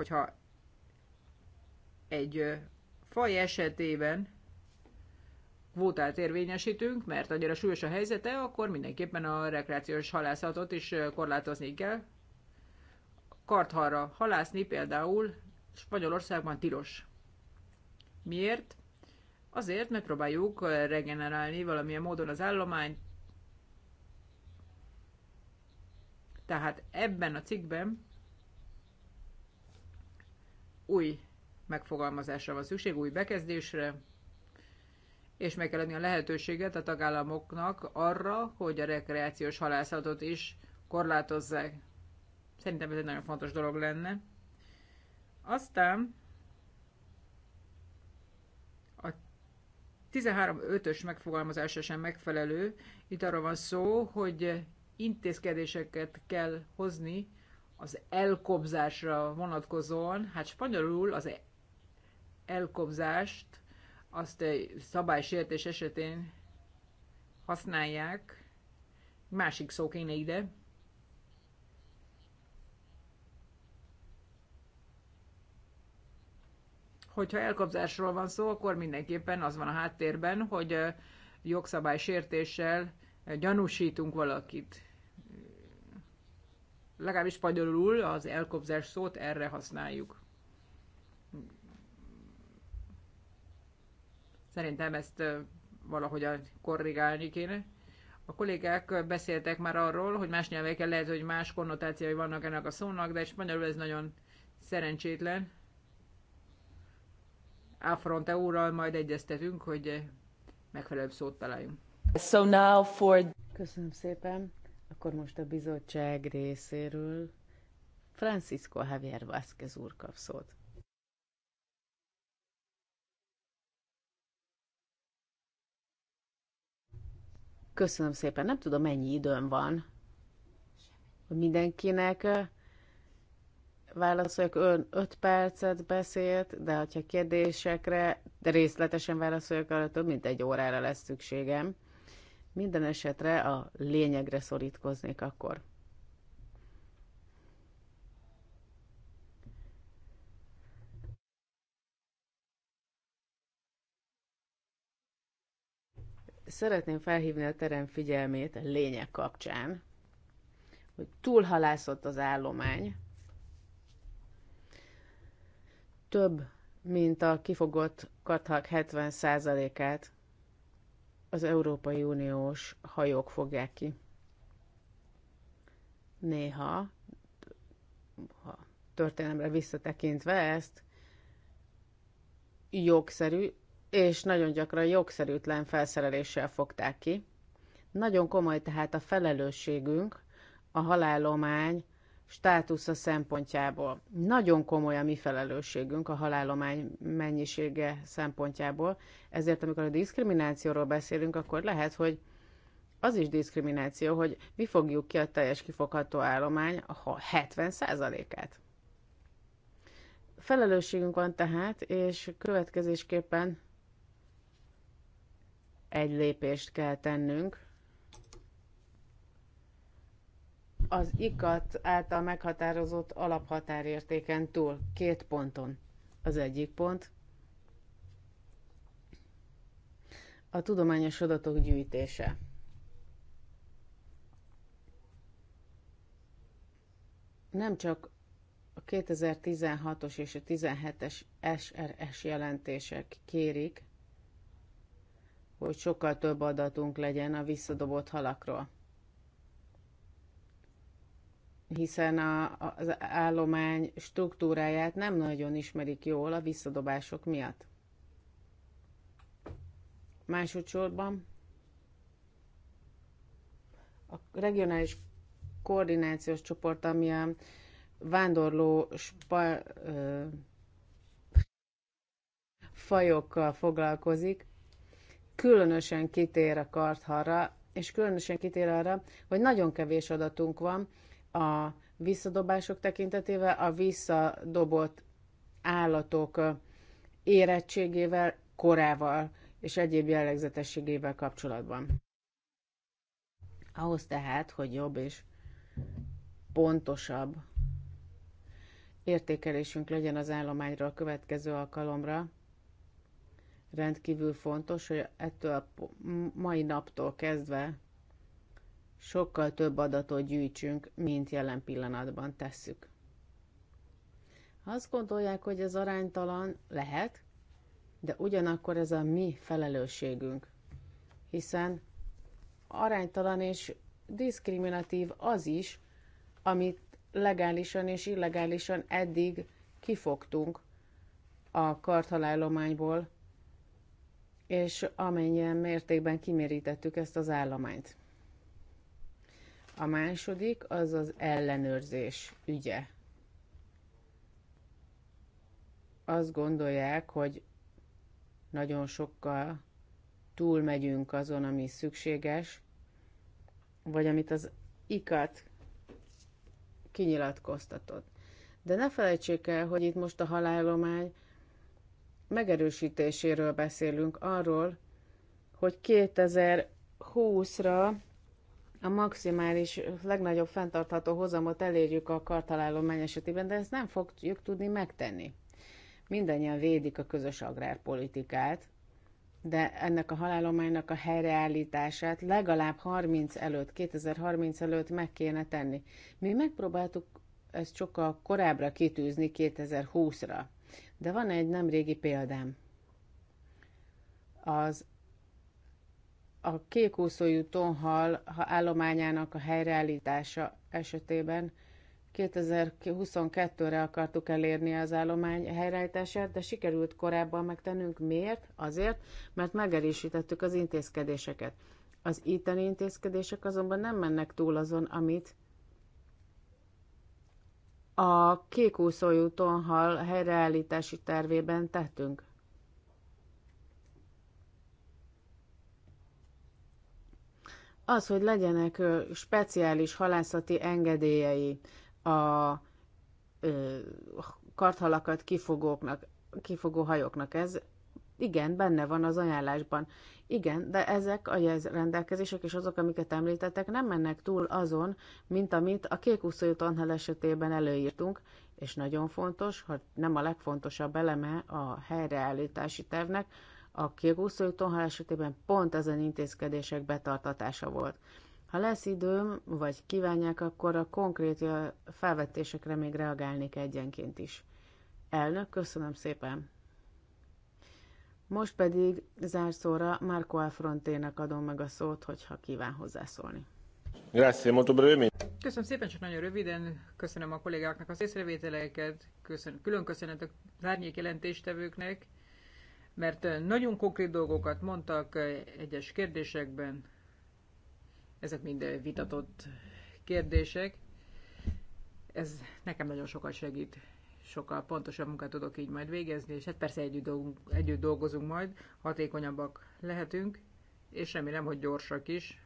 hogyha egy faj esetében kvótát érvényesítünk, mert annyira súlyos a helyzete, akkor mindenképpen a rekreációs halászatot is korlátozni kell. Karthalra halászni például Spanyolországban tilos. Miért? Azért, mert próbáljuk regenerálni valamilyen módon az állományt. Tehát ebben a cikkben új megfogalmazásra van szükség, új bekezdésre, és meg kell adni a lehetőséget a tagállamoknak arra, hogy a rekreációs halászatot is korlátozzák. Szerintem ez egy nagyon fontos dolog lenne. Aztán a 13.5-ös megfogalmazása sem megfelelő. Itt arra van szó, hogy intézkedéseket kell hozni az elkobzásra vonatkozóan, hát spanyolul az elkobzást azt egy szabálysértés esetén használják. Másik szó kéne ide. Hogyha elkobzásról van szó, akkor mindenképpen az van a háttérben, hogy jogszabálysértéssel gyanúsítunk valakit legalábbis spanyolul az elkobzás szót erre használjuk. Szerintem ezt valahogy korrigálni kéne. A kollégák beszéltek már arról, hogy más nyelveken lehet, hogy más konnotációi vannak ennek a szónak, de spanyolul ez nagyon szerencsétlen. Afronte úrral majd egyeztetünk, hogy megfelelőbb szót találjunk. So now for... Köszönöm szépen. Akkor most a bizottság részéről Francisco Javier Vázquez úr kap szót. Köszönöm szépen, nem tudom mennyi időm van. Mindenkinek válaszoljak, ön 5 percet beszélt, de ha kérdésekre de részletesen válaszoljak, arra több mint egy órára lesz szükségem. Minden esetre a lényegre szorítkoznék akkor. Szeretném felhívni a terem figyelmét a lényeg kapcsán, hogy túlhalászott az állomány, több, mint a kifogott kathak 70%-át az Európai Uniós hajók fogják ki. Néha, ha történelemre visszatekintve ezt, jogszerű, és nagyon gyakran jogszerűtlen felszereléssel fogták ki. Nagyon komoly tehát a felelősségünk a halállomány státusza szempontjából. Nagyon komoly a mi felelősségünk a halálomány mennyisége szempontjából, ezért amikor a diszkriminációról beszélünk, akkor lehet, hogy az is diszkrimináció, hogy mi fogjuk ki a teljes kifogható állomány a 70%-át. Felelősségünk van tehát, és következésképpen egy lépést kell tennünk az ikat által meghatározott alaphatárértéken túl, két ponton. Az egyik pont a tudományos adatok gyűjtése. Nem csak a 2016-os és a 17-es SRS jelentések kérik, hogy sokkal több adatunk legyen a visszadobott halakról hiszen a, az állomány struktúráját nem nagyon ismerik jól a visszadobások miatt. Másodszorban a regionális koordinációs csoport, ami a vándorló spa, ö, fajokkal foglalkozik, különösen kitér a kartharra, és különösen kitér arra, hogy nagyon kevés adatunk van, a visszadobások tekintetével, a visszadobott állatok érettségével, korával és egyéb jellegzetességével kapcsolatban. Ahhoz tehát, hogy jobb és pontosabb értékelésünk legyen az állományra a következő alkalomra, rendkívül fontos, hogy ettől a mai naptól kezdve sokkal több adatot gyűjtsünk, mint jelen pillanatban tesszük. Ha azt gondolják, hogy ez aránytalan, lehet, de ugyanakkor ez a mi felelősségünk, hiszen aránytalan és diszkriminatív az is, amit legálisan és illegálisan eddig kifogtunk a karthalállományból, és amennyien mértékben kimérítettük ezt az állományt. A második az az ellenőrzés ügye. Azt gondolják, hogy nagyon sokkal túlmegyünk azon, ami szükséges, vagy amit az ikat kinyilatkoztatott. De ne felejtsék el, hogy itt most a halálomány megerősítéséről beszélünk, arról, hogy 2020-ra a maximális, legnagyobb fenntartható hozamot elérjük a kartalállomány esetében, de ezt nem fogjuk tudni megtenni. Mindannyian védik a közös agrárpolitikát, de ennek a halálománynak a helyreállítását legalább 30 előtt, 2030 előtt meg kéne tenni. Mi megpróbáltuk ezt sokkal korábbra kitűzni 2020-ra, de van egy nem régi példám. Az a kékúszójú tonhal ha állományának a helyreállítása esetében 2022-re akartuk elérni az állomány helyreállítását, de sikerült korábban megtennünk. Miért? Azért, mert megerősítettük az intézkedéseket. Az itteni intézkedések azonban nem mennek túl azon, amit a kékúszójú tonhal helyreállítási tervében tettünk. az, hogy legyenek speciális halászati engedélyei a karthalakat kifogóknak, kifogó hajóknak. Ez igen, benne van az ajánlásban. Igen, de ezek a rendelkezések és azok, amiket említettek, nem mennek túl azon, mint amit a kékúszói tonhal esetében előírtunk, és nagyon fontos, hogy nem a legfontosabb eleme a helyreállítási tervnek, a kigúszói tonhal esetében pont ezen intézkedések betartatása volt. Ha lesz időm, vagy kívánják, akkor a konkrét felvetésekre még reagálnék egyenként is. Elnök, köszönöm szépen! Most pedig zárszóra Marco Alfronténak adom meg a szót, hogyha kíván hozzászólni. Grazie, molto brevemente. Köszönöm szépen, csak nagyon röviden. Köszönöm a kollégáknak az észrevételeket, köszön, külön köszönet a árnyék jelentéstevőknek mert nagyon konkrét dolgokat mondtak egyes kérdésekben, ezek mind vitatott kérdések, ez nekem nagyon sokat segít, sokkal pontosabb munkát tudok így majd végezni, és hát persze együtt, dolgozunk együtt dolgozunk majd, hatékonyabbak lehetünk, és remélem, hogy gyorsak is,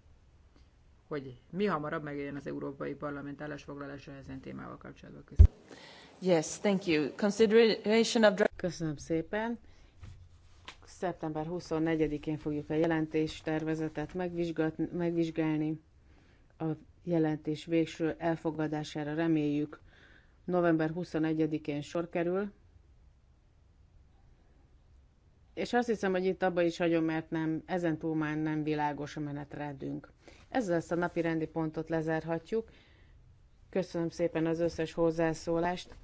hogy mi hamarabb megjön az Európai Parlament állásfoglalása ezen témával kapcsolatban. Köszönöm. Yes, thank you. Consideration of... Köszönöm szépen. Szeptember 24-én fogjuk a jelentéstervezetet megvizsgálni. A jelentés végső elfogadására reméljük november 21-én sor kerül. És azt hiszem, hogy itt abba is hagyom, mert nem, ezen túl már nem világos a menetrendünk. Ezzel ezt a napi rendi pontot lezárhatjuk. Köszönöm szépen az összes hozzászólást.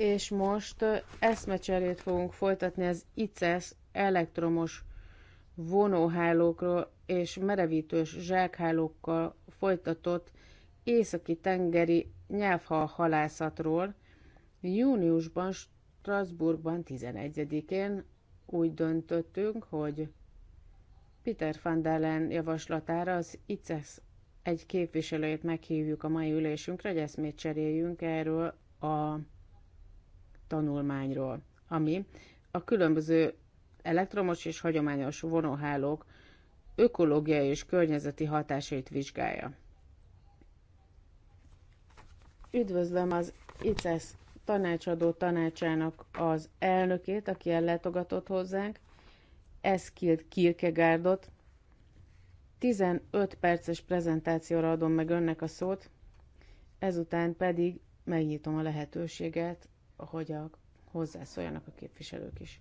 és most eszmecserét fogunk folytatni az ICES elektromos vonóhálókról és merevítős zsákhálókkal folytatott északi tengeri nyelvhal halászatról. Júniusban Strasbourgban 11-én úgy döntöttünk, hogy Peter van der Leyen javaslatára az ICES egy képviselőjét meghívjuk a mai ülésünkre, hogy eszmét cseréljünk erről a tanulmányról, ami a különböző elektromos és hagyományos vonóhálók ökológiai és környezeti hatásait vizsgálja. Üdvözlöm az ICESZ tanácsadó tanácsának az elnökét, aki ellátogatott hozzánk, Eszkild Kierkegaardot. 15 perces prezentációra adom meg önnek a szót, ezután pedig megnyitom a lehetőséget hogy a, hozzászóljanak a képviselők is.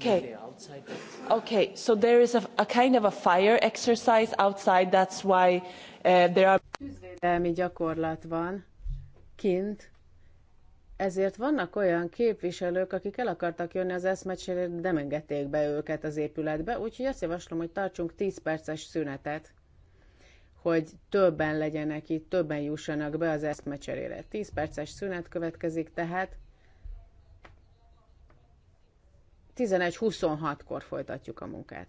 Okay. Okay. So there is a, a kind of a fire exercise outside. That's why uh, there are. Tűzvédelmi gyakorlat van kint. Ezért vannak olyan képviselők, akik el akartak jönni az eszmecserére, de nem engedték be őket az épületbe, úgyhogy azt javaslom, hogy tartsunk 10 perces szünetet, hogy többen legyenek itt, többen jussanak be az eszmecserére. 10 perces szünet következik tehát. 1126 kor folytatjuk a munkát.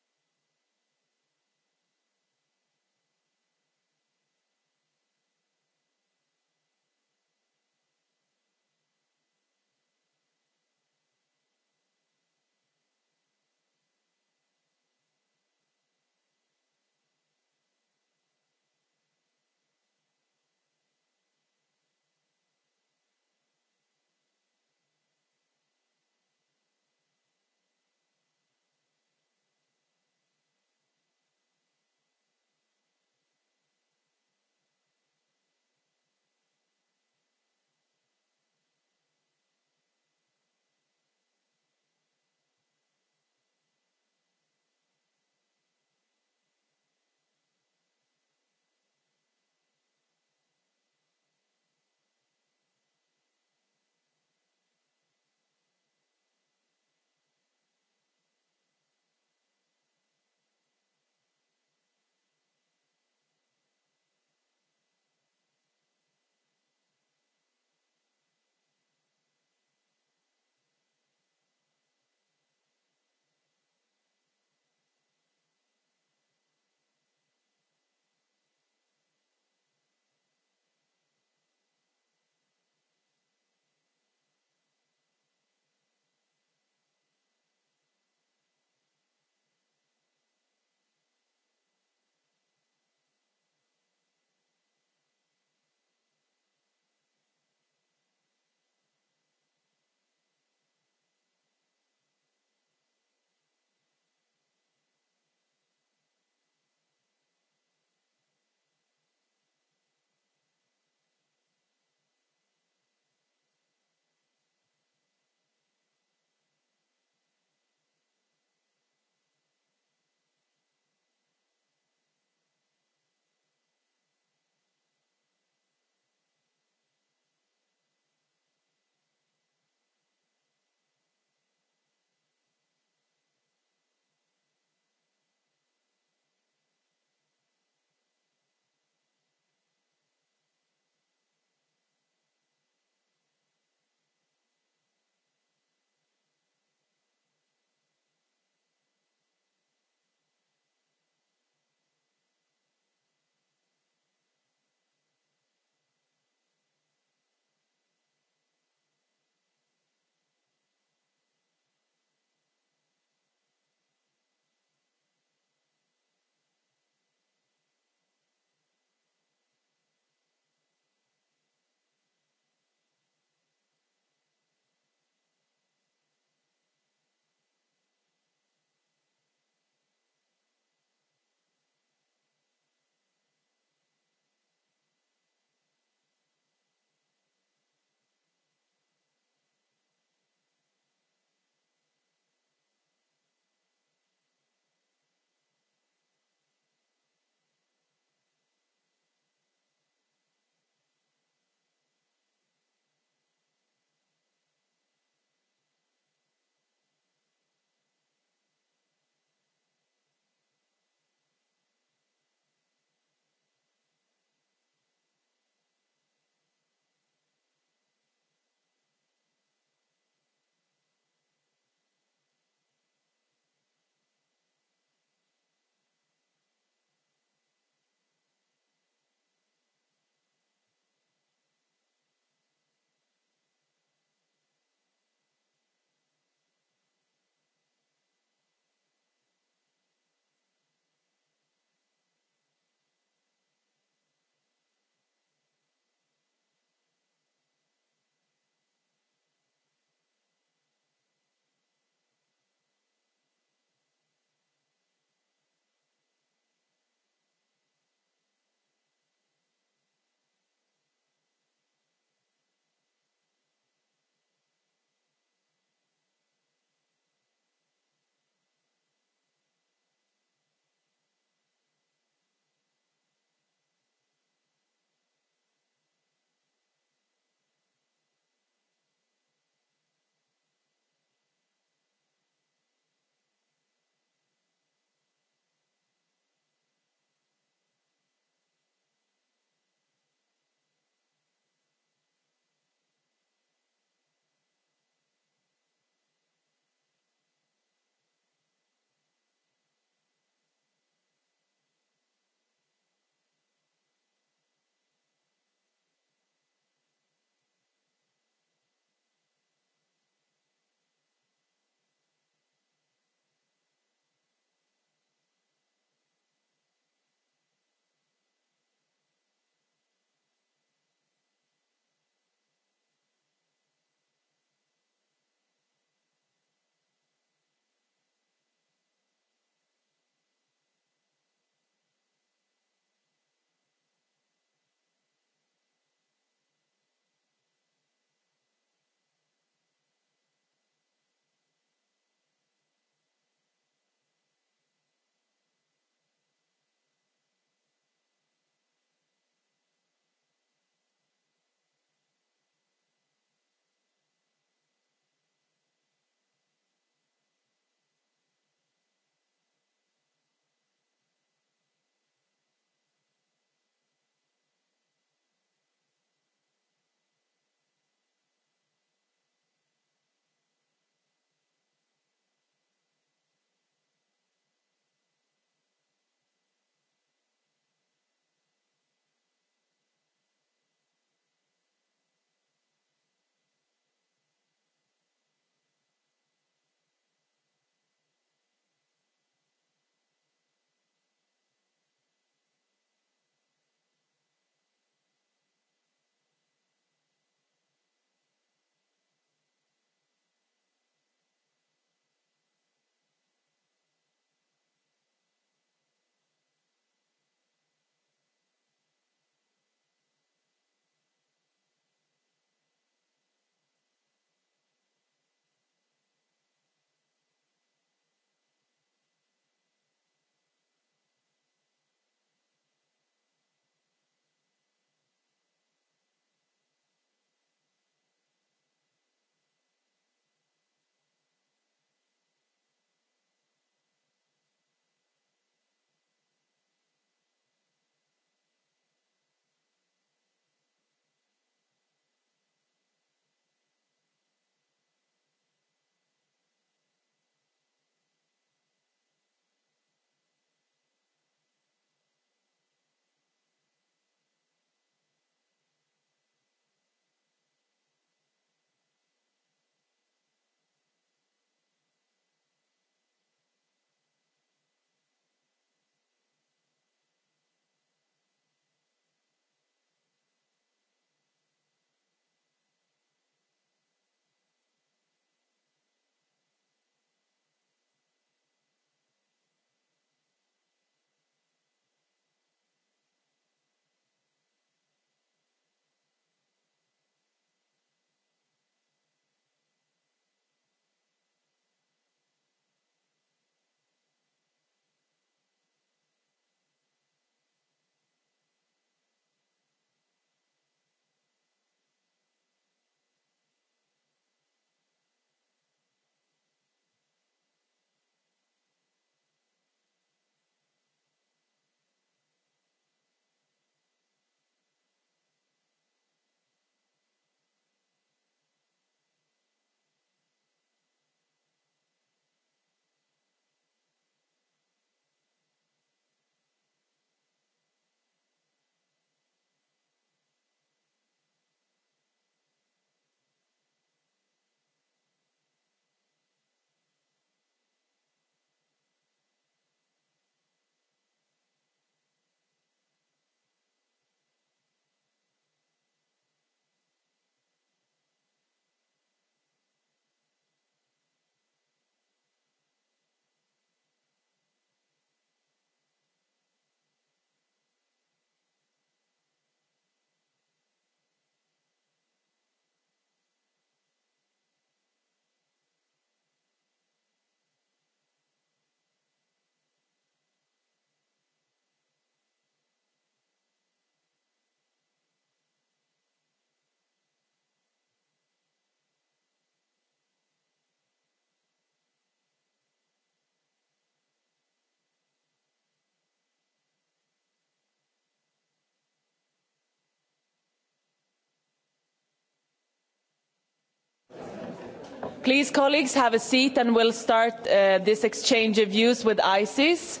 Please, colleagues, have a seat and we'll start uh, this exchange of views with ISIS.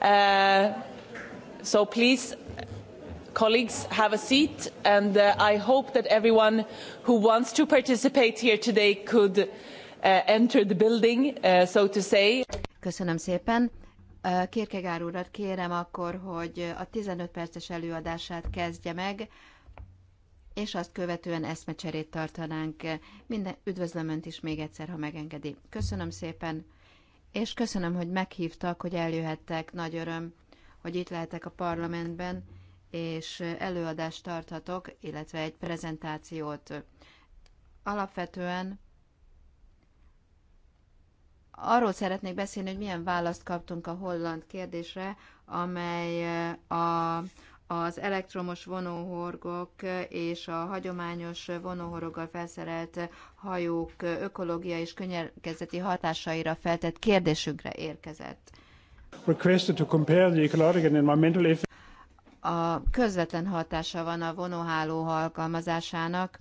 Uh, so please, colleagues, have a seat. And uh, I hope that everyone who wants to participate here today could uh, enter the building, uh, so to say. Köszönöm szépen. Uh, Kierkegaard urat kérem akkor, hogy a 15 perces előadását kezdje meg és azt követően eszmecserét tartanánk. Minden, üdvözlöm Önt is még egyszer, ha megengedi. Köszönöm szépen, és köszönöm, hogy meghívtak, hogy eljöhettek. Nagy öröm, hogy itt lehetek a parlamentben, és előadást tarthatok, illetve egy prezentációt. Alapvetően arról szeretnék beszélni, hogy milyen választ kaptunk a holland kérdésre, amely eh, a az elektromos vonóhorgok és a hagyományos vonóhoroggal felszerelt hajók ökológia és környezeti hatásaira feltett kérdésünkre érkezett. Requested to compare the ecological and environmental effects a közvetlen hatása van a vonóháló alkalmazásának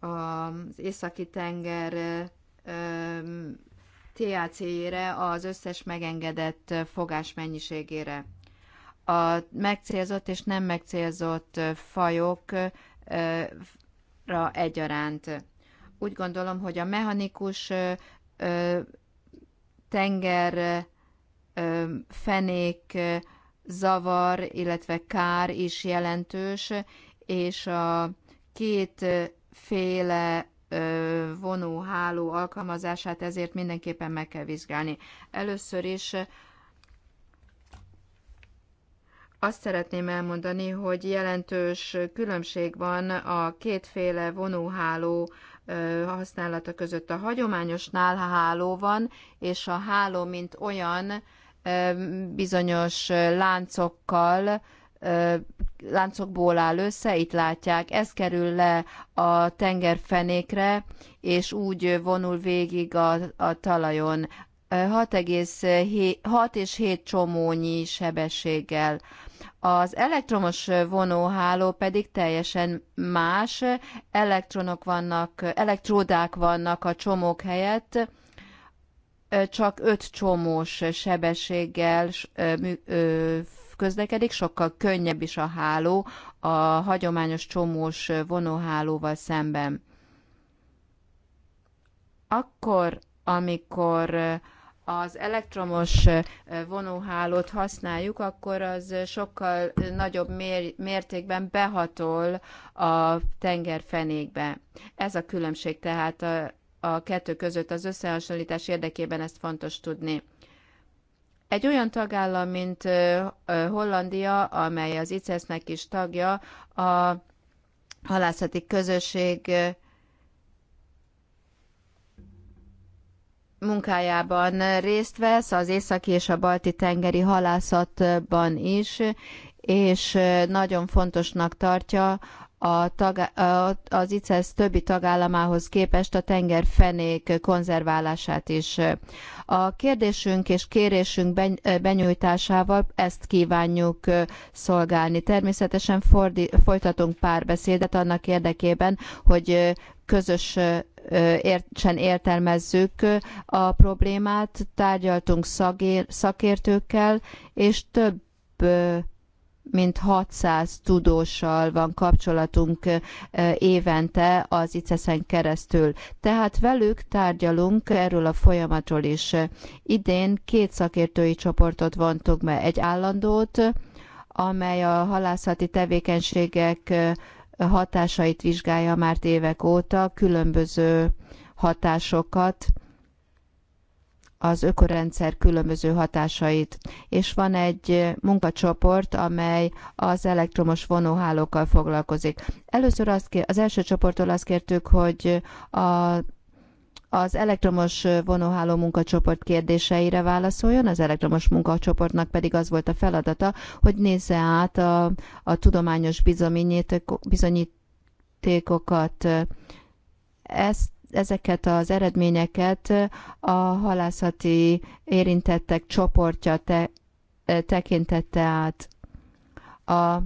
az északi tenger TAC-jére, az összes megengedett fogás mennyiségére a megcélzott és nem megcélzott fajokra egyaránt. Úgy gondolom, hogy a mechanikus tenger fenék zavar, illetve kár is jelentős, és a kétféle vonóháló alkalmazását ezért mindenképpen meg kell vizsgálni. Először is azt szeretném elmondani, hogy jelentős különbség van a kétféle vonóháló használata között. A hagyományos háló van, és a háló, mint olyan bizonyos láncokkal, láncokból áll össze, itt látják, ez kerül le a tengerfenékre, és úgy vonul végig a, a talajon. 6,6 és 7 csomónyi sebességgel. Az elektromos vonóháló pedig teljesen más, elektronok vannak, elektródák vannak a csomók helyett, csak öt csomós sebességgel közlekedik, sokkal könnyebb is a háló a hagyományos csomós vonóhálóval szemben. Akkor, amikor az elektromos vonóhálót használjuk, akkor az sokkal nagyobb mértékben behatol a tengerfenékbe. Ez a különbség tehát a, a kettő között az összehasonlítás érdekében ezt fontos tudni. Egy olyan tagállam, mint Hollandia, amely az ics e nek is tagja, a halászati közösség munkájában részt vesz, az északi és a balti tengeri halászatban is, és nagyon fontosnak tartja a tag, az ICESZ többi tagállamához képest a tengerfenék konzerválását is. A kérdésünk és kérésünk benyújtásával ezt kívánjuk szolgálni. Természetesen fordi, folytatunk párbeszédet annak érdekében, hogy közös értsen értelmezzük a problémát, tárgyaltunk szakértőkkel, és több mint 600 tudóssal van kapcsolatunk évente az ICESZ-en keresztül. Tehát velük tárgyalunk erről a folyamatról is. Idén két szakértői csoportot vontunk be, egy állandót, amely a halászati tevékenységek hatásait vizsgálja már évek óta, különböző hatásokat, az ökorendszer különböző hatásait, és van egy munkacsoport, amely az elektromos vonóhálókkal foglalkozik. Először azt kér, az első csoporttól azt kértük, hogy a az elektromos vonóháló munkacsoport kérdéseire válaszoljon, az elektromos munkacsoportnak pedig az volt a feladata, hogy nézze át a, a tudományos bizonyítékokat. Ezt ezeket az eredményeket a halászati érintettek csoportja te, tekintette át. A,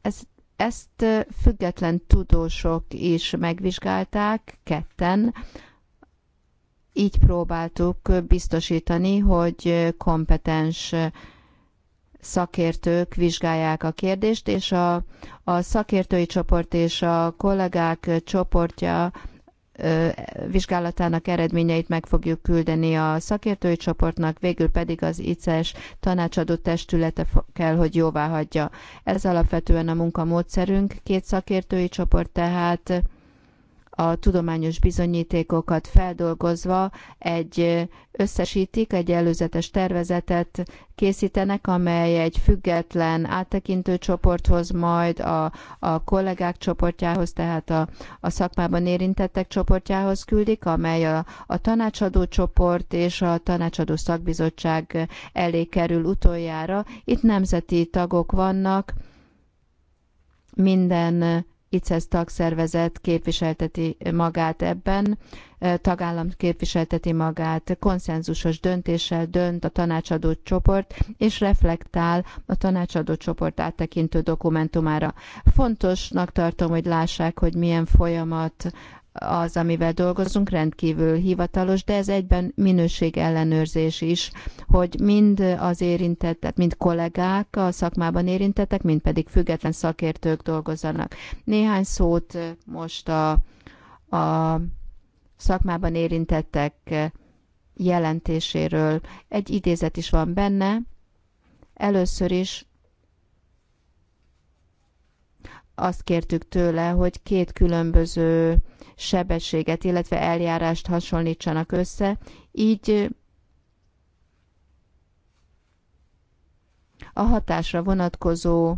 ez, ezt független tudósok is megvizsgálták ketten, így próbáltuk biztosítani, hogy kompetens szakértők vizsgálják a kérdést, és a, a szakértői csoport és a kollégák csoportja vizsgálatának eredményeit meg fogjuk küldeni a szakértői csoportnak, végül pedig az ICES tanácsadó testülete kell, hogy jóvá hagyja. Ez alapvetően a munkamódszerünk, két szakértői csoport tehát a tudományos bizonyítékokat feldolgozva egy összesítik, egy előzetes tervezetet készítenek, amely egy független áttekintő csoporthoz, majd a, a kollégák csoportjához, tehát a, a szakmában érintettek csoportjához küldik, amely a, a tanácsadó csoport és a tanácsadó szakbizottság elé kerül utoljára. Itt nemzeti tagok vannak, minden ICES tagszervezet képviselteti magát ebben, tagállam képviselteti magát, konszenzusos döntéssel dönt a tanácsadó csoport, és reflektál a tanácsadó csoport áttekintő dokumentumára. Fontosnak tartom, hogy lássák, hogy milyen folyamat az, amivel dolgozunk, rendkívül hivatalos, de ez egyben minőségellenőrzés is, hogy mind az érintett, tehát mind kollégák a szakmában érintettek, mind pedig független szakértők dolgozzanak. Néhány szót most a, a szakmában érintettek jelentéséről. Egy idézet is van benne. Először is azt kértük tőle, hogy két különböző sebességet, illetve eljárást hasonlítsanak össze, így a hatásra vonatkozó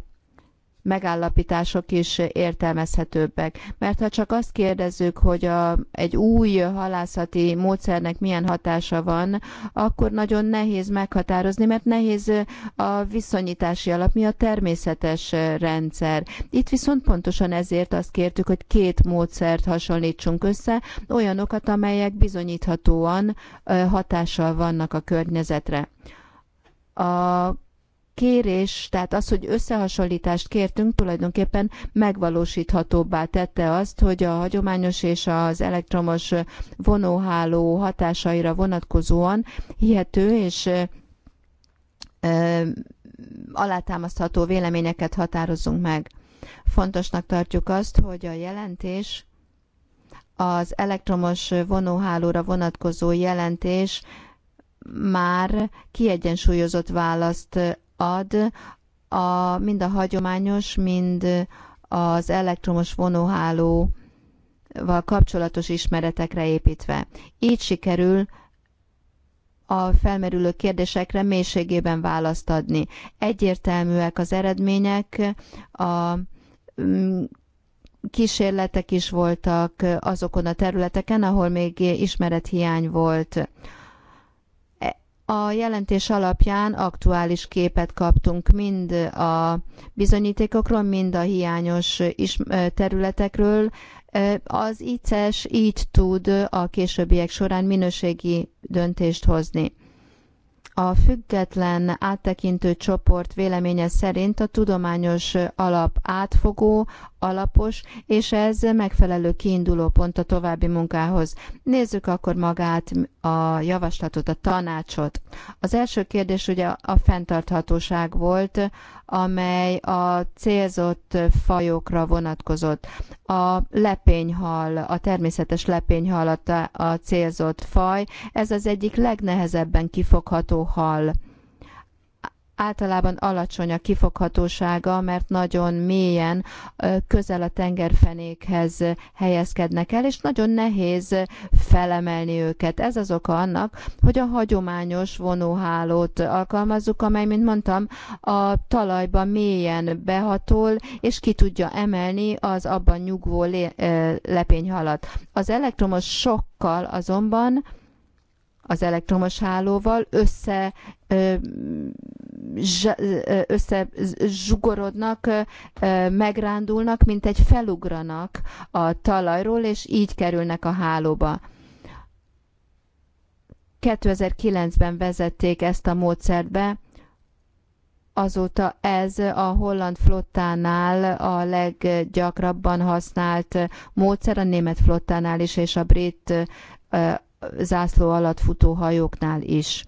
megállapítások is értelmezhetőbbek. Mert ha csak azt kérdezzük, hogy a, egy új halászati módszernek milyen hatása van, akkor nagyon nehéz meghatározni, mert nehéz a viszonyítási alap, mi a természetes rendszer. Itt viszont pontosan ezért azt kértük, hogy két módszert hasonlítsunk össze, olyanokat, amelyek bizonyíthatóan hatással vannak a környezetre. A kérés, tehát az, hogy összehasonlítást kértünk, tulajdonképpen megvalósíthatóbbá tette azt, hogy a hagyományos és az elektromos vonóháló hatásaira vonatkozóan hihető és alátámasztható véleményeket határozzunk meg. Fontosnak tartjuk azt, hogy a jelentés, az elektromos vonóhálóra vonatkozó jelentés már kiegyensúlyozott választ ad a, mind a hagyományos, mind az elektromos vonóhálóval kapcsolatos ismeretekre építve. Így sikerül a felmerülő kérdésekre mélységében választ adni. Egyértelműek az eredmények, a mm, kísérletek is voltak azokon a területeken, ahol még ismerethiány volt. A jelentés alapján aktuális képet kaptunk mind a bizonyítékokról, mind a hiányos területekről. Az ICES így tud a későbbiek során minőségi döntést hozni. A független áttekintő csoport véleménye szerint a tudományos alap átfogó, alapos, és ez megfelelő kiinduló pont a további munkához. Nézzük akkor magát a javaslatot, a tanácsot. Az első kérdés ugye a fenntarthatóság volt, amely a célzott fajokra vonatkozott. A lepényhal, a természetes lepényhal a, a célzott faj, ez az egyik legnehezebben kifogható hal. Általában alacsony a kifoghatósága, mert nagyon mélyen közel a tengerfenékhez helyezkednek el, és nagyon nehéz felemelni őket. Ez az oka annak, hogy a hagyományos vonóhálót alkalmazzuk, amely, mint mondtam, a talajba mélyen behatol, és ki tudja emelni az abban nyugvó lepényhalat. Az elektromos sokkal azonban az elektromos hálóval, össze összezsugorodnak, megrándulnak, mint egy felugranak a talajról, és így kerülnek a hálóba. 2009-ben vezették ezt a módszert be, azóta ez a holland flottánál a leggyakrabban használt módszer, a német flottánál is, és a brit zászló alatt futó hajóknál is.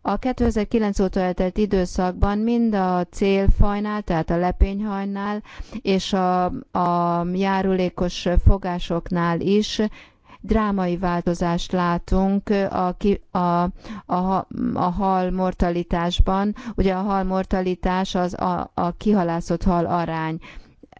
A 2009 óta eltelt időszakban mind a célfajnál, tehát a lepényhajnál és a, a járulékos fogásoknál is drámai változást látunk a, a, a, a hal mortalitásban. Ugye a hal mortalitás az a, a kihalászott hal arány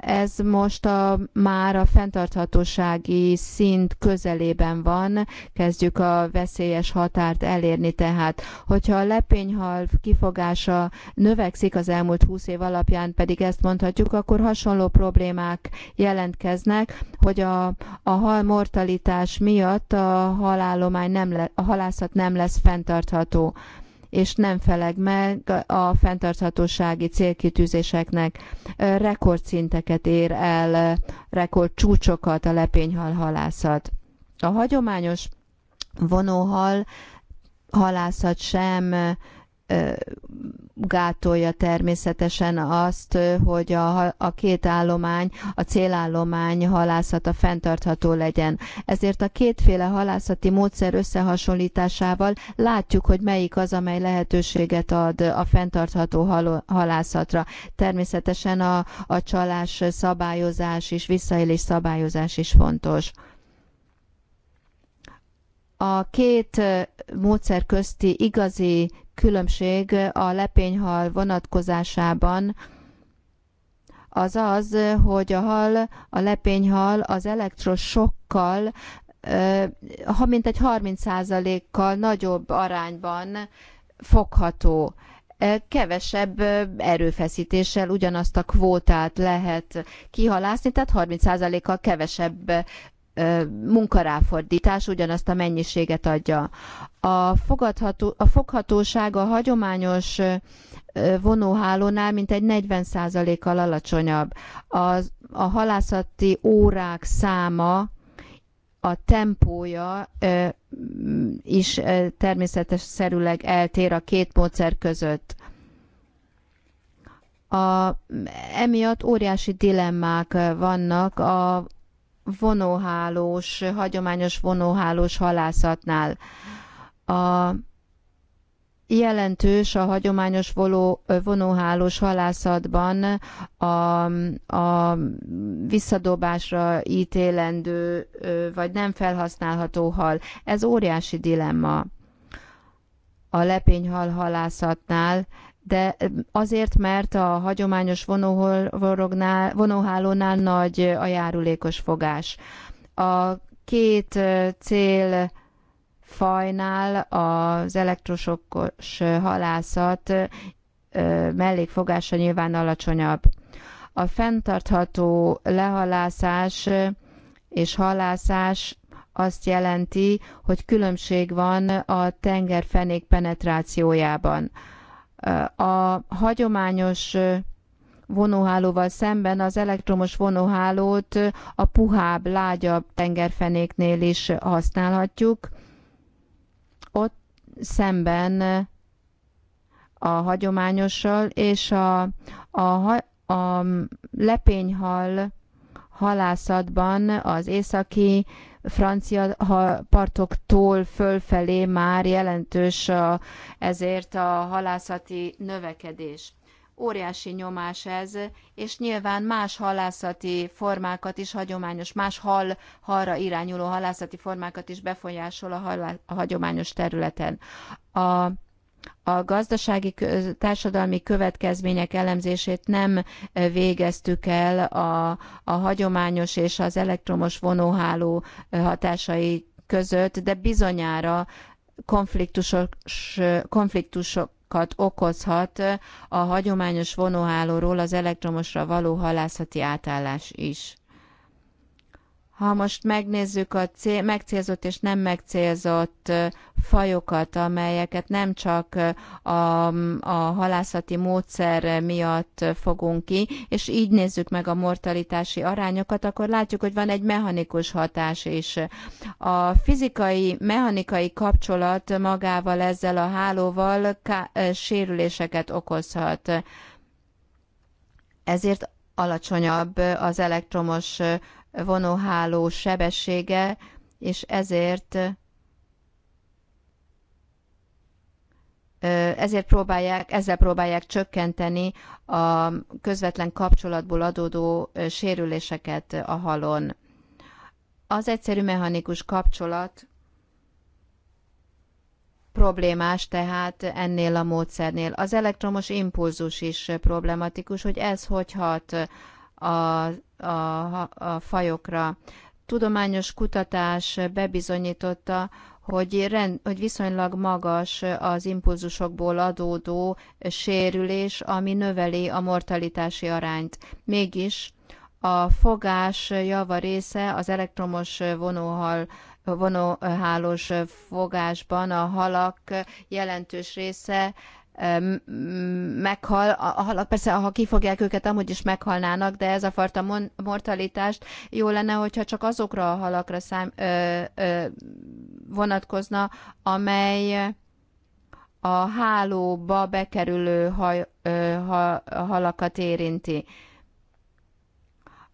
ez most a, már a fenntarthatósági szint közelében van, kezdjük a veszélyes határt elérni tehát. Hogyha a lepényhal kifogása növekszik az elmúlt 20 év alapján, pedig ezt mondhatjuk, akkor hasonló problémák jelentkeznek, hogy a, a hal mortalitás miatt a halállomány nem le, a halászat nem lesz fenntartható és nem feleg meg a fenntarthatósági célkitűzéseknek. Rekordszinteket ér el, rekordcsúcsokat a lepényhal halászat. A hagyományos vonóhal halászat sem gátolja természetesen azt, hogy a, a két állomány, a célállomány halászata fenntartható legyen. Ezért a kétféle halászati módszer összehasonlításával látjuk, hogy melyik az, amely lehetőséget ad a fenntartható hal, halászatra. Természetesen a, a csalás szabályozás és visszaélés szabályozás is fontos. A két módszer közti igazi különbség a lepényhal vonatkozásában az az, hogy a hal, a lepényhal az elektrosokkal ha mint egy 30%-kal nagyobb arányban fogható. Kevesebb erőfeszítéssel ugyanazt a kvótát lehet kihalászni, tehát 30%-kal kevesebb munkaráfordítás ugyanazt a mennyiséget adja. A, fogadható, a foghatóság a hagyományos vonóhálónál mintegy 40%-kal alacsonyabb. A, a halászati órák száma a tempója is természetes szerűleg eltér a két módszer között. A, emiatt óriási dilemmák vannak a, vonóhálós, hagyományos vonóhálós halászatnál. A jelentős a hagyományos voló, vonóhálós halászatban a, a visszadobásra ítélendő vagy nem felhasználható hal. Ez óriási dilemma a lepényhal halászatnál, de azért, mert a hagyományos vonóhálónál nagy a járulékos fogás. A két cél fajnál az elektrosokkos halászat mellékfogása nyilván alacsonyabb. A fenntartható lehalászás és halászás azt jelenti, hogy különbség van a tengerfenék penetrációjában. A hagyományos vonóhálóval szemben az elektromos vonóhálót a puhább, lágyabb tengerfenéknél is használhatjuk. Ott szemben a hagyományossal, és a, a, a lepényhal halászatban az északi francia partoktól fölfelé már jelentős a, ezért a halászati növekedés. Óriási nyomás ez, és nyilván más halászati formákat is, hagyományos, más hal, halra irányuló halászati formákat is befolyásol a, hal a hagyományos területen. A a gazdasági társadalmi következmények elemzését nem e, végeztük el a, a hagyományos és az elektromos vonóháló e, hatásai között, de bizonyára konfliktusok, konfliktusok okozhat a hagyományos vonóhálóról az elektromosra való halászati átállás is ha most megnézzük a cél, megcélzott és nem megcélzott fajokat, amelyeket nem csak a, a halászati módszer miatt fogunk ki, és így nézzük meg a mortalitási arányokat, akkor látjuk, hogy van egy mechanikus hatás is. A fizikai, mechanikai kapcsolat magával ezzel a hálóval ká- sérüléseket okozhat. Ezért alacsonyabb az elektromos vonóháló sebessége, és ezért ezért próbálják, ezzel próbálják csökkenteni a közvetlen kapcsolatból adódó sérüléseket a halon. Az egyszerű mechanikus kapcsolat problémás tehát ennél a módszernél. Az elektromos impulzus is problematikus, hogy ez hogy hat a, a, a fajokra. Tudományos kutatás bebizonyította, hogy, rend, hogy viszonylag magas az impulzusokból adódó sérülés, ami növeli a mortalitási arányt. Mégis a fogás java része az elektromos vonóhal vonóhálós fogásban a halak jelentős része meghal, a halak persze, ha kifogják őket, amúgy is meghalnának, de ez a fajta mortalitást jó lenne, hogyha csak azokra a halakra szám, ö, ö, vonatkozna, amely a hálóba bekerülő haj, ö, ha, halakat érinti.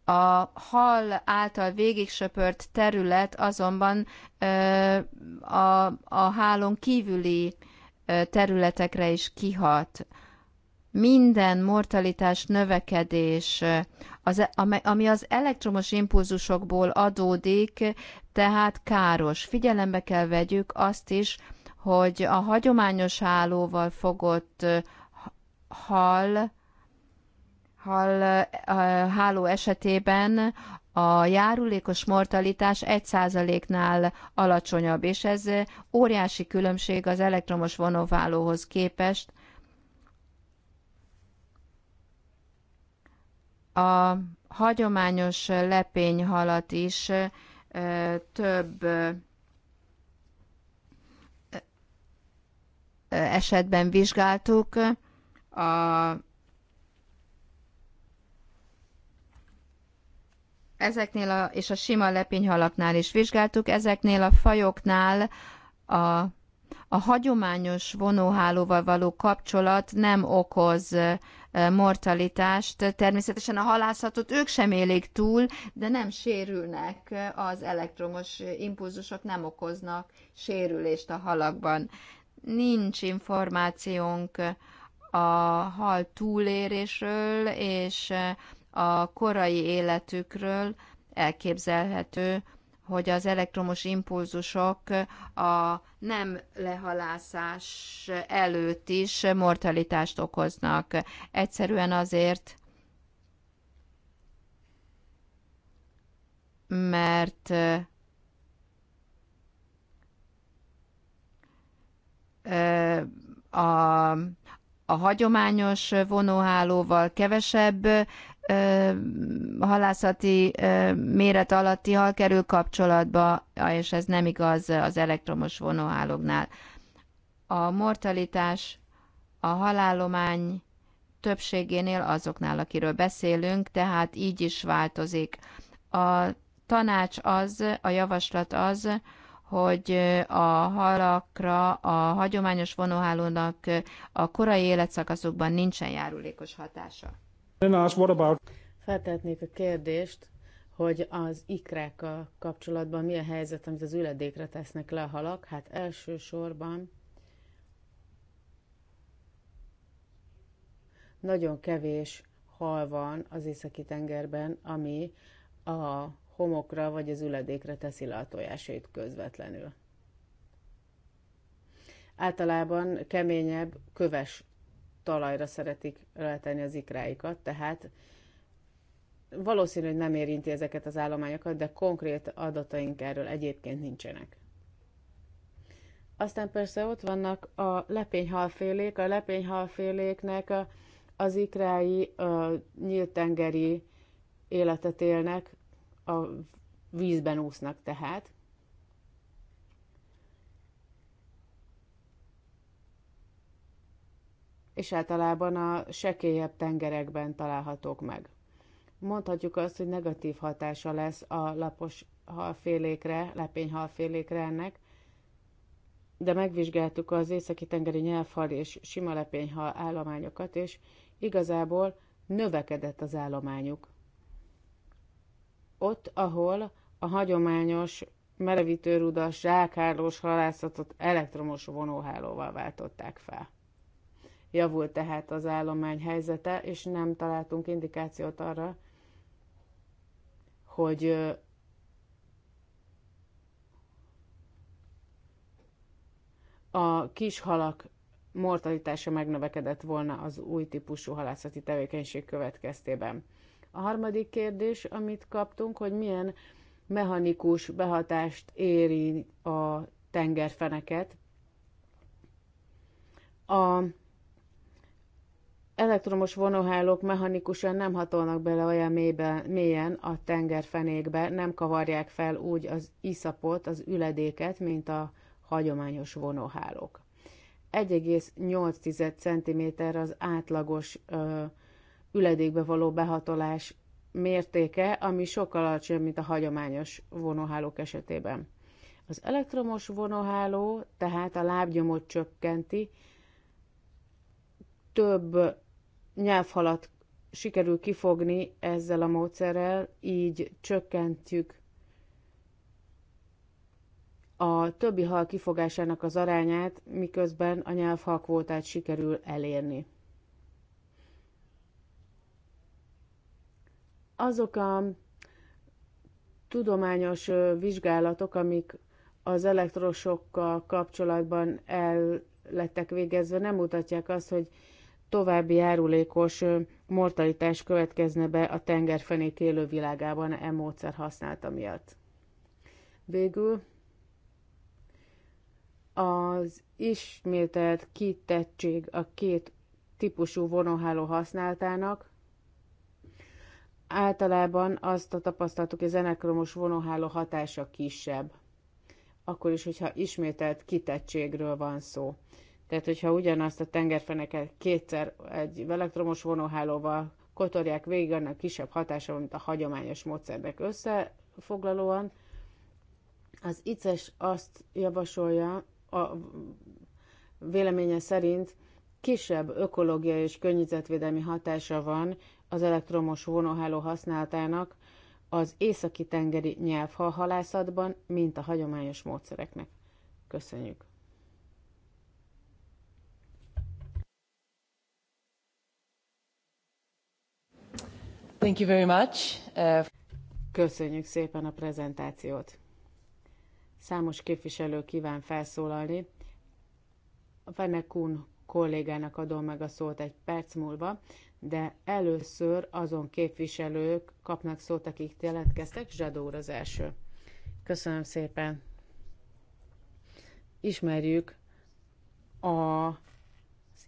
A hal által végig söpört terület azonban ö, a, a hálón kívüli ö, területekre is kihat. Minden mortalitás növekedés, az, e, ami az elektromos impulzusokból adódik, tehát káros. Figyelembe kell vegyük azt is, hogy a hagyományos hálóval fogott hal, hal háló esetében a járulékos mortalitás 1%-nál alacsonyabb, és ez óriási különbség az elektromos vonóválóhoz képest. A hagyományos lepényhalat is több esetben vizsgáltuk, a ezeknél a, és a sima lepényhalaknál is vizsgáltuk, ezeknél a fajoknál a, a hagyományos vonóhálóval való kapcsolat nem okoz mortalitást. Természetesen a halászatot ők sem élik túl, de nem sérülnek, az elektromos impulzusok nem okoznak sérülést a halakban. Nincs információnk a hal túlérésről, és a korai életükről elképzelhető, hogy az elektromos impulzusok a nem lehalászás előtt is mortalitást okoznak. Egyszerűen azért, mert a, a hagyományos vonóhálóval kevesebb halászati méret alatti hal kerül kapcsolatba, és ez nem igaz az elektromos vonóhálóknál. A mortalitás, a halálomány többségénél azoknál, akiről beszélünk, tehát így is változik. A tanács az, a javaslat az, hogy a halakra a hagyományos vonóhálónak a korai életszakaszokban nincsen járulékos hatása. Feltetnék a kérdést, hogy az ikrákkal kapcsolatban mi a helyzet, amit az üledékre tesznek le a halak. Hát elsősorban nagyon kevés hal van az északi tengerben, ami a homokra vagy az üledékre teszi le a tojásait közvetlenül. Általában keményebb, köves talajra szeretik rátenni az ikráikat, tehát valószínű, hogy nem érinti ezeket az állományokat, de konkrét adataink erről egyébként nincsenek. Aztán persze ott vannak a lepényhalfélék, a lepényhalféléknek az ikrái a nyílt tengeri életet élnek, a vízben úsznak tehát, és általában a sekélyebb tengerekben találhatók meg. Mondhatjuk azt, hogy negatív hatása lesz a lapos halfélékre, lepényhalfélékre ennek, de megvizsgáltuk az északi tengeri nyelvhal és sima lepényhal állományokat, és igazából növekedett az állományuk. Ott, ahol a hagyományos merevítőrudas, zsákhálós halászatot elektromos vonóhálóval váltották fel. Javult tehát az állomány helyzete, és nem találtunk indikációt arra, hogy a kis halak mortalitása megnövekedett volna az új típusú halászati tevékenység következtében. A harmadik kérdés, amit kaptunk, hogy milyen mechanikus behatást éri a tengerfeneket. A elektromos vonóhálók mechanikusan nem hatolnak bele olyan mélybe, mélyen a tengerfenékbe, nem kavarják fel úgy az iszapot, az üledéket, mint a hagyományos vonóhálók. 1,8 cm az átlagos ö, üledékbe való behatolás mértéke, ami sokkal alacsonyabb, mint a hagyományos vonóhálók esetében. Az elektromos vonóháló tehát a lábnyomot csökkenti, több nyelvhalat sikerül kifogni ezzel a módszerrel, így csökkentjük a többi hal kifogásának az arányát, miközben a nyelvhal kvótát sikerül elérni. Azok a tudományos vizsgálatok, amik az elektrosokkal kapcsolatban el lettek végezve, nem mutatják azt, hogy további járulékos mortalitás következne be a tengerfenék élővilágában e módszer használta miatt. Végül az ismételt kitettség a két típusú vonóháló használtának általában azt a tapasztaltuk, hogy az enekromos vonóháló hatása kisebb, akkor is, hogyha ismételt kitettségről van szó. Tehát, hogyha ugyanazt a tengerfeneket kétszer egy elektromos vonóhálóval kotorják végig, annak kisebb hatása van, mint a hagyományos módszernek összefoglalóan. Az ICES azt javasolja, a véleménye szerint kisebb ökológiai és környezetvédelmi hatása van az elektromos vonóháló használatának az északi tengeri nyelvhalhalászatban, mint a hagyományos módszereknek. Köszönjük! Thank you very much. Uh... Köszönjük szépen a prezentációt. Számos képviselő kíván felszólalni. Kun kollégának adom meg a szót egy perc múlva, de először azon képviselők kapnak szót, akik jelentkeztek. Zsadóra az első. Köszönöm szépen. Ismerjük a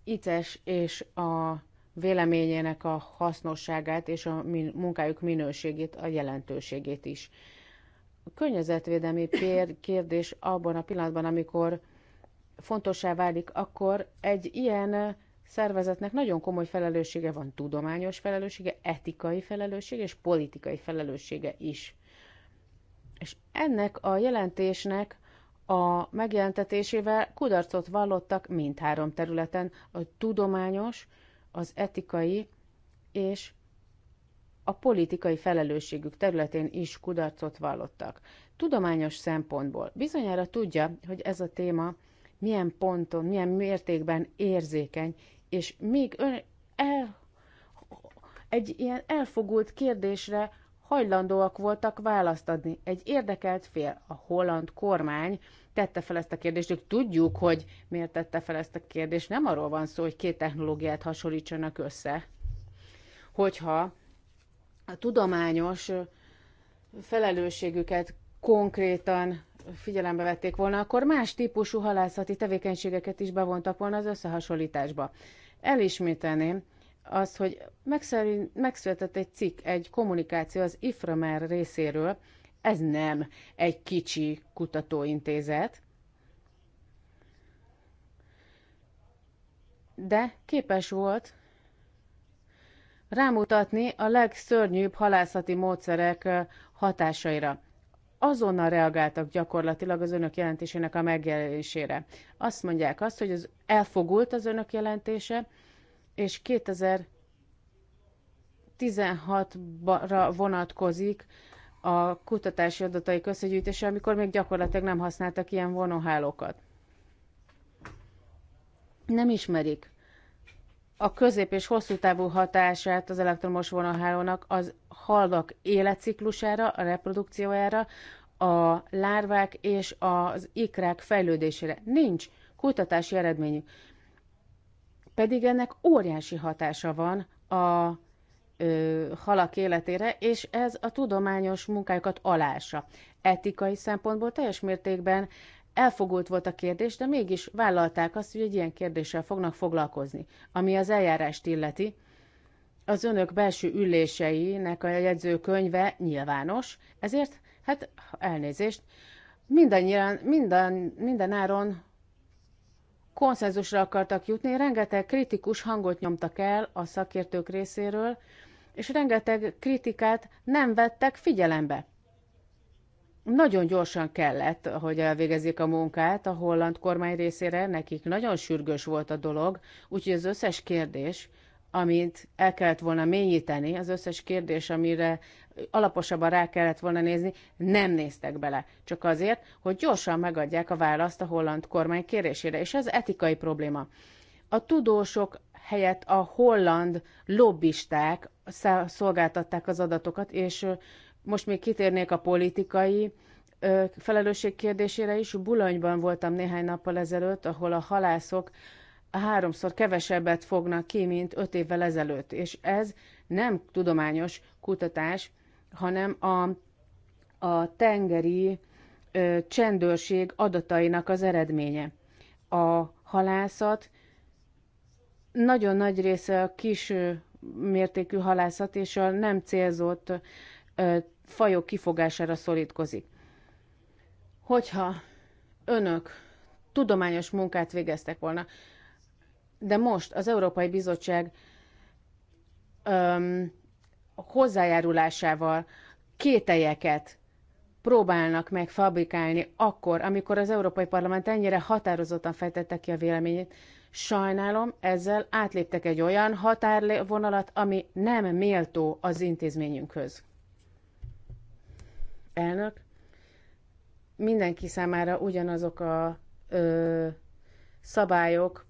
ITES és a véleményének a hasznosságát és a munkájuk minőségét, a jelentőségét is. A környezetvédelmi kérdés abban a pillanatban, amikor fontossá válik, akkor egy ilyen szervezetnek nagyon komoly felelőssége van, tudományos felelőssége, etikai felelőssége és politikai felelőssége is. És ennek a jelentésnek a megjelentetésével kudarcot vallottak mindhárom területen, a tudományos, az etikai és a politikai felelősségük területén is kudarcot vallottak. Tudományos szempontból bizonyára tudja, hogy ez a téma milyen ponton, milyen mértékben érzékeny, és még ön el, egy ilyen elfogult kérdésre hajlandóak voltak választ adni. Egy érdekelt fél, a holland kormány tette fel ezt a kérdést, ők tudjuk, hogy miért tette fel ezt a kérdést. Nem arról van szó, hogy két technológiát hasonlítsanak össze, hogyha a tudományos felelősségüket konkrétan figyelembe vették volna, akkor más típusú halászati tevékenységeket is bevontak volna az összehasonlításba. Elismételném, az, hogy megszületett egy cikk, egy kommunikáció az IFRAMER részéről, ez nem egy kicsi kutatóintézet, de képes volt rámutatni a legszörnyűbb halászati módszerek hatásaira. Azonnal reagáltak gyakorlatilag az önök jelentésének a megjelenésére. Azt mondják azt, hogy az elfogult az önök jelentése, és 2016-ra vonatkozik a kutatási adatai összegyűjtése, amikor még gyakorlatilag nem használtak ilyen vonóhálókat. Nem ismerik a közép- és hosszú távú hatását az elektromos vonalhálónak az halak életciklusára, a reprodukciójára, a lárvák és az ikrák fejlődésére. Nincs kutatási eredményük pedig ennek óriási hatása van a ö, halak életére, és ez a tudományos munkájukat alása. Etikai szempontból teljes mértékben elfogult volt a kérdés, de mégis vállalták azt, hogy egy ilyen kérdéssel fognak foglalkozni. Ami az eljárást illeti, az önök belső üléseinek a jegyzőkönyve nyilvános, ezért, hát elnézést, mindannyian, minden, minden áron konszenzusra akartak jutni, rengeteg kritikus hangot nyomtak el a szakértők részéről, és rengeteg kritikát nem vettek figyelembe. Nagyon gyorsan kellett, hogy elvégezzék a munkát a holland kormány részére, nekik nagyon sürgős volt a dolog, úgyhogy az összes kérdés, amit el kellett volna mélyíteni, az összes kérdés, amire alaposabban rá kellett volna nézni, nem néztek bele. Csak azért, hogy gyorsan megadják a választ a holland kormány kérésére, és ez etikai probléma. A tudósok helyett a holland lobbisták szolgáltatták az adatokat, és most még kitérnék a politikai felelősség kérdésére is. Bulonyban voltam néhány nappal ezelőtt, ahol a halászok háromszor kevesebbet fognak ki, mint öt évvel ezelőtt, és ez nem tudományos kutatás, hanem a, a tengeri ö, csendőrség adatainak az eredménye. A halászat nagyon nagy része a kis mértékű halászat és a nem célzott ö, fajok kifogására szorítkozik. Hogyha önök tudományos munkát végeztek volna, de most az Európai Bizottság öm, hozzájárulásával kételyeket próbálnak meg fabrikálni akkor, amikor az Európai Parlament ennyire határozottan fejtette ki a véleményét. Sajnálom, ezzel átléptek egy olyan határvonalat, ami nem méltó az intézményünkhöz. Elnök, mindenki számára ugyanazok a ö, szabályok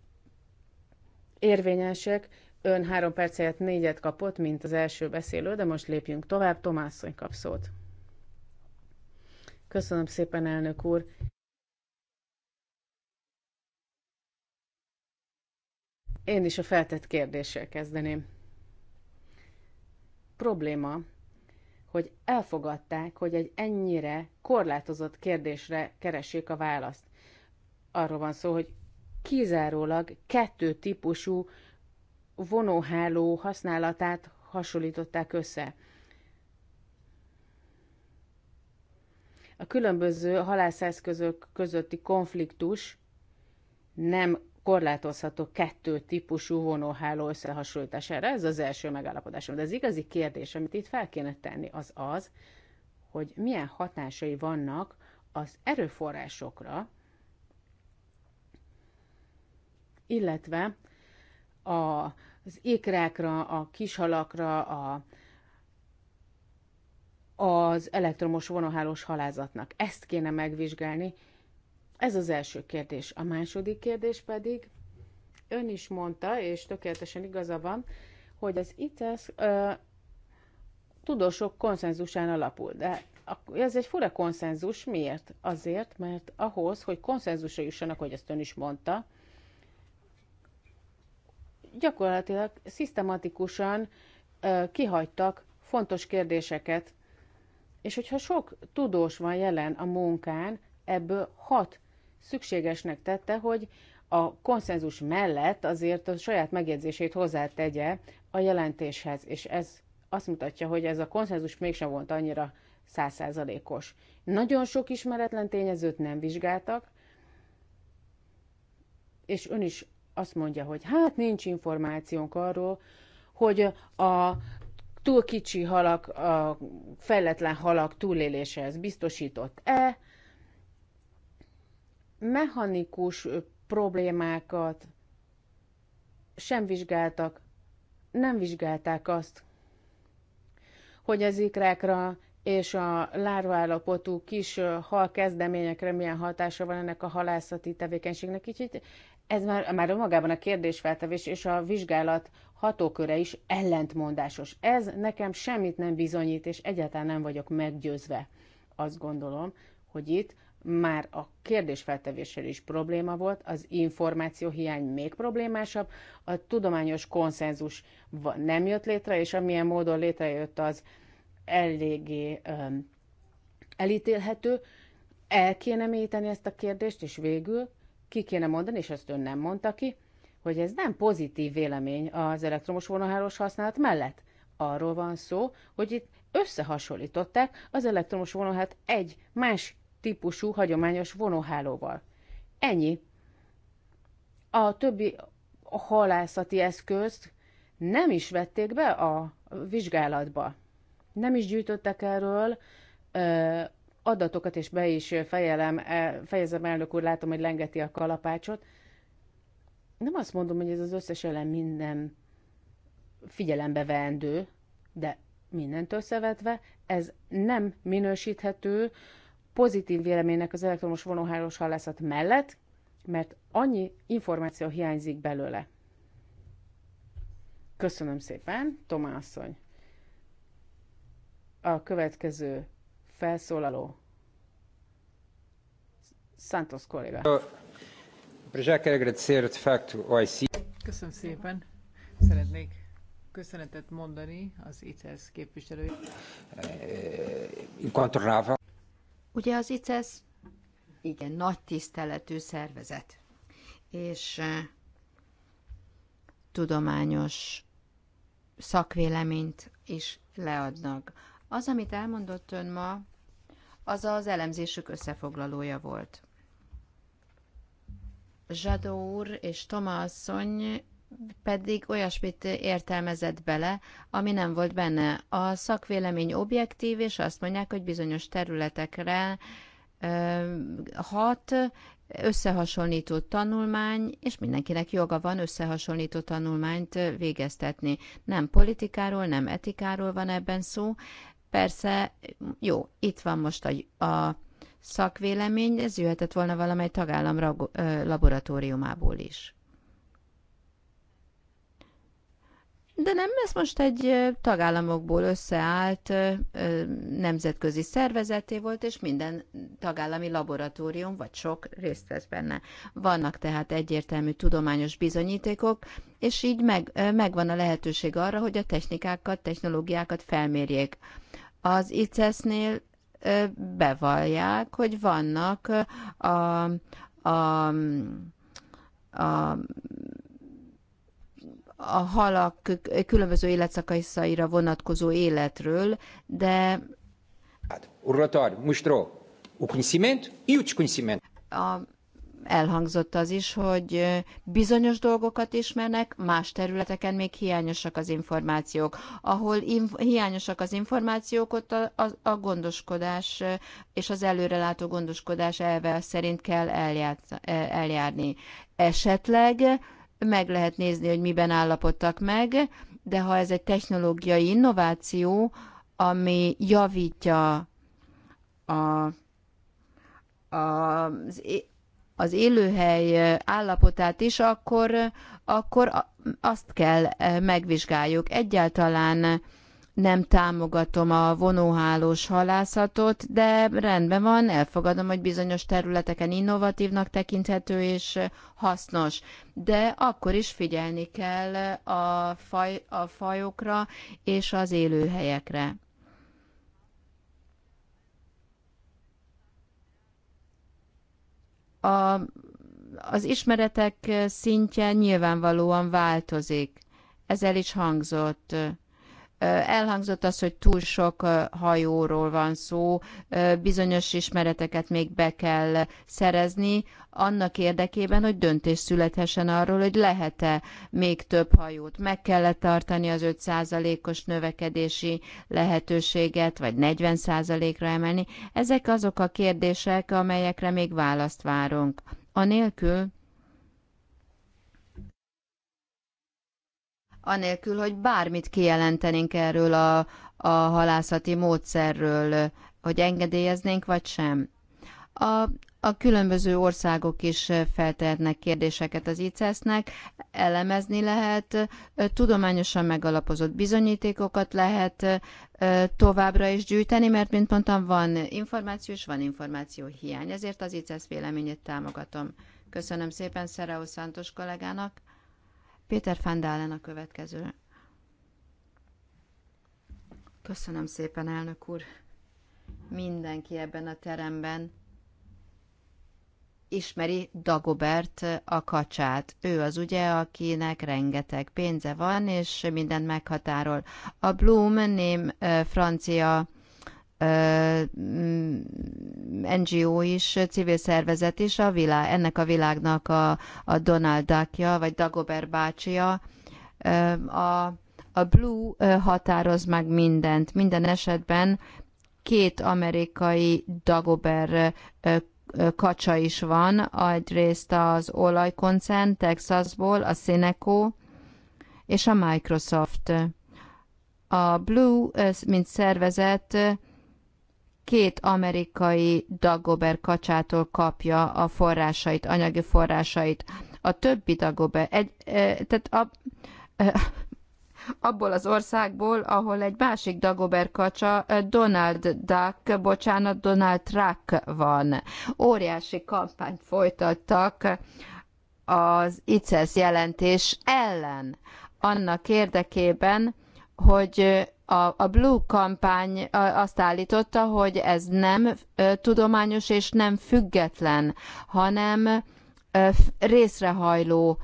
érvényesek, Ön három perc helyett négyet kapott, mint az első beszélő, de most lépjünk tovább. Tomászony kap szót. Köszönöm szépen, elnök úr. Én is a feltett kérdéssel kezdeném. Probléma, hogy elfogadták, hogy egy ennyire korlátozott kérdésre keressék a választ. Arról van szó, hogy kizárólag kettő típusú vonóháló használatát hasonlították össze. A különböző halászeszközök közötti konfliktus nem korlátozható kettő típusú vonóháló összehasonlítására. Ez az első megállapodásom. De az igazi kérdés, amit itt fel kéne tenni, az az, hogy milyen hatásai vannak az erőforrásokra, illetve az ikrákra, a kishalakra, a, az elektromos vonohálós halázatnak. Ezt kéne megvizsgálni. Ez az első kérdés. A második kérdés pedig, ön is mondta, és tökéletesen igaza van, hogy az ITESZ ö, tudósok konszenzusán alapul. De ez egy fura konszenzus. Miért? Azért, mert ahhoz, hogy konszenzusra jussanak, hogy ezt ön is mondta, gyakorlatilag szisztematikusan kihagytak fontos kérdéseket, és hogyha sok tudós van jelen a munkán, ebből hat szükségesnek tette, hogy a konszenzus mellett azért a saját megjegyzését hozzátegye a jelentéshez, és ez azt mutatja, hogy ez a konszenzus mégsem volt annyira százszázalékos. Nagyon sok ismeretlen tényezőt nem vizsgáltak, és ön is azt mondja, hogy hát nincs információnk arról, hogy a túl kicsi halak, a fejletlen halak túléléséhez biztosított-e, mechanikus problémákat sem vizsgáltak, nem vizsgálták azt, hogy az ikrákra és a lárvállapotú kis hal kezdeményekre milyen hatása van ennek a halászati tevékenységnek. Így ez már, már magában a kérdésfeltevés és a vizsgálat hatóköre is ellentmondásos. Ez nekem semmit nem bizonyít, és egyáltalán nem vagyok meggyőzve. Azt gondolom, hogy itt már a kérdésfeltevéssel is probléma volt, az információ hiány még problémásabb, a tudományos konszenzus nem jött létre, és amilyen módon létrejött az eléggé um, elítélhető. El kéne mélyíteni ezt a kérdést, és végül ki kéne mondani, és ezt ön nem mondta ki, hogy ez nem pozitív vélemény az elektromos vonalhálós használat mellett. Arról van szó, hogy itt összehasonlították az elektromos vonóhát egy más típusú hagyományos vonóhálóval. Ennyi. A többi halászati eszközt nem is vették be a vizsgálatba. Nem is gyűjtöttek erről ö, adatokat, és be is fejelem, e, fejezem elnök úr, látom, hogy lengeti a kalapácsot. Nem azt mondom, hogy ez az összes elem minden figyelembe veendő, de mindent összevetve, ez nem minősíthető pozitív véleménynek az elektromos vonóhálós halászat mellett, mert annyi információ hiányzik belőle. Köszönöm szépen, Tomászony. A következő felszólaló. Santos kolléga. Köszönöm szépen. Szeretnék köszönetet mondani az ICESZ képviselői. Ugye az ICESZ igen, nagy tiszteletű szervezet, és eh, tudományos szakvéleményt is leadnak az, amit elmondott ön ma, az az elemzésük összefoglalója volt. Zsadó úr és Toma asszony pedig olyasmit értelmezett bele, ami nem volt benne. A szakvélemény objektív, és azt mondják, hogy bizonyos területekre ö, hat összehasonlító tanulmány, és mindenkinek joga van összehasonlító tanulmányt végeztetni. Nem politikáról, nem etikáról van ebben szó, Persze, jó, itt van most a, a szakvélemény, ez jöhetett volna valamely tagállam laboratóriumából is. De nem, ez most egy tagállamokból összeállt nemzetközi szervezeté volt, és minden tagállami laboratórium, vagy sok részt vesz benne. Vannak tehát egyértelmű tudományos bizonyítékok, és így meg, megvan a lehetőség arra, hogy a technikákat, technológiákat felmérjék az ICESZ-nél bevallják, hogy vannak a, a, a a halak különböző életszakaszaira vonatkozó életről, de... O relatório mostrou o conhecimento A elhangzott az is, hogy bizonyos dolgokat ismernek, más területeken még hiányosak az információk. Ahol inf- hiányosak az információk, ott a, a, a gondoskodás és az előrelátó gondoskodás elve szerint kell eljárni. Esetleg meg lehet nézni, hogy miben állapodtak meg, de ha ez egy technológiai innováció, ami javítja a, a, az az élőhely állapotát is, akkor, akkor azt kell megvizsgáljuk. Egyáltalán nem támogatom a vonóhálós halászatot, de rendben van, elfogadom, hogy bizonyos területeken innovatívnak tekinthető és hasznos. De akkor is figyelni kell a, faj, a fajokra és az élőhelyekre. a, az ismeretek szintje nyilvánvalóan változik. Ez el is hangzott Elhangzott az, hogy túl sok hajóról van szó, bizonyos ismereteket még be kell szerezni, annak érdekében, hogy döntés születhessen arról, hogy lehet-e még több hajót. Meg kellett tartani az 5%-os növekedési lehetőséget, vagy 40%-ra emelni. Ezek azok a kérdések, amelyekre még választ várunk. Anélkül, anélkül, hogy bármit kijelentenénk erről a, a halászati módszerről, hogy engedélyeznénk vagy sem. A, a különböző országok is feltehetnek kérdéseket az ICESZ-nek, elemezni lehet, tudományosan megalapozott bizonyítékokat lehet továbbra is gyűjteni, mert mint mondtam, van információ és van információ hiány. Ezért az ICESZ véleményét támogatom. Köszönöm szépen Szereó Szántos kollégának. Péter Fendálen a következő. Köszönöm szépen, elnök úr. Mindenki ebben a teremben ismeri Dagobert eh, a kacsát. Ő az ugye, akinek rengeteg pénze van, és mindent meghatárol. A Bloom ném eh, francia NGO is, civil szervezet is, a világ, ennek a világnak a, a Donald Duckja, vagy Dagobert bácsia, a, a Blue határoz meg mindent. Minden esetben két amerikai Dagobert kacsa is van, egyrészt az olajkoncern Texasból, a Seneco és a Microsoft. A Blue, mint szervezet, két amerikai Dagober kacsától kapja a forrásait, anyagi forrásait. A többi Dagober, egy, e, tehát a, e, abból az országból, ahol egy másik Dagober kacsa, Donald Duck, bocsánat, Donald Truck van. Óriási kampányt folytattak az ICESZ jelentés ellen annak érdekében, hogy a, a Blue kampány azt állította, hogy ez nem tudományos és nem független, hanem részrehajló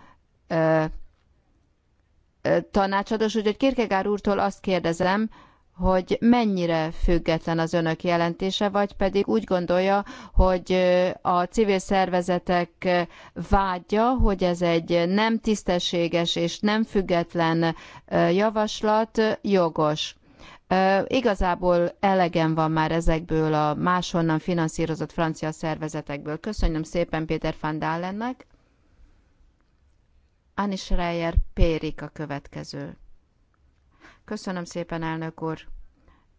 tanácsadós, úgyhogy Kierkegaard úrtól azt kérdezem, hogy mennyire független az önök jelentése, vagy pedig úgy gondolja, hogy a civil szervezetek vágya, hogy ez egy nem tisztességes és nem független javaslat jogos. Igazából elegem van már ezekből a máshonnan finanszírozott francia szervezetekből. Köszönöm szépen Péter van Dálennek. Anis Reyer Périk a következő. Köszönöm szépen, elnök úr.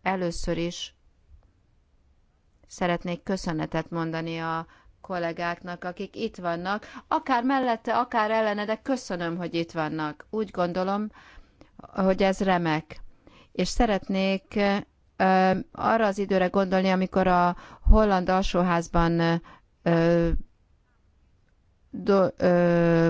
Először is szeretnék köszönetet mondani a kollégáknak, akik itt vannak, akár mellette, akár ellene, de köszönöm, hogy itt vannak. Úgy gondolom, hogy ez remek. És szeretnék arra az időre gondolni, amikor a holland alsóházban do, ö,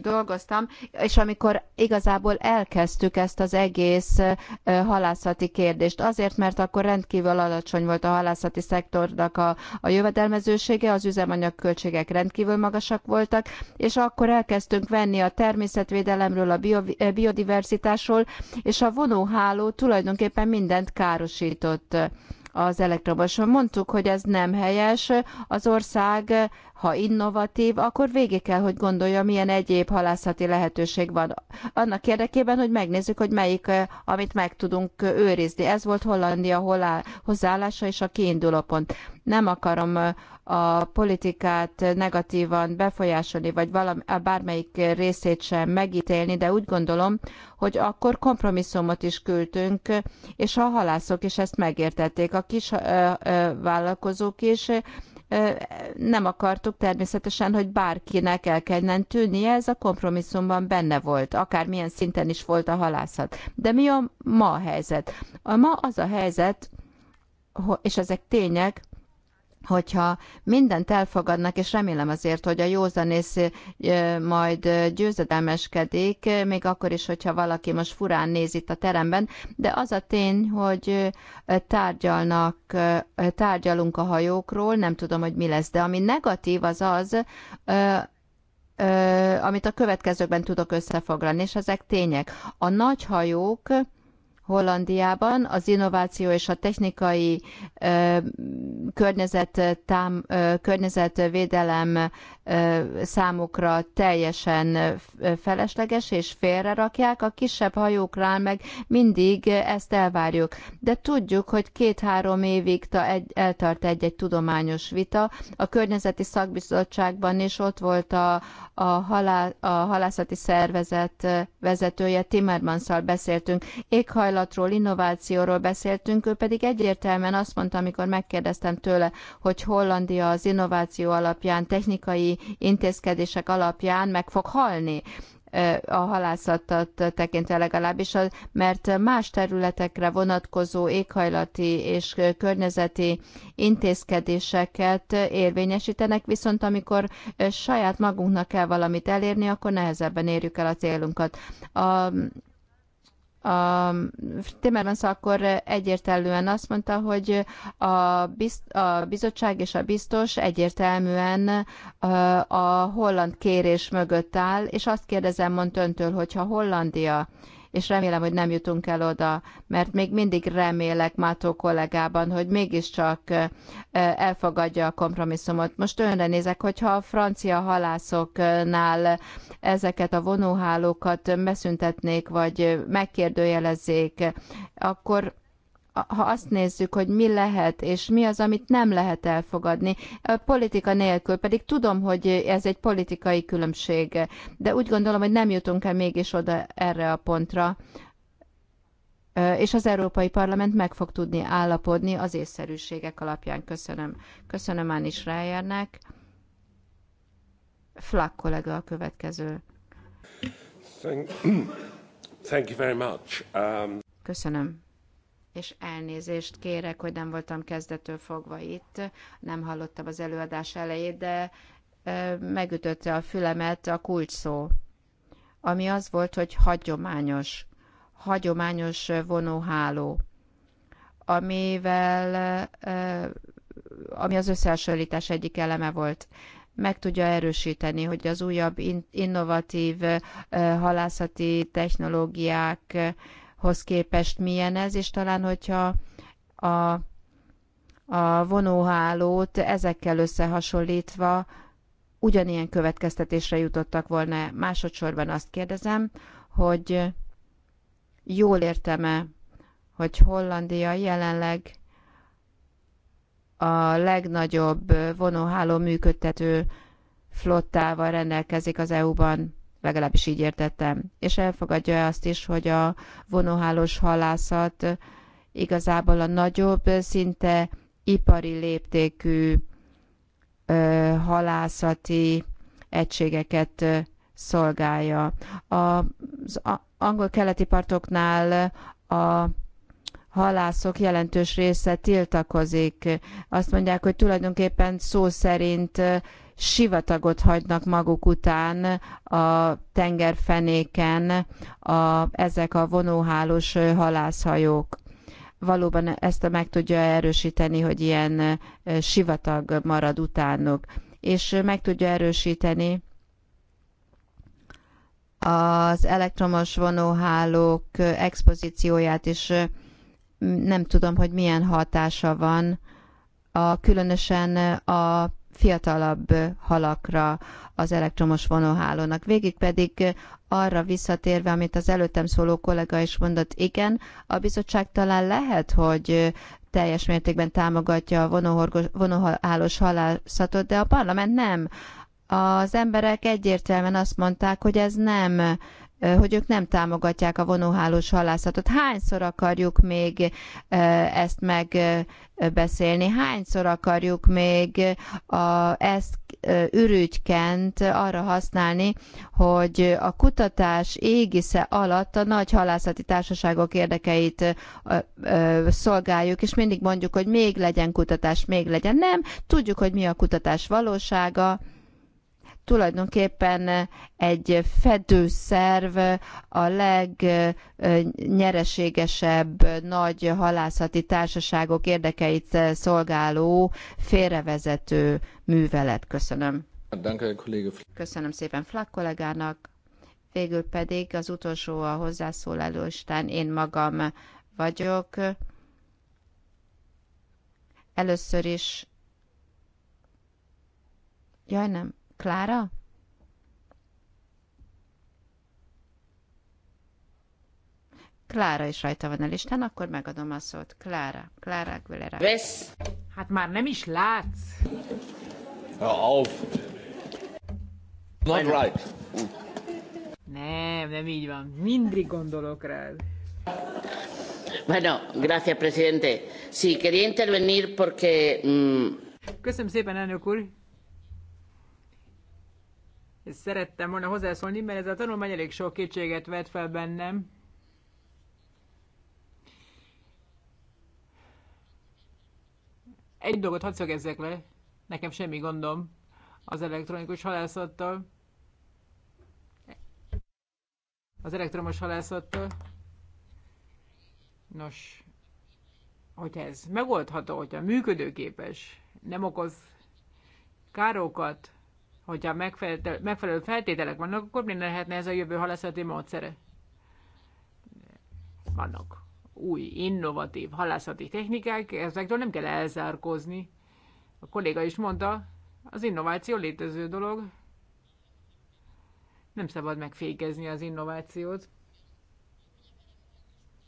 dolgoztam, és amikor igazából elkezdtük ezt az egész halászati kérdést, azért, mert akkor rendkívül alacsony volt a halászati szektornak a, a jövedelmezősége, az üzemanyagköltségek rendkívül magasak voltak, és akkor elkezdtünk venni a természetvédelemről, a bio, eh, biodiverzitásról, és a vonóháló tulajdonképpen mindent károsított az elektromos. Mondtuk, hogy ez nem helyes, az ország, ha innovatív, akkor végig kell, hogy gondolja, milyen egyéb halászati lehetőség van. Annak érdekében, hogy megnézzük, hogy melyik, amit meg tudunk őrizni. Ez volt Hollandia hozzáállása és a kiinduló pont. Nem akarom a politikát negatívan befolyásolni, vagy valami, bármelyik részét sem megítélni, de úgy gondolom, hogy akkor kompromisszumot is küldtünk, és a halászok is ezt megértették, a kis vállalkozók is, nem akartuk természetesen, hogy bárkinek el kellene tűnnie, ez a kompromisszumban benne volt, akármilyen szinten is volt a halászat. De mi a ma a helyzet? A ma az a helyzet, és ezek tények, hogyha mindent elfogadnak, és remélem azért, hogy a józanész majd győzedelmeskedik, még akkor is, hogyha valaki most furán néz itt a teremben, de az a tény, hogy tárgyalnak, tárgyalunk a hajókról, nem tudom, hogy mi lesz, de ami negatív az az, amit a következőkben tudok összefoglalni, és ezek tények. A nagy hajók Hollandiában az innováció és a technikai ö, környezet, tám, ö, környezetvédelem ö, számukra teljesen felesleges és félrerakják, a kisebb hajóknál meg mindig ezt elvárjuk. De tudjuk, hogy két-három évig ta egy, eltart egy-egy tudományos vita. A környezeti szakbizottságban is ott volt a, a, halá, a halászati szervezet vezetője, Timmermanszal beszéltünk, éghajlat vállalatról, innovációról beszéltünk, ő pedig egyértelműen azt mondta, amikor megkérdeztem tőle, hogy Hollandia az innováció alapján, technikai intézkedések alapján meg fog halni a halászatot tekintve legalábbis, mert más területekre vonatkozó éghajlati és környezeti intézkedéseket érvényesítenek, viszont amikor saját magunknak kell valamit elérni, akkor nehezebben érjük el a célunkat. A a Timmermans akkor egyértelműen azt mondta, hogy a, bizt, a bizottság és a biztos egyértelműen a holland kérés mögött áll, és azt kérdezem mond öntől, hogyha Hollandia és remélem, hogy nem jutunk el oda, mert még mindig remélek Mátó kollégában, hogy mégiscsak elfogadja a kompromisszumot. Most önre nézek, hogyha a francia halászoknál ezeket a vonóhálókat beszüntetnék, vagy megkérdőjelezzék, akkor ha azt nézzük, hogy mi lehet, és mi az, amit nem lehet elfogadni, a politika nélkül, pedig tudom, hogy ez egy politikai különbség, de úgy gondolom, hogy nem jutunk el mégis oda erre a pontra, és az Európai Parlament meg fog tudni állapodni az észszerűségek alapján. Köszönöm. Köszönöm is Rájernek. Flak kollega a következő. Thank, <clears throat> thank you very much. Um... Köszönöm és elnézést kérek, hogy nem voltam kezdetől fogva itt, nem hallottam az előadás elejét, de megütötte a fülemet a kulcs szó, ami az volt, hogy hagyományos, hagyományos vonóháló, amivel, ami az összehasonlítás egyik eleme volt meg tudja erősíteni, hogy az újabb innovatív halászati technológiák hoz képest milyen ez, és talán, hogyha a, a vonóhálót ezekkel összehasonlítva ugyanilyen következtetésre jutottak volna. Másodszorban azt kérdezem, hogy jól értem-e, hogy Hollandia jelenleg a legnagyobb vonóháló működtető flottával rendelkezik az EU-ban legalábbis így értettem, és elfogadja azt is, hogy a vonóhálós halászat igazából a nagyobb, szinte ipari léptékű ö, halászati egységeket szolgálja. Az angol-keleti partoknál a halászok jelentős része tiltakozik. Azt mondják, hogy tulajdonképpen szó szerint sivatagot hagynak maguk után a tengerfenéken a, ezek a vonóhálós halászhajók. Valóban ezt meg tudja erősíteni, hogy ilyen sivatag marad utánuk, és meg tudja erősíteni az elektromos vonóhálók expozícióját is nem tudom, hogy milyen hatása van a különösen a fiatalabb halakra az elektromos vonóhálónak. Végig pedig arra visszatérve, amit az előttem szóló kollega is mondott, igen, a bizottság talán lehet, hogy teljes mértékben támogatja a vonóhálós halászatot, de a parlament nem. Az emberek egyértelműen azt mondták, hogy ez nem hogy ők nem támogatják a vonóhálós halászatot. Hányszor akarjuk még ezt megbeszélni? Hányszor akarjuk még a, ezt ürügyként arra használni, hogy a kutatás égisze alatt a nagy halászati társaságok érdekeit szolgáljuk, és mindig mondjuk, hogy még legyen kutatás, még legyen. Nem, tudjuk, hogy mi a kutatás valósága, tulajdonképpen egy fedőszerv a legnyereségesebb nagy halászati társaságok érdekeit szolgáló félrevezető művelet. Köszönöm. Köszönöm szépen Flak kollégának. Végül pedig az utolsó a hozzászólaló Isten, én magam vagyok. Először is Jaj, nem. Klára? Klára is rajta van a listán, akkor megadom a szót. Klára, Klára Gülera. Vesz! Hát már nem is látsz! Ha, auf! Not right! Nem, nem így van. Mindig gondolok rád. Bueno, gracias, presidente. Sí, quería intervenir porque... Mm... Köszönöm szépen, elnök úr szerettem volna hozzászólni, mert ez a tanulmány elég sok kétséget vet fel bennem. Egy dolgot hadd szögezzek le, nekem semmi gondom az elektronikus halászattal, az elektromos halászattal. Nos, hogyha ez megoldható, hogyha működőképes, nem okoz károkat hogyha megfelelő feltételek vannak, akkor mi lehetne ez a jövő halászati módszere? Vannak új, innovatív halászati technikák, ezektől nem kell elzárkózni. A kolléga is mondta, az innováció létező dolog. Nem szabad megfékezni az innovációt.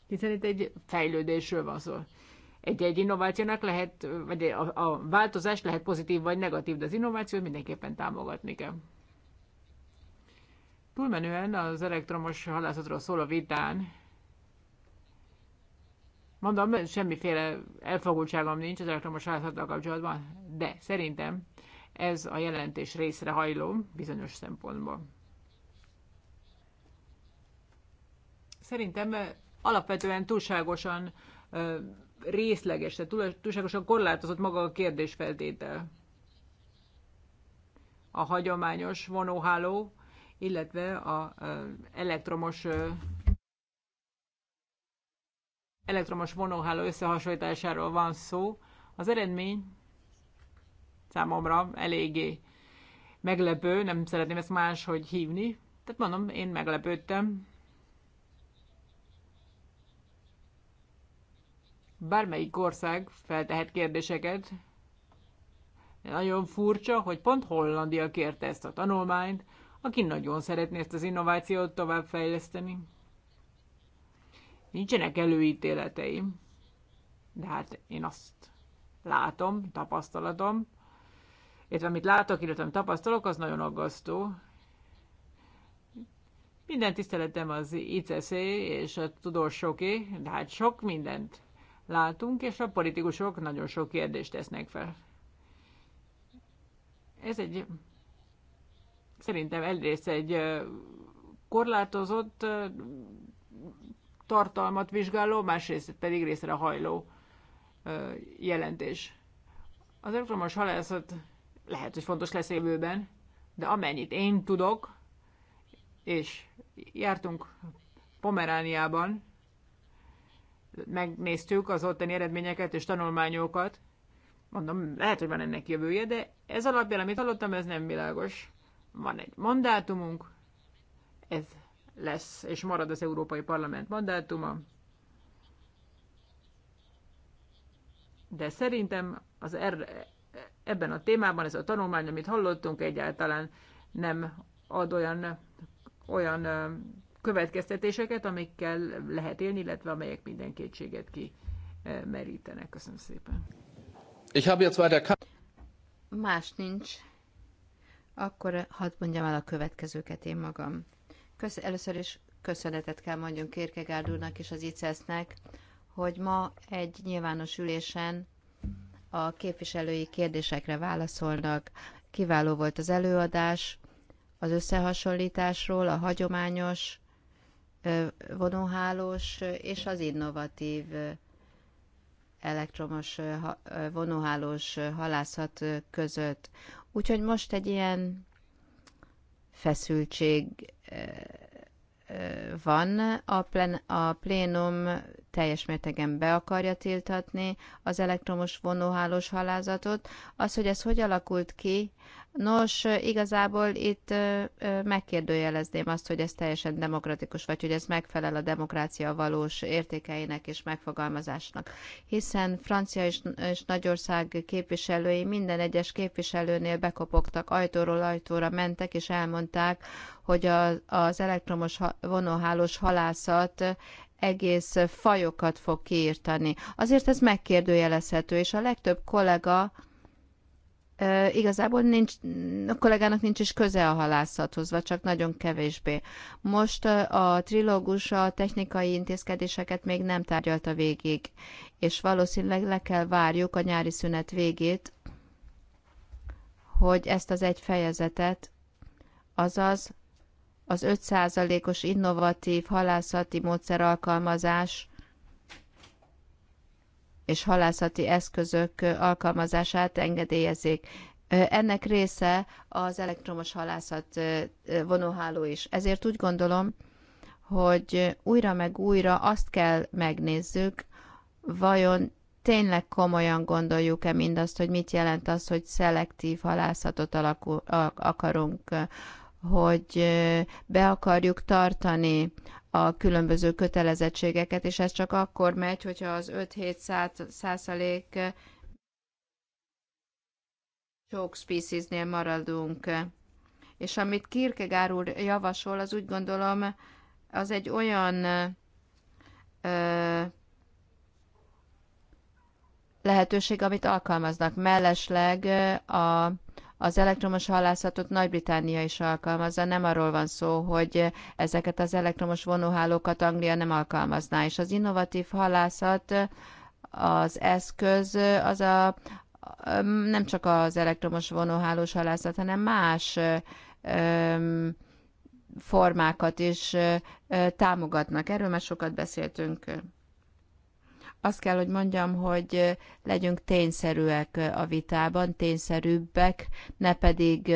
Hiszen itt egy fejlődésről van szó egy-egy innovációnak lehet, vagy a, a változás lehet pozitív vagy negatív, de az innovációt mindenképpen támogatni kell. Túlmenően az elektromos halászatról szóló vitán Mondom, semmiféle elfogultságom nincs az elektromos házattal kapcsolatban, de szerintem ez a jelentés részre hajló bizonyos szempontból. Szerintem alapvetően túlságosan részleges, tehát túlságosan korlátozott maga a kérdésfeltétel. A hagyományos vonóháló, illetve a elektromos elektromos vonóháló összehasonlításáról van szó. Az eredmény számomra eléggé meglepő, nem szeretném ezt máshogy hívni. Tehát mondom, én meglepődtem. bármelyik ország feltehet kérdéseket. Nagyon furcsa, hogy pont Hollandia kérte ezt a tanulmányt, aki nagyon szeretné ezt az innovációt továbbfejleszteni. Nincsenek előítéleteim, de hát én azt látom, tapasztalatom, illetve amit látok, illetve amit tapasztalok, az nagyon aggasztó. Minden tiszteletem az ICC és a tudósoké, de hát sok mindent látunk, és a politikusok nagyon sok kérdést tesznek fel. Ez egy, szerintem egyrészt egy korlátozott tartalmat vizsgáló, másrészt pedig részre hajló jelentés. Az elektromos halászat lehet, hogy fontos lesz jövőben, de amennyit én tudok, és jártunk Pomerániában, megnéztük az ottani eredményeket és tanulmányokat. Mondom, lehet, hogy van ennek jövője, de ez alapján, amit hallottam, ez nem világos. Van egy mandátumunk, ez lesz és marad az Európai Parlament mandátuma. De szerintem az er, ebben a témában ez a tanulmány, amit hallottunk, egyáltalán nem ad olyan, olyan következtetéseket, amikkel lehet élni, illetve amelyek minden kétséget ki merítenek. Köszönöm szépen. Ich habe jetzt weiter... Más nincs. Akkor hadd mondjam el a következőket én magam. Kösz, először is köszönetet kell mondjunk Kérkegárd úrnak és az icesz hogy ma egy nyilvános ülésen a képviselői kérdésekre válaszolnak. Kiváló volt az előadás az összehasonlításról, a hagyományos vonóhálós és az innovatív elektromos vonóhálós halászat között. Úgyhogy most egy ilyen feszültség van, a, plen, a plénum teljes mértékben be akarja tiltatni az elektromos vonóhálós halázatot. Az, hogy ez hogy alakult ki, Nos, igazából itt megkérdőjelezném azt, hogy ez teljesen demokratikus, vagy hogy ez megfelel a demokrácia valós értékeinek és megfogalmazásnak. Hiszen Francia és, és Nagyország képviselői minden egyes képviselőnél bekopogtak, ajtóról ajtóra mentek, és elmondták, hogy a, az elektromos vonóhálós halászat egész fajokat fog kiirtani. Azért ez megkérdőjelezhető, és a legtöbb kollega, igazából nincs, a kollégának nincs is köze a halászathoz, vagy csak nagyon kevésbé. Most a trilógus a technikai intézkedéseket még nem tárgyalta végig, és valószínűleg le kell várjuk a nyári szünet végét, hogy ezt az egy fejezetet, azaz az 5%-os innovatív halászati módszer alkalmazás és halászati eszközök alkalmazását engedélyezik. Ennek része az elektromos halászat vonóháló is. Ezért úgy gondolom, hogy újra meg újra azt kell megnézzük, vajon tényleg komolyan gondoljuk-e mindazt, hogy mit jelent az, hogy szelektív halászatot alakul, akarunk, hogy be akarjuk tartani a különböző kötelezettségeket, és ez csak akkor megy, hogyha az 5-7 százalék sok species-nél maradunk. És amit Kierkegaard úr javasol, az úgy gondolom, az egy olyan ö, lehetőség, amit alkalmaznak. Mellesleg a az elektromos hallászatot Nagy-Británia is alkalmazza, nem arról van szó, hogy ezeket az elektromos vonóhálókat Anglia nem alkalmazná, és az innovatív hallászat az eszköz, az a, nem csak az elektromos vonóhálós halászat, hanem más öm, formákat is támogatnak. Erről már sokat beszéltünk azt kell, hogy mondjam, hogy legyünk tényszerűek a vitában, tényszerűbbek, ne pedig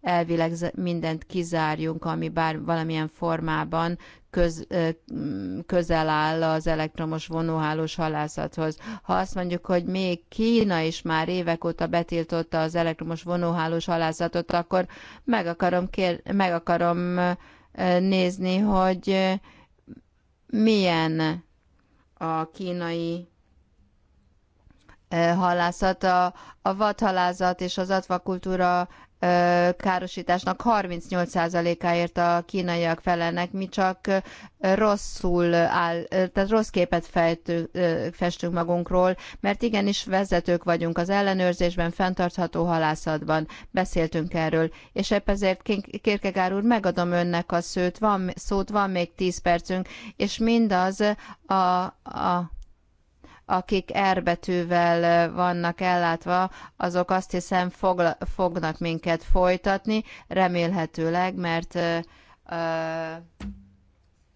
elvileg mindent kizárjunk, ami bár valamilyen formában köz, közel áll az elektromos vonóhálós halászathoz. Ha azt mondjuk, hogy még Kína is már évek óta betiltotta az elektromos vonóhálós halászatot, akkor meg akarom, kér, meg akarom nézni, hogy milyen a kínai eh, halászat, a, a vadhalászat és az atvakultúra károsításnak 38%-áért a kínaiak felelnek, mi csak rosszul áll, tehát rossz képet fejtő, festünk magunkról, mert igenis vezetők vagyunk az ellenőrzésben, fenntartható halászatban. Beszéltünk erről. És épp ezért, Kérkegár úr, megadom önnek a szót, van, szót, van még 10 percünk, és mindaz a, a akik erbetűvel vannak ellátva, azok azt hiszem fogla, fognak minket folytatni, remélhetőleg, mert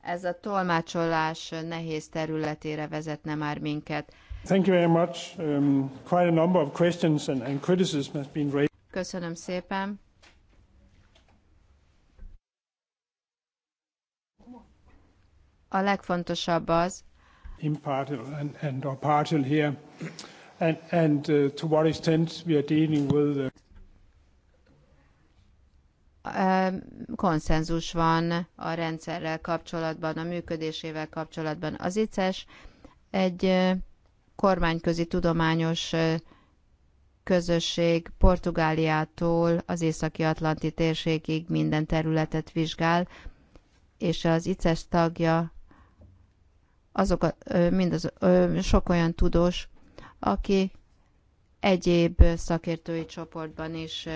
ez a tolmácsolás nehéz területére vezetne már minket. Thank you very much. Um, quite a number of questions and, and criticism has been raised. Köszönöm szépen. A legfontosabb az, impartial and, and or partial here, and, and uh, to what extent we are dealing with. Uh... Um, konszenzus van a rendszerrel kapcsolatban, a működésével kapcsolatban. Az ICES egy uh, kormányközi tudományos uh, közösség Portugáliától az északi Atlanti térségig minden területet vizsgál, és az ICES tagja azokat, mindaz, sok olyan tudós, aki egyéb szakértői csoportban is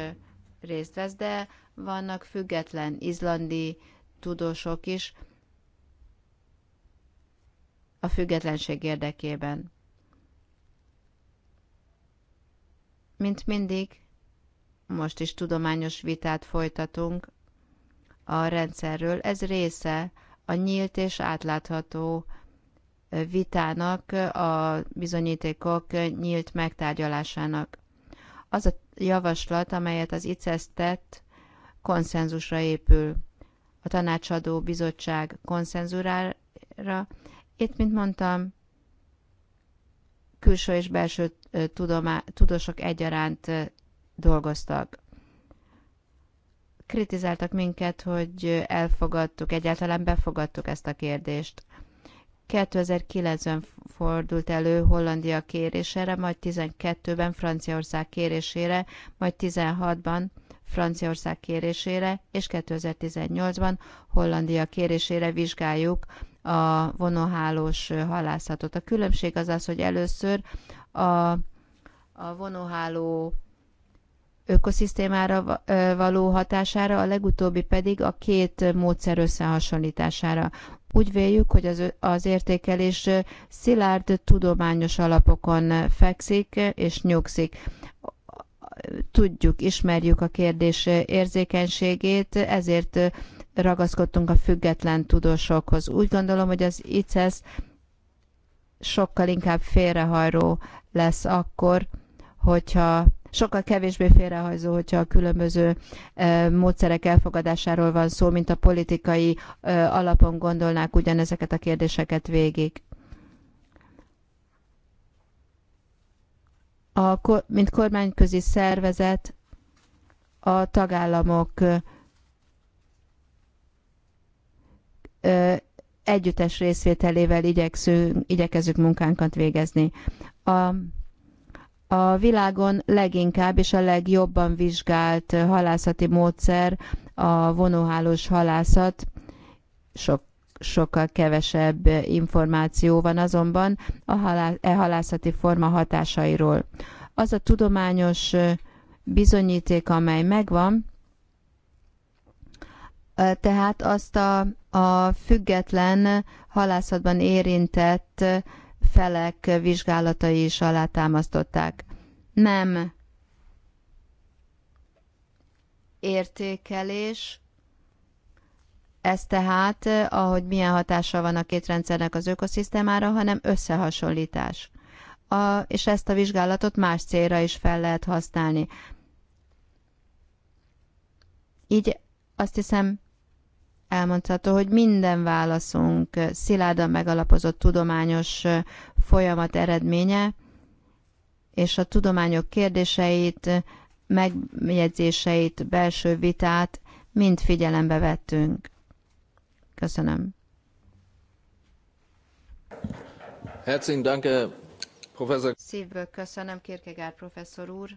részt vesz, de vannak független izlandi tudósok is a függetlenség érdekében. Mint mindig, most is tudományos vitát folytatunk a rendszerről. Ez része a nyílt és átlátható vitának, a bizonyítékok nyílt megtárgyalásának. Az a javaslat, amelyet az ICESZ tett, konszenzusra épül. A tanácsadó bizottság konszenzurára. Itt, mint mondtam, külső és belső tudomá, tudósok egyaránt dolgoztak. Kritizáltak minket, hogy elfogadtuk, egyáltalán befogadtuk ezt a kérdést. 2009-ben fordult elő Hollandia kérésére, majd 12-ben Franciaország kérésére, majd 16-ban Franciaország kérésére, és 2018-ban Hollandia kérésére vizsgáljuk a vonóhálós halászatot. A különbség az az, hogy először a, a vonóháló ökoszisztémára való hatására, a legutóbbi pedig a két módszer összehasonlítására. Úgy véljük, hogy az, az értékelés szilárd tudományos alapokon fekszik és nyugszik tudjuk, ismerjük a kérdés érzékenységét, ezért ragaszkodtunk a független tudósokhoz. Úgy gondolom, hogy az ICESZ sokkal inkább félrehajró lesz akkor, hogyha sokkal kevésbé félrehajzó, hogyha a különböző e, módszerek elfogadásáról van szó, mint a politikai e, alapon gondolnák ugyanezeket a kérdéseket végig. A, mint kormányközi szervezet a tagállamok e, együttes részvételével igyekszünk, igyekezünk munkánkat végezni. A a világon leginkább és a legjobban vizsgált halászati módszer a vonóhálós halászat. Sok, sokkal kevesebb információ van azonban a halá, e halászati forma hatásairól. Az a tudományos bizonyíték, amely megvan, tehát azt a, a független halászatban érintett felek vizsgálatai is alátámasztották. Nem értékelés, ez tehát, ahogy milyen hatása van a két rendszernek az ökoszisztémára, hanem összehasonlítás. A, és ezt a vizsgálatot más célra is fel lehet használni. Így azt hiszem, elmondható, hogy minden válaszunk szilárdan megalapozott tudományos folyamat eredménye, és a tudományok kérdéseit, megjegyzéseit, belső vitát mind figyelembe vettünk. Köszönöm. Herzlichen Dank, Professor. Szívből köszönöm, Kierkegaard professzor úr.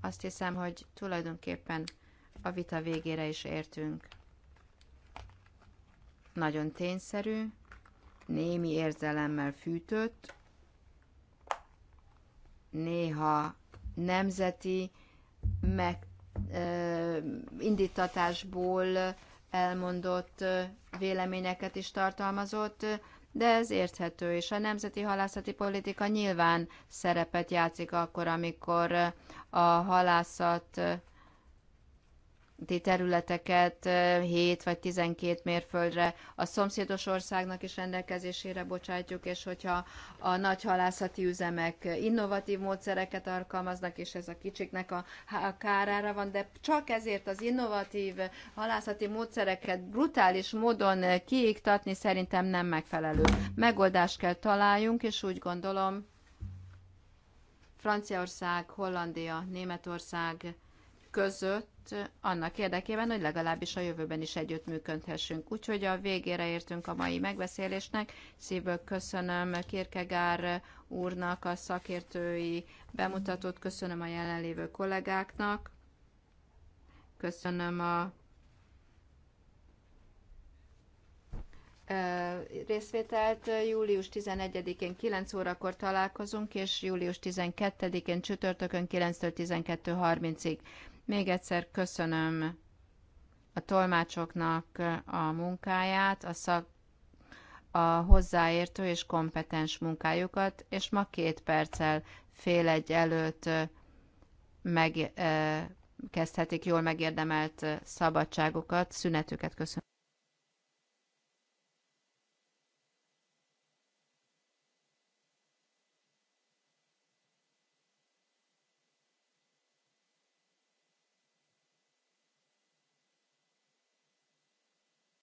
Azt hiszem, hogy tulajdonképpen a vita végére is értünk. Nagyon tényszerű, némi érzelemmel fűtött, néha nemzeti meg, ö, indítatásból elmondott véleményeket is tartalmazott, de ez érthető, és a nemzeti halászati politika nyilván szerepet játszik akkor, amikor a halászat területeket 7 vagy 12 mérföldre a szomszédos országnak is rendelkezésére bocsátjuk, és hogyha a nagy halászati üzemek innovatív módszereket alkalmaznak, és ez a kicsiknek a, a kárára van, de csak ezért az innovatív halászati módszereket brutális módon kiiktatni szerintem nem megfelelő. Megoldást kell találjunk, és úgy gondolom, Franciaország, Hollandia, Németország, között annak érdekében, hogy legalábbis a jövőben is együttműködhessünk. Úgyhogy a végére értünk a mai megbeszélésnek. Szívből köszönöm Kierkegár úrnak a szakértői bemutatót, köszönöm a jelenlévő kollégáknak, köszönöm a részvételt. Július 11-én 9 órakor találkozunk, és július 12-én csütörtökön 9-től 12.30-ig. Még egyszer köszönöm a tolmácsoknak a munkáját, a szak a hozzáértő és kompetens munkájukat, és ma két perccel fél egy előtt megkezdhetik jól megérdemelt szabadságokat, szünetüket köszönöm.